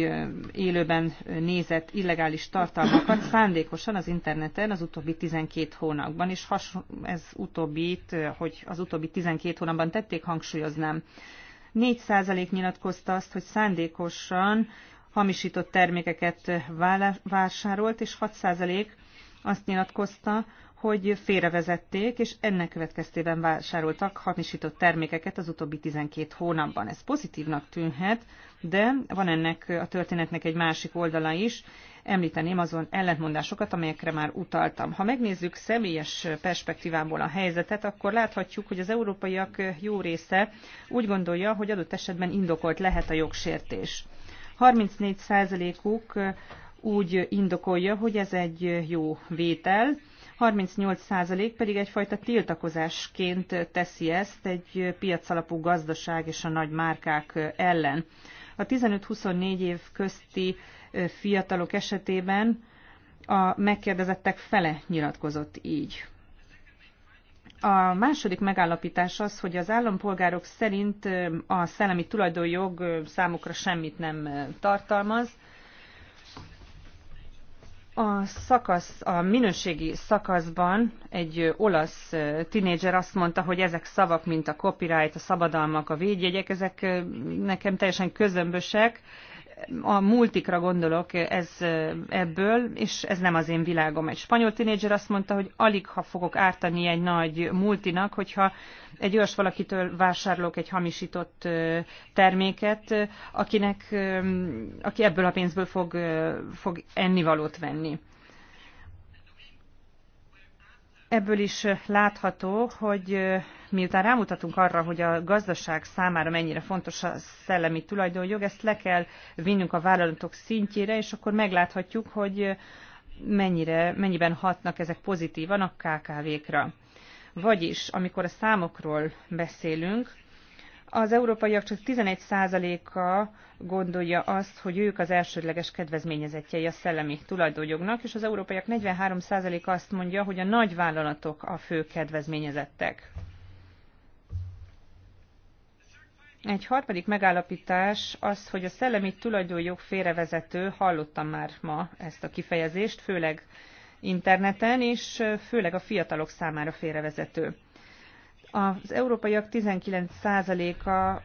élőben nézett illegális tartalmakat szándékosan az interneten az utóbbi 12 hónapban, és has, ez utóbbit, hogy az utóbbi 12 hónapban tették, hangsúlyoznám. 4% nyilatkozta azt, hogy szándékosan hamisított termékeket vásárolt, és 6% azt nyilatkozta, hogy félrevezették, és ennek következtében vásároltak hamisított termékeket az utóbbi 12 hónapban. Ez pozitívnak tűnhet, de van ennek a történetnek egy másik oldala is. Említeném azon ellentmondásokat, amelyekre már utaltam. Ha megnézzük személyes perspektívából a helyzetet, akkor láthatjuk, hogy az európaiak jó része úgy gondolja, hogy adott esetben indokolt lehet a jogsértés. 34%-uk úgy indokolja, hogy ez egy jó vétel, 38% pedig egyfajta tiltakozásként teszi ezt egy piacalapú gazdaság és a nagy márkák ellen. A 15-24 év közti fiatalok esetében a megkérdezettek fele nyilatkozott így. A második megállapítás az, hogy az állampolgárok szerint a szellemi tulajdonjog számukra semmit nem tartalmaz, a szakasz, a minőségi szakaszban egy olasz tinédzser azt mondta, hogy ezek szavak, mint a copyright, a szabadalmak, a védjegyek, ezek nekem teljesen közömbösek, a multikra gondolok ez, ebből, és ez nem az én világom. Egy spanyol tinédzser azt mondta, hogy alig ha fogok ártani egy nagy multinak, hogyha egy olyas valakitől vásárolok egy hamisított terméket, akinek, aki ebből a pénzből fog, fog ennivalót venni. Ebből is látható, hogy miután rámutatunk arra, hogy a gazdaság számára mennyire fontos a szellemi tulajdonjog, ezt le kell vinnünk a vállalatok szintjére, és akkor megláthatjuk, hogy mennyire, mennyiben hatnak ezek pozitívan a KKV-kra. Vagyis, amikor a számokról beszélünk, az európaiak csak 11%-a gondolja azt, hogy ők az elsődleges kedvezményezettjei a szellemi tulajdonjognak, és az európaiak 43%-a azt mondja, hogy a nagyvállalatok a fő kedvezményezettek. Egy harmadik megállapítás az, hogy a szellemi tulajdonjog félrevezető, hallottam már ma ezt a kifejezést, főleg interneten, és főleg a fiatalok számára félrevezető. Az európaiak 19%-a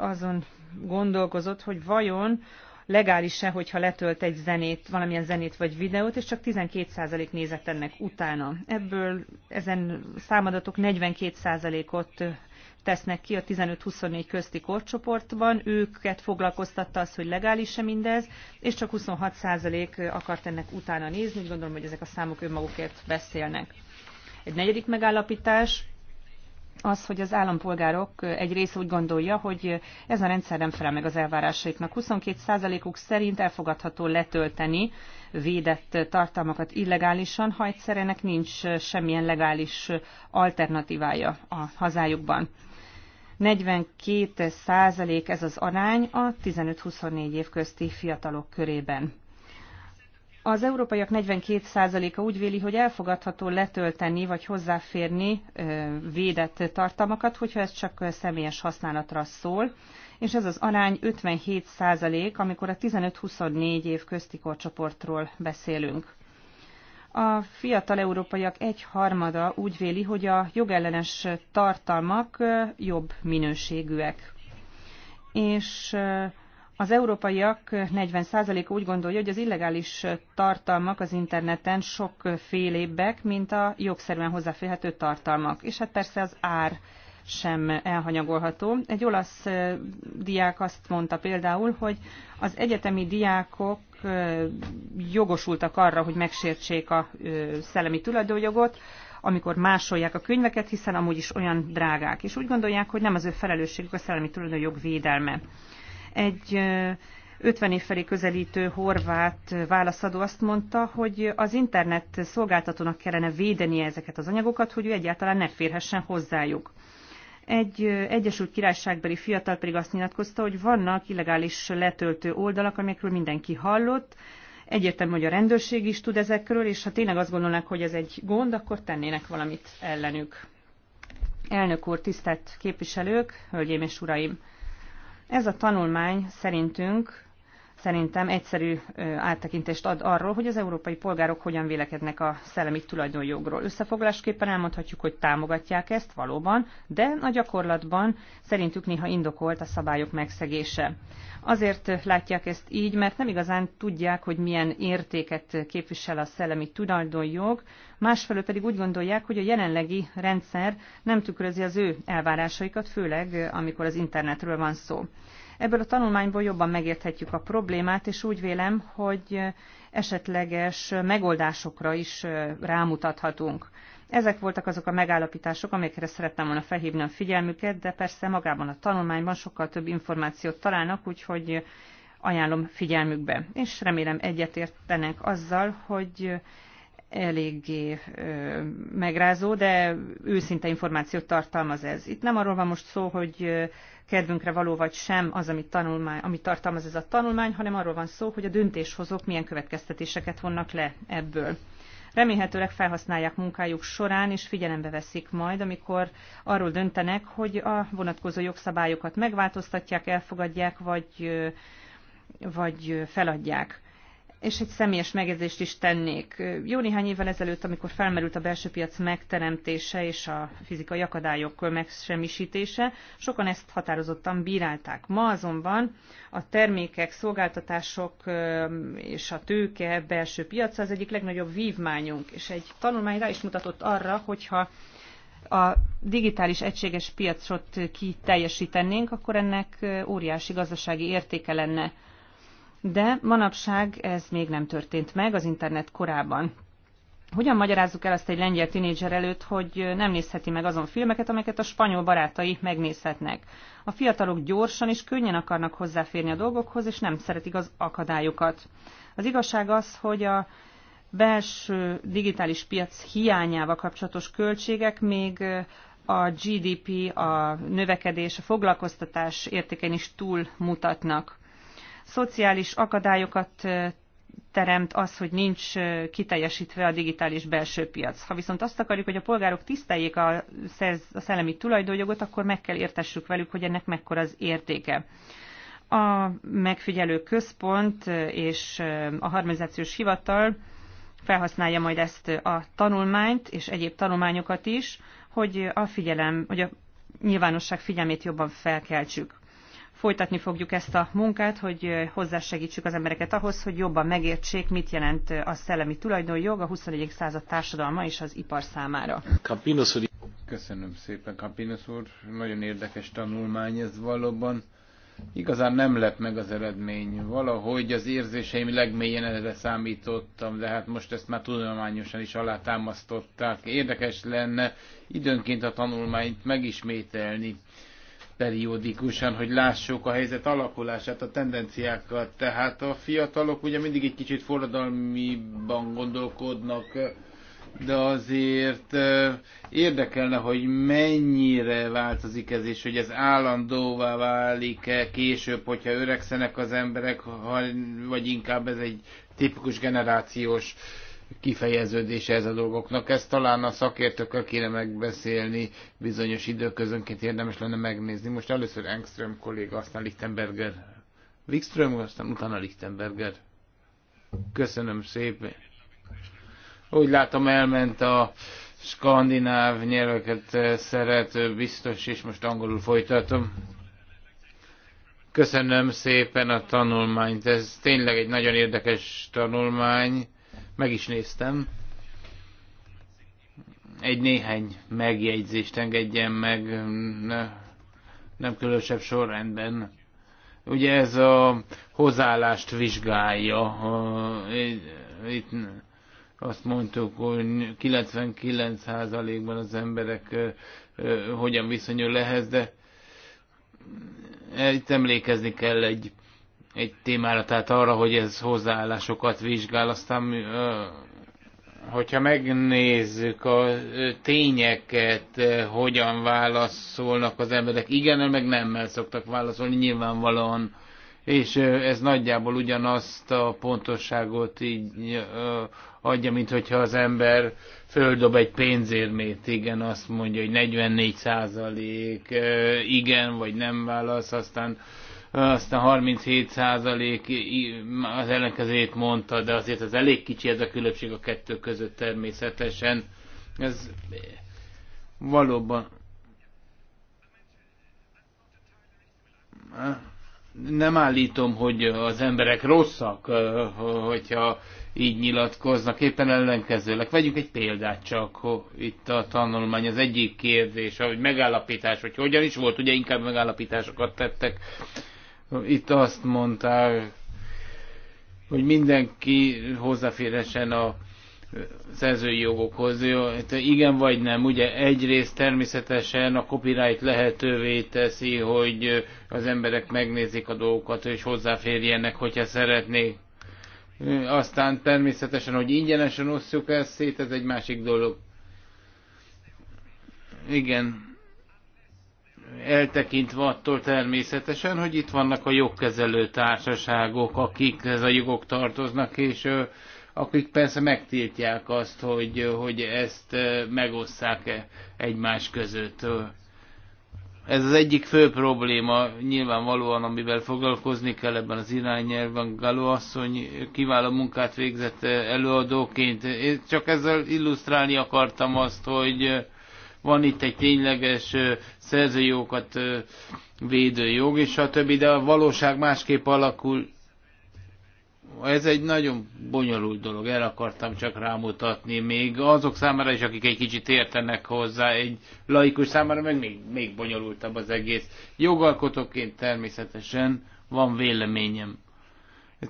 azon gondolkozott, hogy vajon legális-e, hogyha letölt egy zenét, valamilyen zenét vagy videót, és csak 12% nézett ennek utána. Ebből ezen számadatok 42%-ot tesznek ki a 15-24 közti korcsoportban, őket foglalkoztatta az, hogy legális-e mindez, és csak 26% akart ennek utána nézni, úgy gondolom, hogy ezek a számok önmagukért beszélnek. Egy negyedik megállapítás, az, hogy az állampolgárok egy része úgy gondolja, hogy ez a rendszer nem felel meg az elvárásaiknak. 22%-uk szerint elfogadható letölteni védett tartalmakat illegálisan, ha ennek nincs semmilyen legális alternatívája a hazájukban. 42 százalék ez az arány a 15-24 év közti fiatalok körében. Az európaiak 42%-a úgy véli, hogy elfogadható letölteni vagy hozzáférni védett tartalmakat, hogyha ez csak személyes használatra szól, és ez az arány 57%, amikor a 15-24 év közti korcsoportról beszélünk. A fiatal európaiak egy harmada úgy véli, hogy a jogellenes tartalmak jobb minőségűek. És az európaiak 40%-a úgy gondolja, hogy az illegális tartalmak az interneten félébbek, mint a jogszerűen hozzáférhető tartalmak. És hát persze az ár sem elhanyagolható. Egy olasz diák azt mondta például, hogy az egyetemi diákok jogosultak arra, hogy megsértsék a szellemi tulajdonjogot, amikor másolják a könyveket, hiszen amúgy is olyan drágák, és úgy gondolják, hogy nem az ő felelősségük a szellemi tulajdonjog védelme. Egy 50 év felé közelítő horvát válaszadó azt mondta, hogy az internet szolgáltatónak kellene védeni ezeket az anyagokat, hogy ő egyáltalán ne férhessen hozzájuk. Egy Egyesült Királyságbeli fiatal pedig azt nyilatkozta, hogy vannak illegális letöltő oldalak, amikről mindenki hallott, Egyértelmű, hogy a rendőrség is tud ezekről, és ha tényleg azt gondolnák, hogy ez egy gond, akkor tennének valamit ellenük. Elnök úr, tisztelt képviselők, hölgyeim és uraim! Ez a tanulmány szerintünk szerintem egyszerű áttekintést ad arról, hogy az európai polgárok hogyan vélekednek a szellemi tulajdonjogról. Összefoglásképpen elmondhatjuk, hogy támogatják ezt valóban, de a gyakorlatban szerintük néha indokolt a szabályok megszegése. Azért látják ezt így, mert nem igazán tudják, hogy milyen értéket képvisel a szellemi tulajdonjog, másfelől pedig úgy gondolják, hogy a jelenlegi rendszer nem tükrözi az ő elvárásaikat, főleg amikor az internetről van szó. Ebből a tanulmányból jobban megérthetjük a problémát, és úgy vélem, hogy esetleges megoldásokra is rámutathatunk. Ezek voltak azok a megállapítások, amikre szerettem volna felhívni a figyelmüket, de persze magában a tanulmányban sokkal több információt találnak, úgyhogy ajánlom figyelmükbe. És remélem egyetértenek azzal, hogy eléggé megrázó, de őszinte információt tartalmaz ez. Itt nem arról van most szó, hogy kedvünkre való vagy sem az, amit, tanulmány, amit tartalmaz ez a tanulmány, hanem arról van szó, hogy a döntéshozók milyen következtetéseket vonnak le ebből. Remélhetőleg felhasználják munkájuk során, és figyelembe veszik majd, amikor arról döntenek, hogy a vonatkozó jogszabályokat megváltoztatják, elfogadják, vagy, vagy feladják és egy személyes megjegyzést is tennék. Jó néhány évvel ezelőtt, amikor felmerült a belső piac megteremtése és a fizikai akadályok megsemmisítése, sokan ezt határozottan bírálták. Ma azonban a termékek, szolgáltatások és a tőke belső piaca az egyik legnagyobb vívmányunk, és egy tanulmány rá is mutatott arra, hogyha a digitális egységes piacot ki teljesítenénk, akkor ennek óriási gazdasági értéke lenne de manapság ez még nem történt meg, az internet korában. Hogyan magyarázzuk el azt egy lengyel tinédzser előtt, hogy nem nézheti meg azon filmeket, amelyeket a spanyol barátai megnézhetnek? A fiatalok gyorsan és könnyen akarnak hozzáférni a dolgokhoz, és nem szeretik az akadályokat. Az igazság az, hogy a belső digitális piac hiányával kapcsolatos költségek még a GDP, a növekedés, a foglalkoztatás értéken is túl mutatnak. Szociális akadályokat teremt az, hogy nincs kiteljesítve a digitális belső piac. Ha viszont azt akarjuk, hogy a polgárok tiszteljék a, szerz, a szellemi tulajdonjogot, akkor meg kell értessük velük, hogy ennek mekkora az értéke. A megfigyelő központ és a harmonizációs hivatal felhasználja majd ezt a tanulmányt és egyéb tanulmányokat is, hogy a figyelem, hogy a nyilvánosság figyelmét jobban felkeltsük folytatni fogjuk ezt a munkát, hogy hozzásegítsük az embereket ahhoz, hogy jobban megértsék, mit jelent a szellemi tulajdonjog a 21. század társadalma és az ipar számára.
Campinos úr. Köszönöm szépen, Campinos úr. Nagyon érdekes tanulmány ez valóban. Igazán nem lett meg az eredmény. Valahogy az érzéseim legmélyen erre számítottam, de hát most ezt már tudományosan is alátámasztották. Érdekes lenne időnként a tanulmányt megismételni periódikusan, hogy lássuk a helyzet alakulását, a tendenciákat. Tehát a fiatalok ugye mindig egy kicsit forradalmiban gondolkodnak, de azért érdekelne, hogy mennyire változik ez, és hogy ez állandóvá válik-e később, hogyha öregszenek az emberek, vagy inkább ez egy tipikus generációs kifejeződése ez a dolgoknak. Ezt talán a szakértőkkel kéne megbeszélni, bizonyos időközönként érdemes lenne megnézni. Most először Engström kolléga, aztán Lichtenberger. Wikström, aztán utána Lichtenberger. Köszönöm szépen. Úgy látom, elment a skandináv nyelveket szeret, biztos, és most angolul folytatom. Köszönöm szépen a tanulmányt. Ez tényleg egy nagyon érdekes tanulmány meg is néztem. Egy néhány megjegyzést engedjen meg, ne, nem különösebb sorrendben. Ugye ez a hozzáállást vizsgálja. Itt azt mondtuk, hogy 99%-ban az emberek hogyan viszonyul lehez, de itt emlékezni kell egy egy témára, tehát arra, hogy ez hozzáállásokat vizsgál, aztán hogyha megnézzük a tényeket, hogyan válaszolnak az emberek, igen, meg nemmel szoktak válaszolni nyilvánvalóan, és ez nagyjából ugyanazt a pontosságot így adja, mint hogyha az ember földob egy pénzérmét, igen, azt mondja, hogy 44 százalék, igen, vagy nem válasz, aztán aztán 37 százalék az ellenkezőjét mondta, de azért az elég kicsi ez a különbség a kettő között természetesen. Ez valóban nem állítom, hogy az emberek rosszak, hogyha így nyilatkoznak, éppen ellenkezőleg. Vegyünk egy példát csak itt a tanulmány. Az egyik kérdés, hogy megállapítás, hogy hogyan is volt, ugye inkább megállapításokat tettek. Itt azt mondták, hogy mindenki hozzáférhessen a szerzői jogokhoz. Hát igen vagy nem, ugye egyrészt természetesen a copyright lehetővé teszi, hogy az emberek megnézik a dolgokat, és hozzáférjenek, hogyha szeretnék. Aztán természetesen, hogy ingyenesen osszuk ezt szét, ez egy másik dolog. Igen. Eltekintve attól természetesen, hogy itt vannak a jogkezelő társaságok, akik ez a jogok tartoznak, és akik persze megtiltják azt, hogy, hogy ezt eh, megosszák egymás között. Ez az egyik fő probléma nyilvánvalóan, amivel foglalkozni kell ebben az irányelven. Galo asszony kiváló munkát végzett eh, előadóként. Én csak ezzel illusztrálni akartam azt, hogy eh, van itt egy tényleges szerzőjókat védő jog, és a többi, de a valóság másképp alakul ez egy nagyon bonyolult dolog, el akartam csak rámutatni, még azok számára is, akik egy kicsit értenek hozzá, egy laikus számára meg még, még bonyolultabb az egész. Jogalkotóként természetesen van véleményem.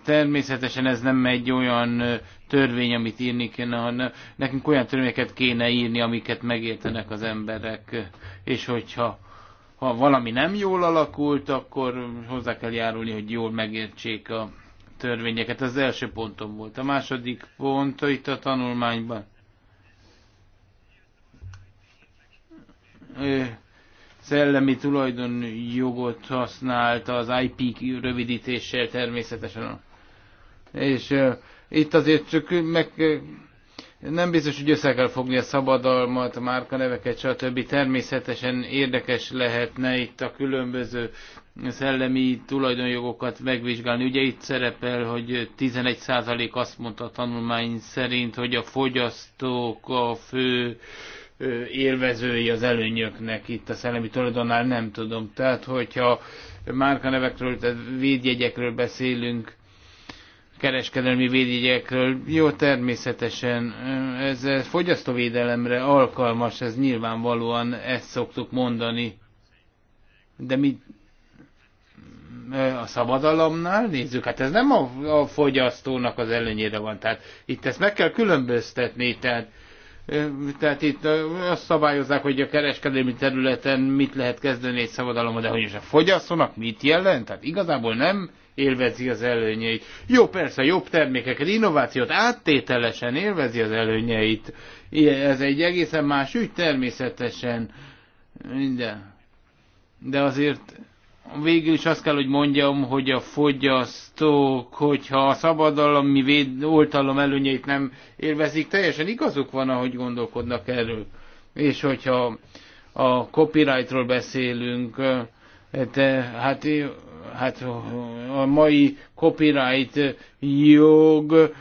Természetesen ez nem egy olyan törvény, amit írni kéne, hanem nekünk olyan törvényeket kéne írni, amiket megértenek az emberek, és hogyha ha valami nem jól alakult, akkor hozzá kell járulni, hogy jól megértsék a törvényeket. Az első pontom volt. A második pont itt a tanulmányban. Szellemi jogot használta az IP rövidítéssel természetesen. És itt azért csak meg nem biztos, hogy össze kell fogni a szabadalmat, a márkaneveket, stb. Természetesen érdekes lehetne itt a különböző szellemi tulajdonjogokat megvizsgálni. Ugye itt szerepel, hogy 11% azt mondta a tanulmány szerint, hogy a fogyasztók a fő élvezői az előnyöknek itt a szellemi tulajdonnál, nem tudom. Tehát, hogyha márkanevekről, tehát védjegyekről beszélünk, kereskedelmi védjegyekről, jó, természetesen ez fogyasztóvédelemre alkalmas, ez nyilvánvalóan ezt szoktuk mondani. De mi a szabadalomnál, nézzük, hát ez nem a, a fogyasztónak az előnyére van, tehát itt ezt meg kell különböztetni, tehát tehát itt azt szabályozzák, hogy a kereskedelmi területen mit lehet kezdeni egy szabadalom, de hogy is a fogyasztónak mit jelent? Tehát igazából nem élvezi az előnyeit. Jó, persze, jobb termékeket, innovációt áttételesen élvezi az előnyeit. Ez egy egészen más ügy természetesen. Minden. De azért végül is azt kell, hogy mondjam, hogy a fogyasztók, hogyha a szabadalmi véd, oltalom előnyeit nem élvezik, teljesen igazuk van, ahogy gondolkodnak erről. És hogyha a copyrightról beszélünk, de, eh, hát hát a mai copyright jog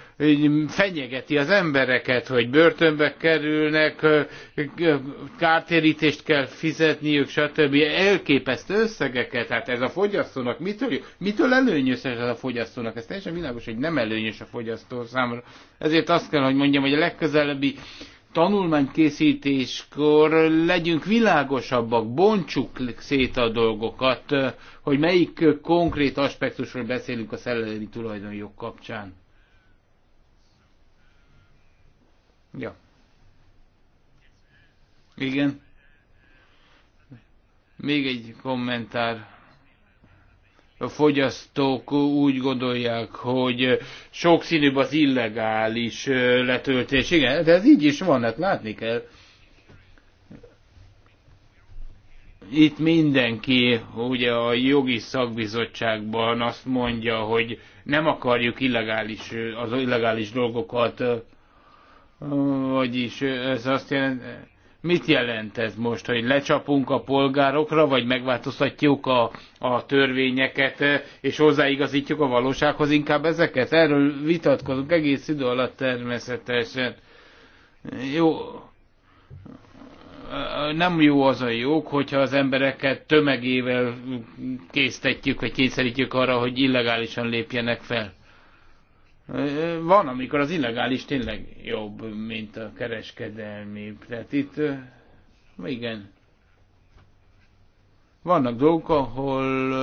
fenyegeti az embereket, hogy börtönbe kerülnek, kártérítést kell fizetniük, stb. Elképesztő összegeket, hát ez a fogyasztónak mitől, mitől előnyös ez a fogyasztónak? Ez teljesen világos, hogy nem előnyös a fogyasztó számára. Ezért azt kell, hogy mondjam, hogy a legközelebbi tanulmánykészítéskor legyünk világosabbak, bontsuk szét a dolgokat, hogy melyik konkrét aspektusról beszélünk a szellemi tulajdonjog kapcsán. Ja. Igen. Még egy kommentár fogyasztók úgy gondolják, hogy sokszínűbb az illegális letöltés. Igen, de ez így is van, hát látni kell. Itt mindenki, ugye a jogi szakbizottságban azt mondja, hogy nem akarjuk illegális, az illegális dolgokat, vagyis ez azt jelenti, Mit jelent ez most, hogy lecsapunk a polgárokra, vagy megváltoztatjuk a, a törvényeket, és hozzáigazítjuk a valósághoz inkább ezeket? Erről vitatkozunk egész idő alatt természetesen. Jó, nem jó az a jog, hogyha az embereket tömegével késztetjük, vagy kényszerítjük arra, hogy illegálisan lépjenek fel. Van, amikor az illegális tényleg jobb, mint a kereskedelmi. Tehát itt, igen. Vannak dolgok, ahol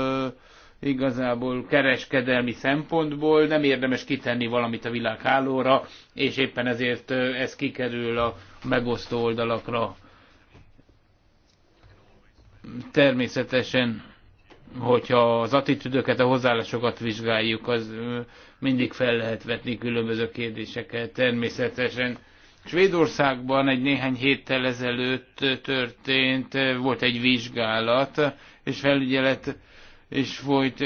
igazából kereskedelmi szempontból nem érdemes kitenni valamit a világhálóra, és éppen ezért ez kikerül a megosztó oldalakra. Természetesen hogyha az attitűdöket, a hozzáállásokat vizsgáljuk, az mindig fel lehet vetni különböző kérdéseket természetesen. Svédországban egy néhány héttel ezelőtt történt, volt egy vizsgálat és felügyelet, és, folyt,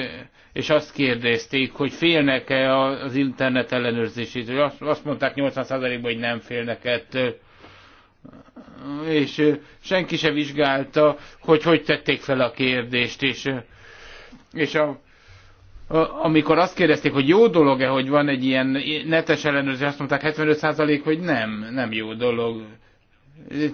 és azt kérdezték, hogy félnek-e az internet ellenőrzésétől. azt mondták 80%-ban, hogy nem félnek ettől és senki se vizsgálta, hogy hogy tették fel a kérdést, és és a, a, amikor azt kérdezték, hogy jó dolog-e, hogy van egy ilyen netes ellenőrzés, azt mondták 75% hogy nem, nem jó dolog.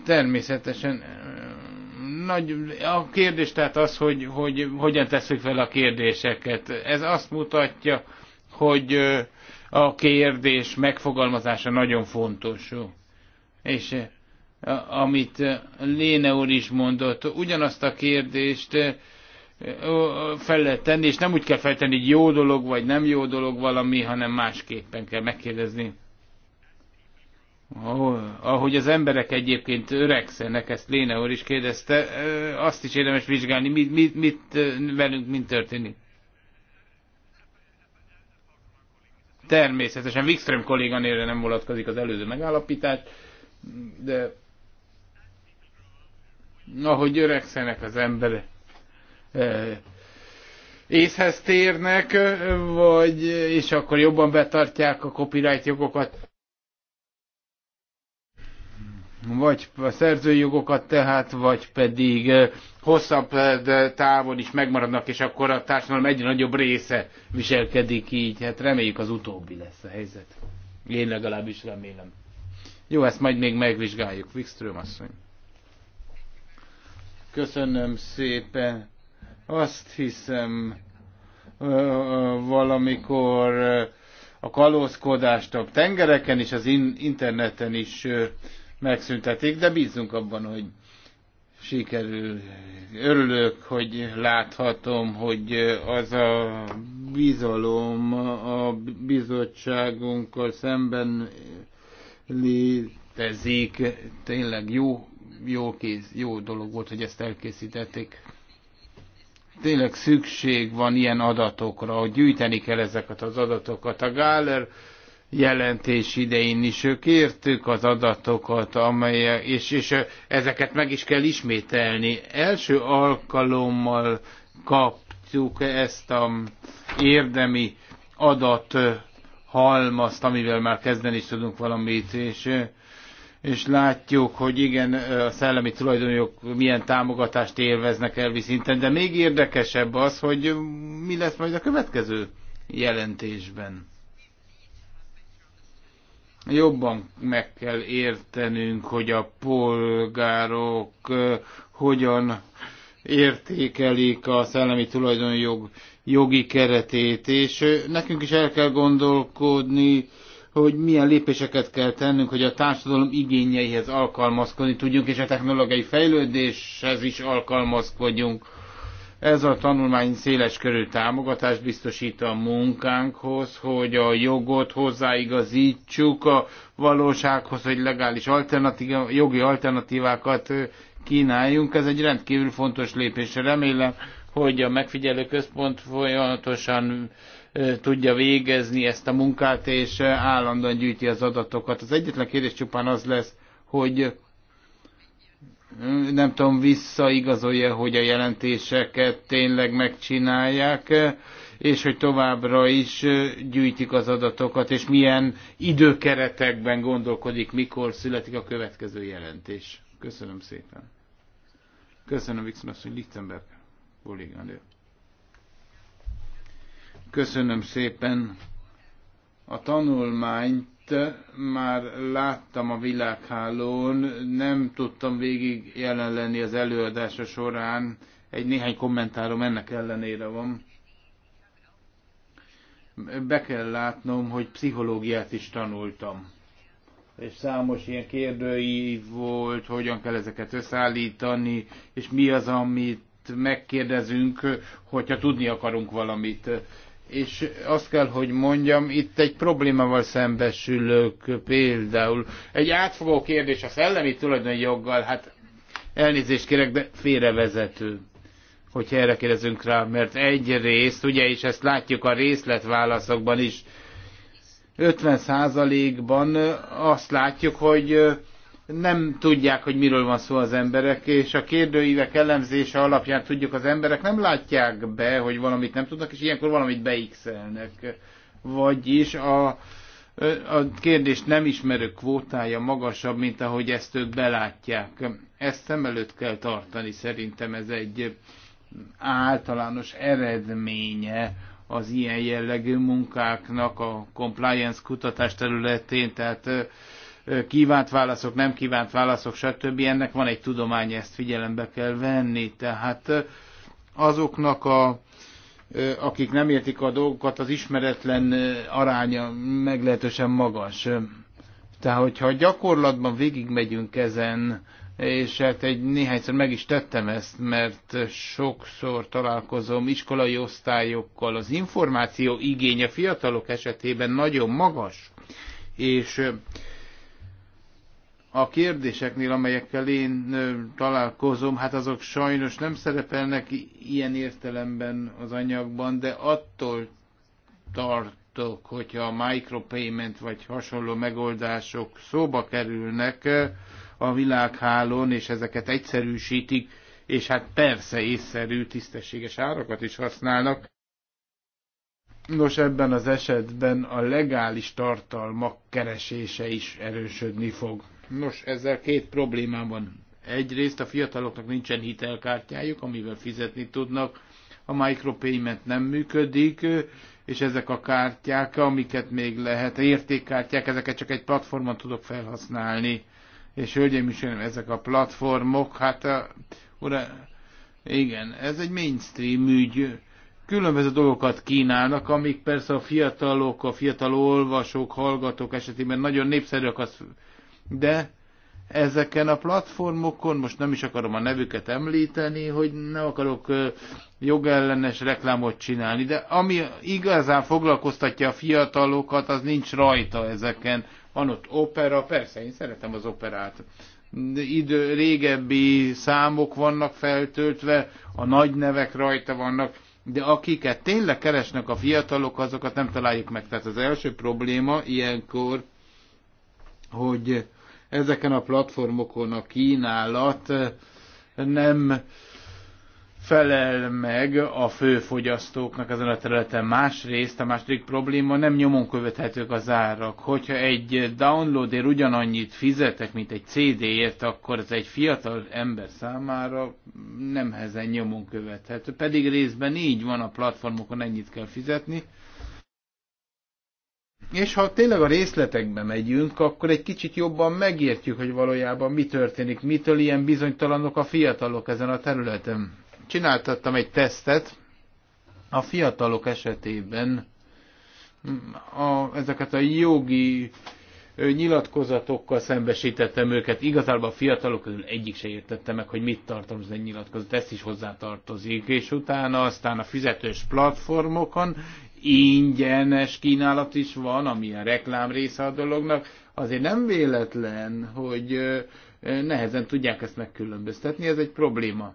Természetesen eh, nagy, a kérdés tehát az, hogy, hogy hogyan tesszük fel a kérdéseket. Ez azt mutatja, hogy eh, a kérdés megfogalmazása nagyon fontos. És eh, amit Léne úr is mondott, ugyanazt a kérdést fel lehet tenni, és nem úgy kell feltenni, hogy jó dolog vagy nem jó dolog valami, hanem másképpen kell megkérdezni. Ahogy az emberek egyébként öregszenek, ezt Léna úr is kérdezte, azt is érdemes vizsgálni, mit, mit, mit velünk mint történik. Természetesen Wikström kolléganére nem vonatkozik az előző megállapítás, de ahogy öregszenek az emberek, észhez térnek, vagy, és akkor jobban betartják a copyright jogokat. Vagy a szerzői jogokat tehát, vagy pedig hosszabb távon is megmaradnak, és akkor a társadalom egyre nagyobb része viselkedik így. Hát reméljük az utóbbi lesz a helyzet. Én legalábbis remélem. Jó, ezt majd még megvizsgáljuk. Wikström asszony. Köszönöm szépen. Azt hiszem, valamikor a kalózkodást a tengereken és az interneten is megszüntetik, de bízunk abban, hogy sikerül. Örülök, hogy láthatom, hogy az a bizalom a bizottságunkkal szemben létezik. Tényleg jó, jó, kéz, jó dolog volt, hogy ezt elkészítették tényleg szükség van ilyen adatokra, hogy gyűjteni kell ezeket az adatokat. A Gáler jelentés idején is ők értük az adatokat, amelyek, és, és ezeket meg is kell ismételni. Első alkalommal kaptuk ezt a érdemi adat halmazt, amivel már kezdeni is tudunk valamit, és és látjuk, hogy igen, a szellemi tulajdonjog milyen támogatást élveznek elvi szinten, de még érdekesebb az, hogy mi lesz majd a következő jelentésben. Jobban meg kell értenünk, hogy a polgárok hogyan értékelik a szellemi tulajdonjog jogi keretét, és nekünk is el kell gondolkodni, hogy milyen lépéseket kell tennünk, hogy a társadalom igényeihez alkalmazkodni tudjunk, és a technológiai fejlődéshez is alkalmazkodjunk. Ez a tanulmány széles körű támogatást biztosít a munkánkhoz, hogy a jogot hozzáigazítsuk a valósághoz, hogy legális alternatíva, jogi alternatívákat kínáljunk. Ez egy rendkívül fontos lépés. Remélem, hogy a megfigyelő központ folyamatosan tudja végezni ezt a munkát, és állandóan gyűjti az adatokat. Az egyetlen kérdés csupán az lesz, hogy nem tudom, visszaigazolja, hogy a jelentéseket tényleg megcsinálják, és hogy továbbra is gyűjtik az adatokat, és milyen időkeretekben gondolkodik, mikor születik a következő jelentés. Köszönöm szépen. Köszönöm, Vixen, hogy Lichtenberg kolléganő. Köszönöm szépen. A tanulmányt már láttam a világhálón, nem tudtam végig jelen lenni az előadása során. Egy néhány kommentárom ennek ellenére van. Be kell látnom, hogy pszichológiát is tanultam és számos ilyen kérdői volt, hogyan kell ezeket összeállítani, és mi az, amit megkérdezünk, hogyha tudni akarunk valamit és azt kell, hogy mondjam, itt egy problémával szembesülök például. Egy átfogó kérdés a szellemi joggal, hát elnézést kérek, de félrevezető hogyha erre kérdezünk rá, mert részt, ugye, és ezt látjuk a részletválaszokban is, 50%-ban azt látjuk, hogy nem tudják, hogy miről van szó az emberek, és a kérdőívek elemzése alapján tudjuk, az emberek nem látják be, hogy valamit nem tudnak, és ilyenkor valamit beixelnek. Vagyis a, a kérdés nem ismerő kvótája magasabb, mint ahogy ezt ők belátják. Ezt szem előtt kell tartani, szerintem ez egy általános eredménye az ilyen jellegű munkáknak a compliance kutatás területén, tehát kívánt válaszok, nem kívánt válaszok, stb. Ennek van egy tudomány, ezt figyelembe kell venni. Tehát azoknak a akik nem értik a dolgokat, az ismeretlen aránya meglehetősen magas. Tehát, hogyha a gyakorlatban végigmegyünk ezen, és hát egy néhányszor meg is tettem ezt, mert sokszor találkozom iskolai osztályokkal, az információ igénye fiatalok esetében nagyon magas, és a kérdéseknél, amelyekkel én találkozom, hát azok sajnos nem szerepelnek ilyen értelemben az anyagban, de attól tartok, hogyha a micropayment vagy hasonló megoldások szóba kerülnek a világhálón, és ezeket egyszerűsítik, és hát persze észszerű, tisztességes árakat is használnak. Nos, ebben az esetben a legális tartalmak keresése is erősödni fog. Nos, ezzel két problémám van. Egyrészt a fiataloknak nincsen hitelkártyájuk, amivel fizetni tudnak, a micropayment nem működik, és ezek a kártyák, amiket még lehet, értékkártyák, ezeket csak egy platformon tudok felhasználni. És hölgyeim is, ezek a platformok, hát a, ura, igen, ez egy mainstream ügy. Különböző dolgokat kínálnak, amik persze a fiatalok, a fiatal olvasók, hallgatók esetében nagyon népszerűek, azt de ezeken a platformokon, most nem is akarom a nevüket említeni, hogy nem akarok jogellenes reklámot csinálni, de ami igazán foglalkoztatja a fiatalokat, az nincs rajta ezeken. Van ott opera, persze én szeretem az operát. De idő, régebbi számok vannak feltöltve, a nagy nevek rajta vannak, de akiket tényleg keresnek a fiatalok, azokat nem találjuk meg. Tehát az első probléma ilyenkor, hogy ezeken a platformokon a kínálat nem felel meg a főfogyasztóknak ezen a területen. Másrészt a második probléma nem nyomon követhetők az árak. Hogyha egy downloadért ugyanannyit fizetek, mint egy CD-ért, akkor ez egy fiatal ember számára nem hezen nyomon követhető. Pedig részben így van, a platformokon ennyit kell fizetni. És ha tényleg a részletekbe megyünk, akkor egy kicsit jobban megértjük, hogy valójában mi történik, mitől ilyen bizonytalanok a fiatalok ezen a területen. Csináltattam egy tesztet, a fiatalok esetében mm, a, ezeket a jogi nyilatkozatokkal szembesítettem őket. Igazából a fiatalok közül egyik se értette meg, hogy mit tartalmaz egy nyilatkozat, ezt is hozzá tartozik. És utána aztán a fizetős platformokon ingyenes kínálat is van, ami a reklám része a dolognak. Azért nem véletlen, hogy nehezen tudják ezt megkülönböztetni, ez egy probléma.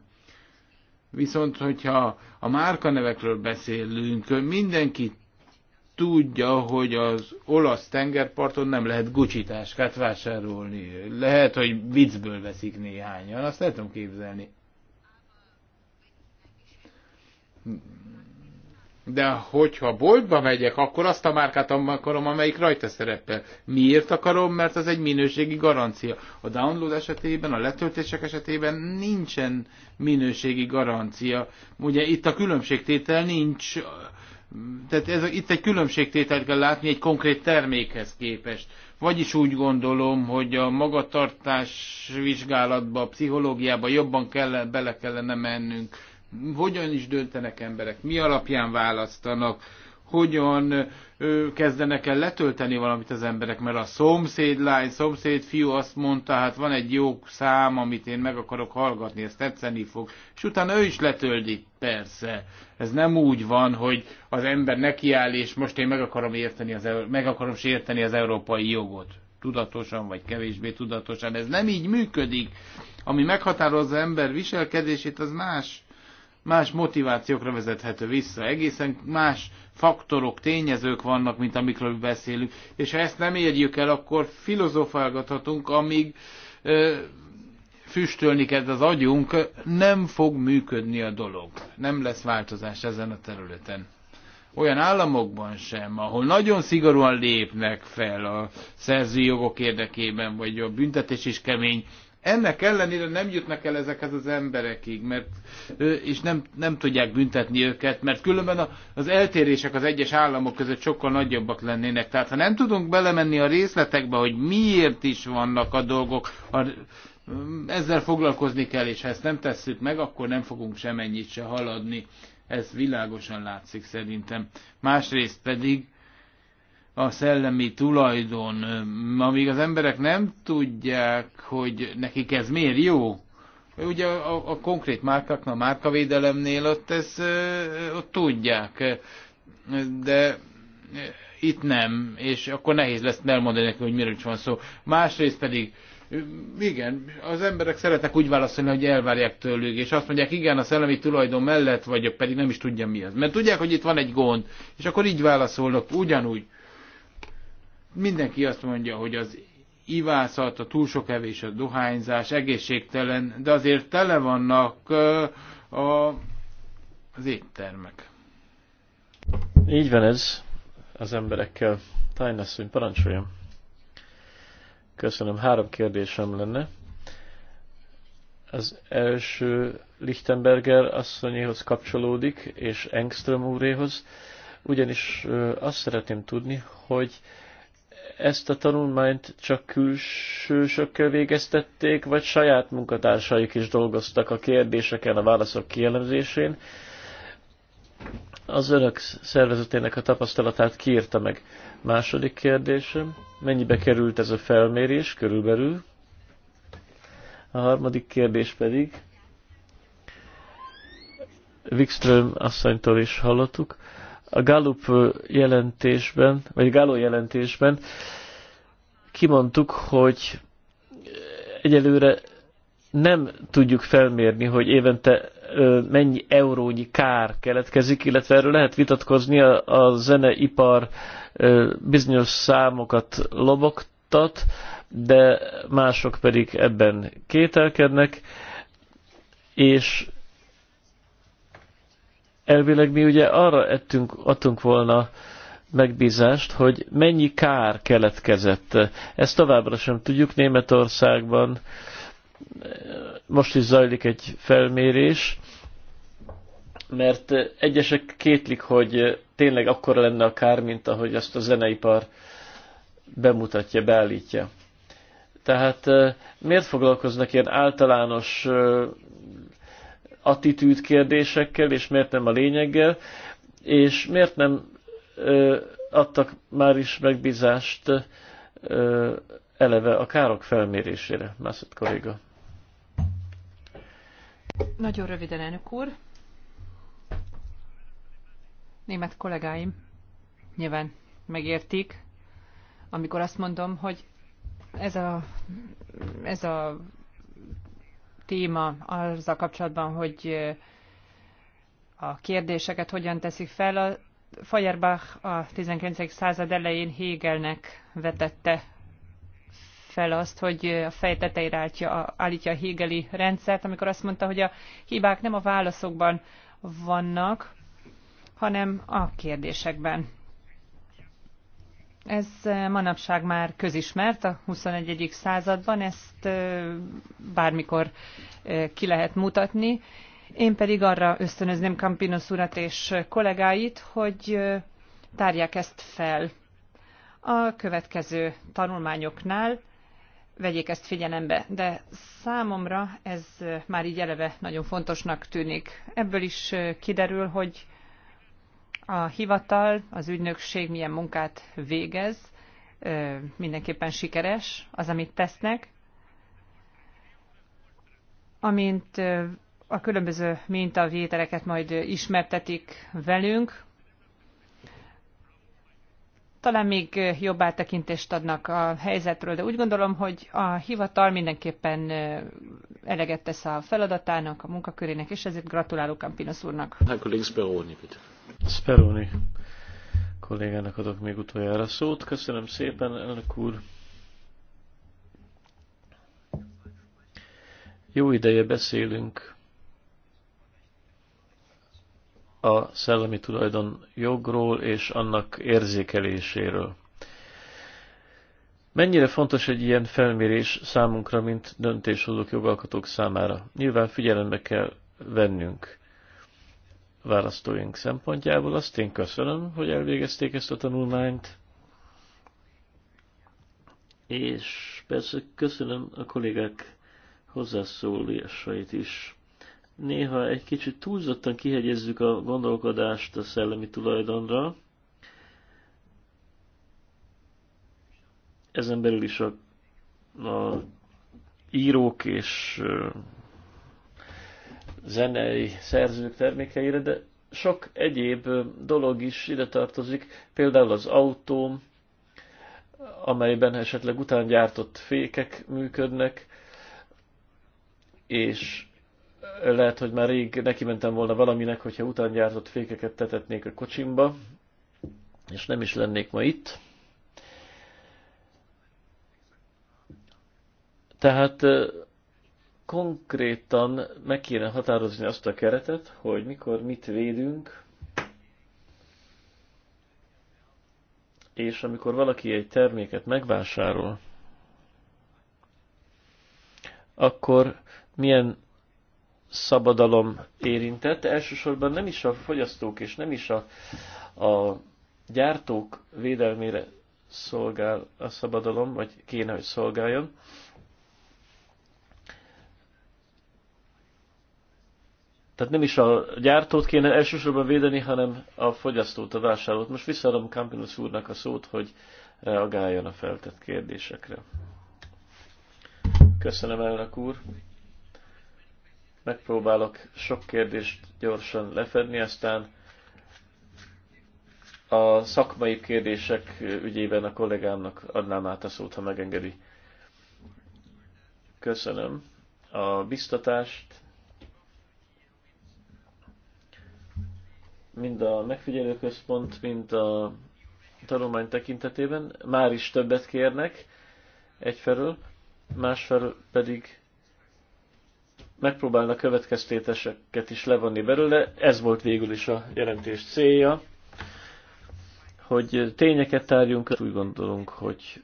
Viszont, hogyha a márkanevekről beszélünk, mindenki tudja, hogy az olasz tengerparton nem lehet gucsitáskát vásárolni. Lehet, hogy viccből veszik néhányan, azt el tudom képzelni. De hogyha boltba megyek, akkor azt a márkát akarom, amelyik rajta szerepel. Miért akarom? Mert az egy minőségi garancia. A download esetében, a letöltések esetében nincsen minőségi garancia. Ugye itt a különbségtétel nincs. Tehát ez, itt egy különbségtételt kell látni egy konkrét termékhez képest. Vagyis úgy gondolom, hogy a magatartás vizsgálatba, a pszichológiába jobban kell, bele kellene mennünk hogyan is döntenek emberek, mi alapján választanak, hogyan ö, kezdenek el letölteni valamit az emberek, mert a szomszéd lány, szomszéd fiú azt mondta, hát van egy jó szám, amit én meg akarok hallgatni, ez tetszeni fog, és utána ő is letöldi, persze. Ez nem úgy van, hogy az ember nekiáll, és most én meg akarom, érteni az, meg akarom sérteni az európai jogot. Tudatosan, vagy kevésbé tudatosan. Ez nem így működik. Ami meghatározza ember viselkedését, az más más motivációkra vezethető vissza. Egészen más faktorok, tényezők vannak, mint amikről beszélünk. És ha ezt nem érjük el, akkor filozofálgathatunk, amíg ö, füstölni kezd az agyunk, nem fog működni a dolog. Nem lesz változás ezen a területen. Olyan államokban sem, ahol nagyon szigorúan lépnek fel a szerzői jogok érdekében, vagy a büntetés is kemény, ennek ellenére nem jutnak el ezekhez az emberekig, mert, és nem, nem tudják büntetni őket, mert különben az eltérések az egyes államok között sokkal nagyobbak lennének. Tehát ha nem tudunk belemenni a részletekbe, hogy miért is vannak a dolgok, a, ezzel foglalkozni kell, és ha ezt nem tesszük meg, akkor nem fogunk semennyit se haladni. Ez világosan látszik szerintem. Másrészt pedig a szellemi tulajdon, amíg az emberek nem tudják, hogy nekik ez miért jó, Ugye a, a konkrét márkáknál, a márkavédelemnél ott ezt ott tudják, de itt nem, és akkor nehéz lesz elmondani neki, hogy miről is van szó. Másrészt pedig, igen, az emberek szeretnek úgy válaszolni, hogy elvárják tőlük, és azt mondják, igen, a szellemi tulajdon mellett vagyok, pedig nem is tudja mi az. Mert tudják, hogy itt van egy gond, és akkor így válaszolnak, ugyanúgy. Mindenki azt mondja, hogy az ivászat, a túl sok evés, a dohányzás egészségtelen, de azért tele vannak a, az éttermek.
Így van ez az emberekkel. Tájnasszony, parancsoljam. Köszönöm, három kérdésem lenne. Az első Lichtenberger asszonyéhoz kapcsolódik, és Engström úréhoz, ugyanis azt szeretném tudni, hogy ezt a tanulmányt csak külsősökkel végeztették, vagy saját munkatársaik is dolgoztak a kérdéseken, a válaszok kielemzésén. Az önök szervezetének a tapasztalatát kiírta meg. Második kérdésem, mennyibe került ez a felmérés körülbelül? A harmadik kérdés pedig, Wikström asszonytól is hallottuk, a Gallup jelentésben, vagy Gallo jelentésben kimondtuk, hogy egyelőre nem tudjuk felmérni, hogy évente mennyi eurónyi kár keletkezik, illetve erről lehet vitatkozni, a, a zeneipar bizonyos számokat lobogtat, de mások pedig ebben kételkednek, és elvileg mi ugye arra ettünk, adtunk volna megbízást, hogy mennyi kár keletkezett. Ezt továbbra sem tudjuk. Németországban eh, most is zajlik egy felmérés, mert egyesek kétlik, hogy tényleg akkor lenne a kár, mint ahogy azt a zeneipar bemutatja, beállítja. Tehát eh, miért foglalkoznak ilyen általános eh, attitűd kérdésekkel, és miért nem a lényeggel, és miért nem ö, adtak már is megbízást ö, eleve a károk felmérésére, Mászat kolléga.
Nagyon röviden, elnök úr. Német kollégáim nyilván megértik, amikor azt mondom, hogy ez a, ez a téma azzal kapcsolatban, hogy a kérdéseket hogyan teszik fel. A Feuerbach a 19. század elején Hegelnek vetette fel azt, hogy a fej tetejére állítja, állítja a Hegeli rendszert, amikor azt mondta, hogy a hibák nem a válaszokban vannak, hanem a kérdésekben. Ez manapság már közismert a 21. században, ezt bármikor ki lehet mutatni. Én pedig arra ösztönözném Campinos urat és kollégáit, hogy tárják ezt fel a következő tanulmányoknál, vegyék ezt figyelembe. De számomra ez már így eleve nagyon fontosnak tűnik. Ebből is kiderül, hogy a hivatal, az ügynökség milyen munkát végez, mindenképpen sikeres az, amit tesznek. Amint a különböző mintavételeket majd ismertetik velünk, talán még jobb áttekintést adnak a helyzetről, de úgy gondolom, hogy a hivatal mindenképpen eleget tesz a feladatának, a munkakörének, és ezért gratulálok Campinos úrnak.
Herr Speroni kollégának adok még utoljára szót. Köszönöm szépen, elnök úr. Jó ideje beszélünk a szellemi tulajdon jogról és annak érzékeléséről. Mennyire fontos egy ilyen felmérés számunkra, mint döntéshozók jogalkotók számára? Nyilván figyelembe kell vennünk választóink szempontjából. Azt én köszönöm, hogy elvégezték ezt a tanulmányt, és persze köszönöm a kollégák hozzászólásait is. Néha egy kicsit túlzottan kihegyezzük a gondolkodást a szellemi tulajdonra. Ezen belül is a, a írók és zenei szerzők termékeire, de sok egyéb dolog is ide tartozik, például az autó, amelyben esetleg utángyártott fékek működnek, és lehet, hogy már rég neki mentem volna valaminek, hogyha utángyártott fékeket tetetnék a kocsimba, és nem is lennék ma itt. Tehát konkrétan meg kéne határozni azt a keretet, hogy mikor mit védünk, és amikor valaki egy terméket megvásárol, akkor milyen szabadalom érintett. Elsősorban nem is a fogyasztók és nem is a, a gyártók védelmére szolgál a szabadalom, vagy kéne, hogy szolgáljon, Tehát nem is a gyártót kéne elsősorban védeni, hanem a fogyasztót, a vásárlót. Most visszaadom Campinus úrnak a szót, hogy reagáljon a feltett kérdésekre. Köszönöm, elnök úr. Megpróbálok sok kérdést gyorsan lefedni, aztán a szakmai kérdések ügyében a kollégámnak adnám át a szót, ha megengedi. Köszönöm a biztatást, mind a megfigyelőközpont, mind a tanulmány tekintetében már is többet kérnek egyfelől, másfelől pedig megpróbálnak következtéteseket is levonni belőle. Ez volt végül is a jelentés célja, hogy tényeket tárjunk, úgy gondolunk, hogy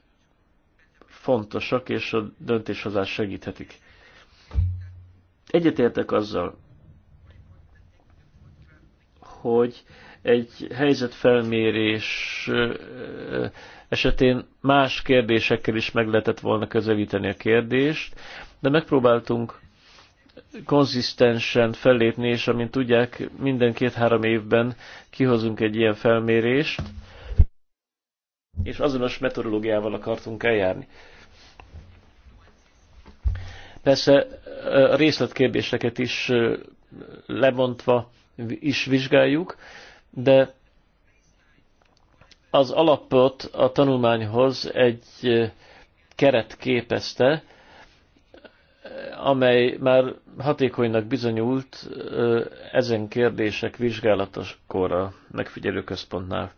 fontosak, és a döntéshozás segíthetik. Egyetértek azzal, hogy egy helyzetfelmérés esetén más kérdésekkel is meg lehetett volna közelíteni a kérdést, de megpróbáltunk konzisztensen fellépni, és amint tudják, minden két-három évben kihozunk egy ilyen felmérést, és azonos metodológiával akartunk eljárni. Persze a részletkérdéseket is lebontva is vizsgáljuk, de az alapot a tanulmányhoz egy keret képezte, amely már hatékonynak bizonyult ezen kérdések vizsgálatakor a megfigyelő központnál.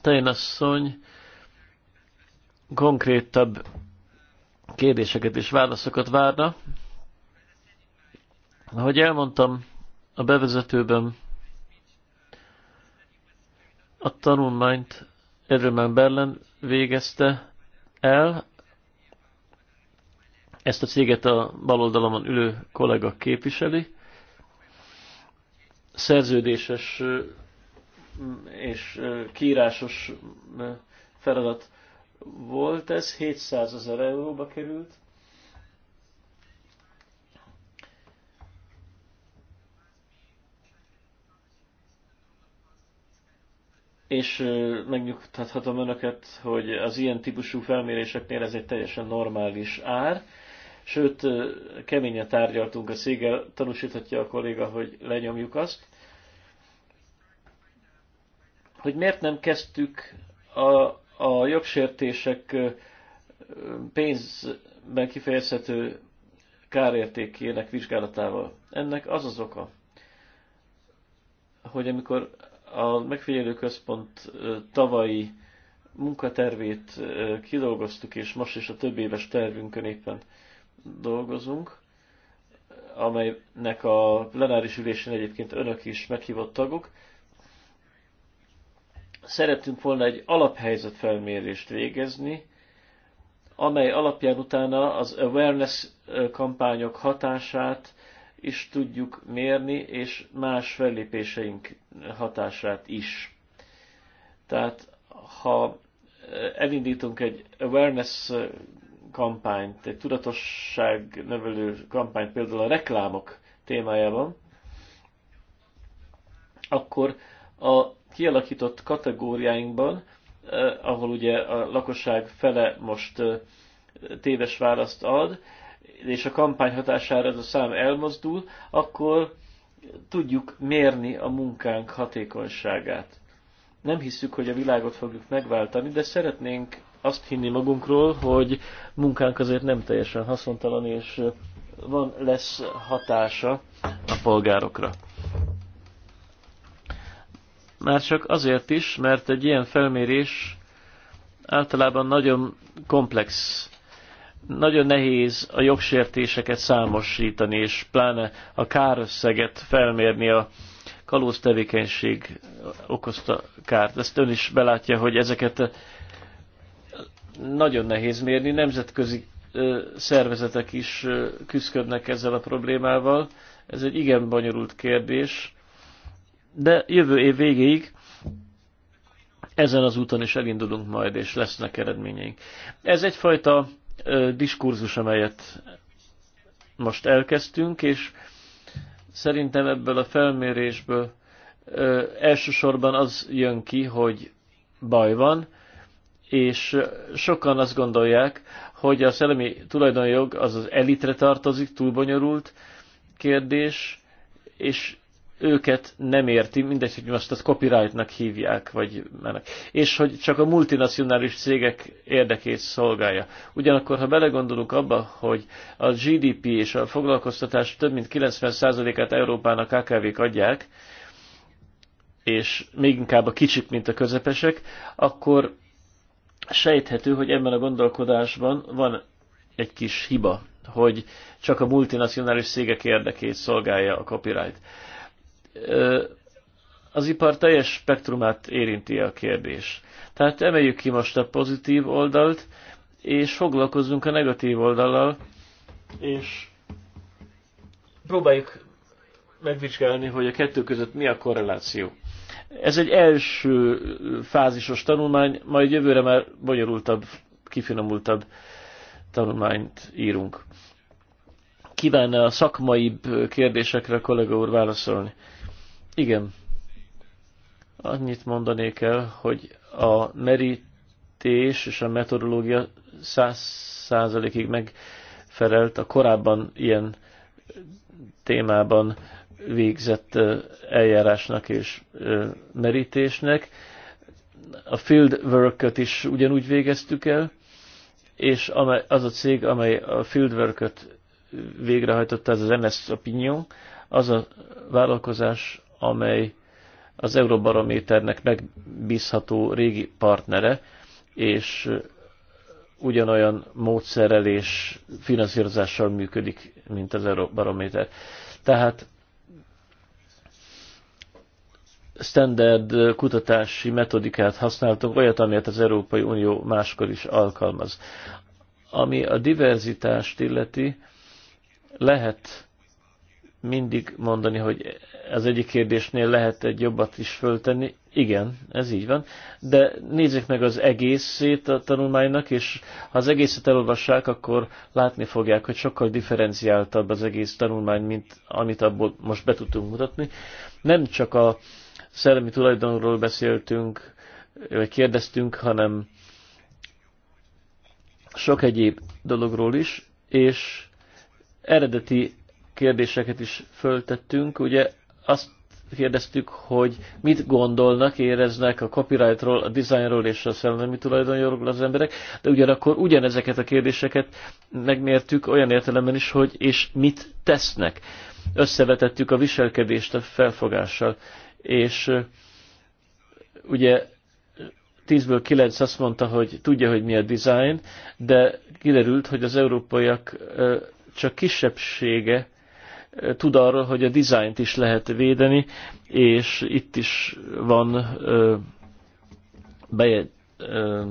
Tejnasszony konkrétabb kérdéseket és válaszokat várna. Ahogy elmondtam a bevezetőben, a tanulmányt Edelman Berlin végezte el. Ezt a céget a baloldalamon ülő kollega képviseli. Szerződéses és kiírásos feladat volt ez, 700 ezer euróba került. És megnyugtathatom önöket, hogy az ilyen típusú felméréseknél ez egy teljesen normális ár. Sőt, keményen tárgyaltunk a széggel, tanúsíthatja a kolléga, hogy lenyomjuk azt. Hogy miért nem kezdtük a a jogsértések pénzben kifejezhető kárértékének vizsgálatával. Ennek az az oka, hogy amikor a központ tavalyi munkatervét kidolgoztuk, és most is a több éves tervünkön éppen dolgozunk, amelynek a plenáris ülésén egyébként önök is meghívott tagok, szerettünk volna egy felmérést végezni, amely alapján utána az awareness kampányok hatását is tudjuk mérni, és más fellépéseink hatását is. Tehát ha elindítunk egy awareness kampányt, egy tudatosság növelő kampányt például a reklámok témájában, akkor a kialakított kategóriáinkban, eh, ahol ugye a lakosság fele most eh, téves választ ad, és a kampány hatására ez a szám elmozdul, akkor tudjuk mérni a munkánk hatékonyságát. Nem hiszük, hogy a világot fogjuk megváltani, de szeretnénk azt hinni magunkról, hogy munkánk azért nem teljesen haszontalan, és eh, van, lesz hatása a polgárokra. Már csak azért is, mert egy ilyen felmérés általában nagyon komplex. Nagyon nehéz a jogsértéseket számosítani, és pláne a kárösszeget felmérni a kalóz tevékenység okozta kárt. Ezt ön is belátja, hogy ezeket nagyon nehéz mérni. Nemzetközi szervezetek is küzdködnek ezzel a problémával. Ez egy igen bonyolult kérdés de jövő év végéig ezen az úton is elindulunk majd, és lesznek eredményeink. Ez egyfajta ö, diskurzus, amelyet most elkezdtünk, és szerintem ebből a felmérésből ö, elsősorban az jön ki, hogy baj van, és sokan azt gondolják, hogy a szellemi tulajdonjog az az elitre tartozik, túlbonyolult kérdés, és őket nem érti, mindegy, hogy most ezt copyrightnak hívják, vagy menek. És hogy csak a multinacionális cégek érdekét szolgálja. Ugyanakkor, ha belegondolunk abba, hogy a GDP és a foglalkoztatás több mint 90%-át Európának KKV-k adják, és még inkább a kicsik, mint a közepesek, akkor sejthető, hogy ebben a gondolkodásban van egy kis hiba, hogy csak a multinacionális cégek érdekét szolgálja a copyright az ipar teljes spektrumát érinti a kérdés. Tehát emeljük ki most a pozitív oldalt, és foglalkozzunk a negatív oldallal, és próbáljuk megvizsgálni, hogy a kettő között mi a korreláció. Ez egy első fázisos tanulmány, majd jövőre már bonyolultabb, kifinomultabb tanulmányt írunk. Kívánna a szakmaibb kérdésekre a kollega úr válaszolni? Igen. Annyit mondanék el, hogy a merítés és a metodológia száz százalékig megfelelt a korábban ilyen témában végzett eljárásnak és merítésnek. A field work is ugyanúgy végeztük el, és az a cég, amely a field work végrehajtotta, ez az MS Opinion, az a vállalkozás amely az Euróbarométernek megbízható régi partnere, és ugyanolyan módszerrel és finanszírozással működik, mint az Euróbarométer. Tehát standard kutatási metodikát használtunk, olyat, amelyet az Európai Unió máskor is alkalmaz. Ami a diverzitást illeti, lehet mindig mondani, hogy az egyik kérdésnél lehet egy jobbat is föltenni. Igen, ez így van. De nézzék meg az egészét a tanulmánynak, és ha az egészet elolvassák, akkor látni fogják, hogy sokkal differenciáltabb az egész tanulmány, mint amit abból most be tudtunk mutatni. Nem csak a szellemi tulajdonról beszéltünk, vagy kérdeztünk, hanem sok egyéb dologról is, és eredeti kérdéseket is föltettünk. Ugye azt kérdeztük, hogy mit gondolnak, éreznek a copyrightról, a designról és a szellemi tulajdonjogról az emberek, de ugyanakkor ugyanezeket a kérdéseket megmértük olyan értelemben is, hogy és mit tesznek. Összevetettük a viselkedést a felfogással, és ugye 10-ből 9 azt mondta, hogy tudja, hogy mi a design, de kiderült, hogy az európaiak csak kisebbsége tud arról, hogy a dizájnt is lehet védeni, és itt is van ö, beje, ö,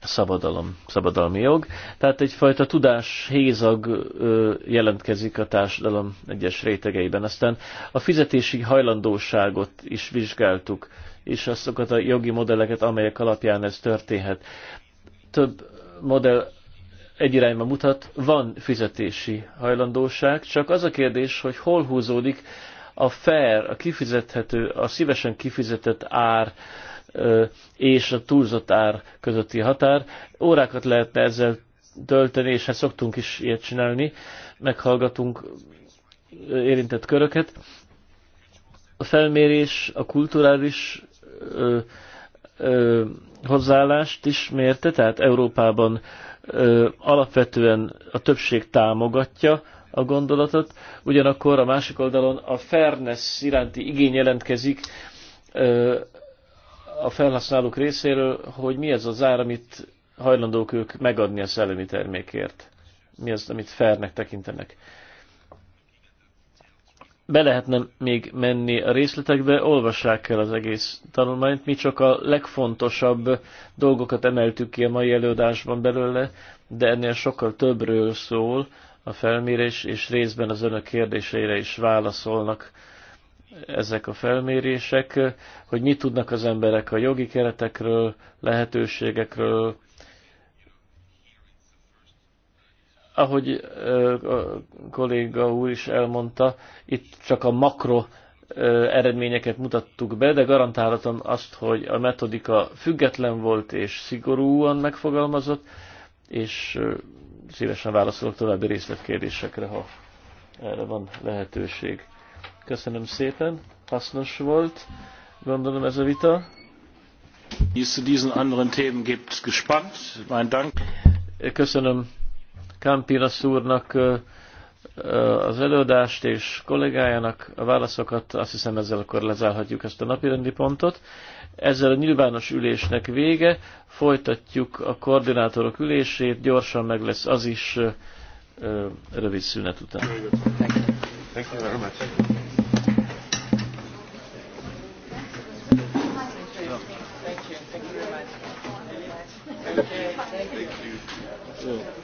szabadalom, szabadalmi jog. Tehát egyfajta tudás hézag ö, jelentkezik a társadalom egyes rétegeiben. Aztán a fizetési hajlandóságot is vizsgáltuk, és azokat a jogi modelleket, amelyek alapján ez történhet. Több modell egy irányba mutat, van fizetési hajlandóság, csak az a kérdés, hogy hol húzódik a fair, a kifizethető, a szívesen kifizetett ár és a túlzott ár közötti határ. Órákat lehetne ezzel tölteni, és hát szoktunk is ilyet csinálni, meghallgatunk érintett köröket. A felmérés, a kulturális ö, ö, hozzáállást is mérte, tehát Európában alapvetően a többség támogatja a gondolatot, ugyanakkor a másik oldalon a fairness iránti igény jelentkezik a felhasználók részéről, hogy mi ez az ár, amit hajlandók ők megadni a szellemi termékért. Mi az, amit fairnek tekintenek be lehetne még menni a részletekbe, olvassák el az egész tanulmányt, mi csak a legfontosabb dolgokat emeltük ki a mai előadásban belőle, de ennél sokkal többről szól a felmérés, és részben az önök kérdéseire is válaszolnak ezek a felmérések, hogy mit tudnak az emberek a jogi keretekről, lehetőségekről, Ahogy a kolléga úr is elmondta, itt csak a makro eredményeket mutattuk be, de garantálhatom azt, hogy a metodika független volt és szigorúan megfogalmazott, és szívesen válaszolok további részletkérdésekre, ha erre van lehetőség. Köszönöm szépen, hasznos volt, gondolom ez a vita. zu diesen anderen Themen gespannt. Mein Dank. Köszönöm Kampina úrnak az előadást és kollégájának a válaszokat, azt hiszem ezzel akkor lezárhatjuk ezt a napirendi pontot. Ezzel a nyilvános ülésnek vége, folytatjuk a koordinátorok ülését, gyorsan meg lesz az is rövid szünet után.
Thank you.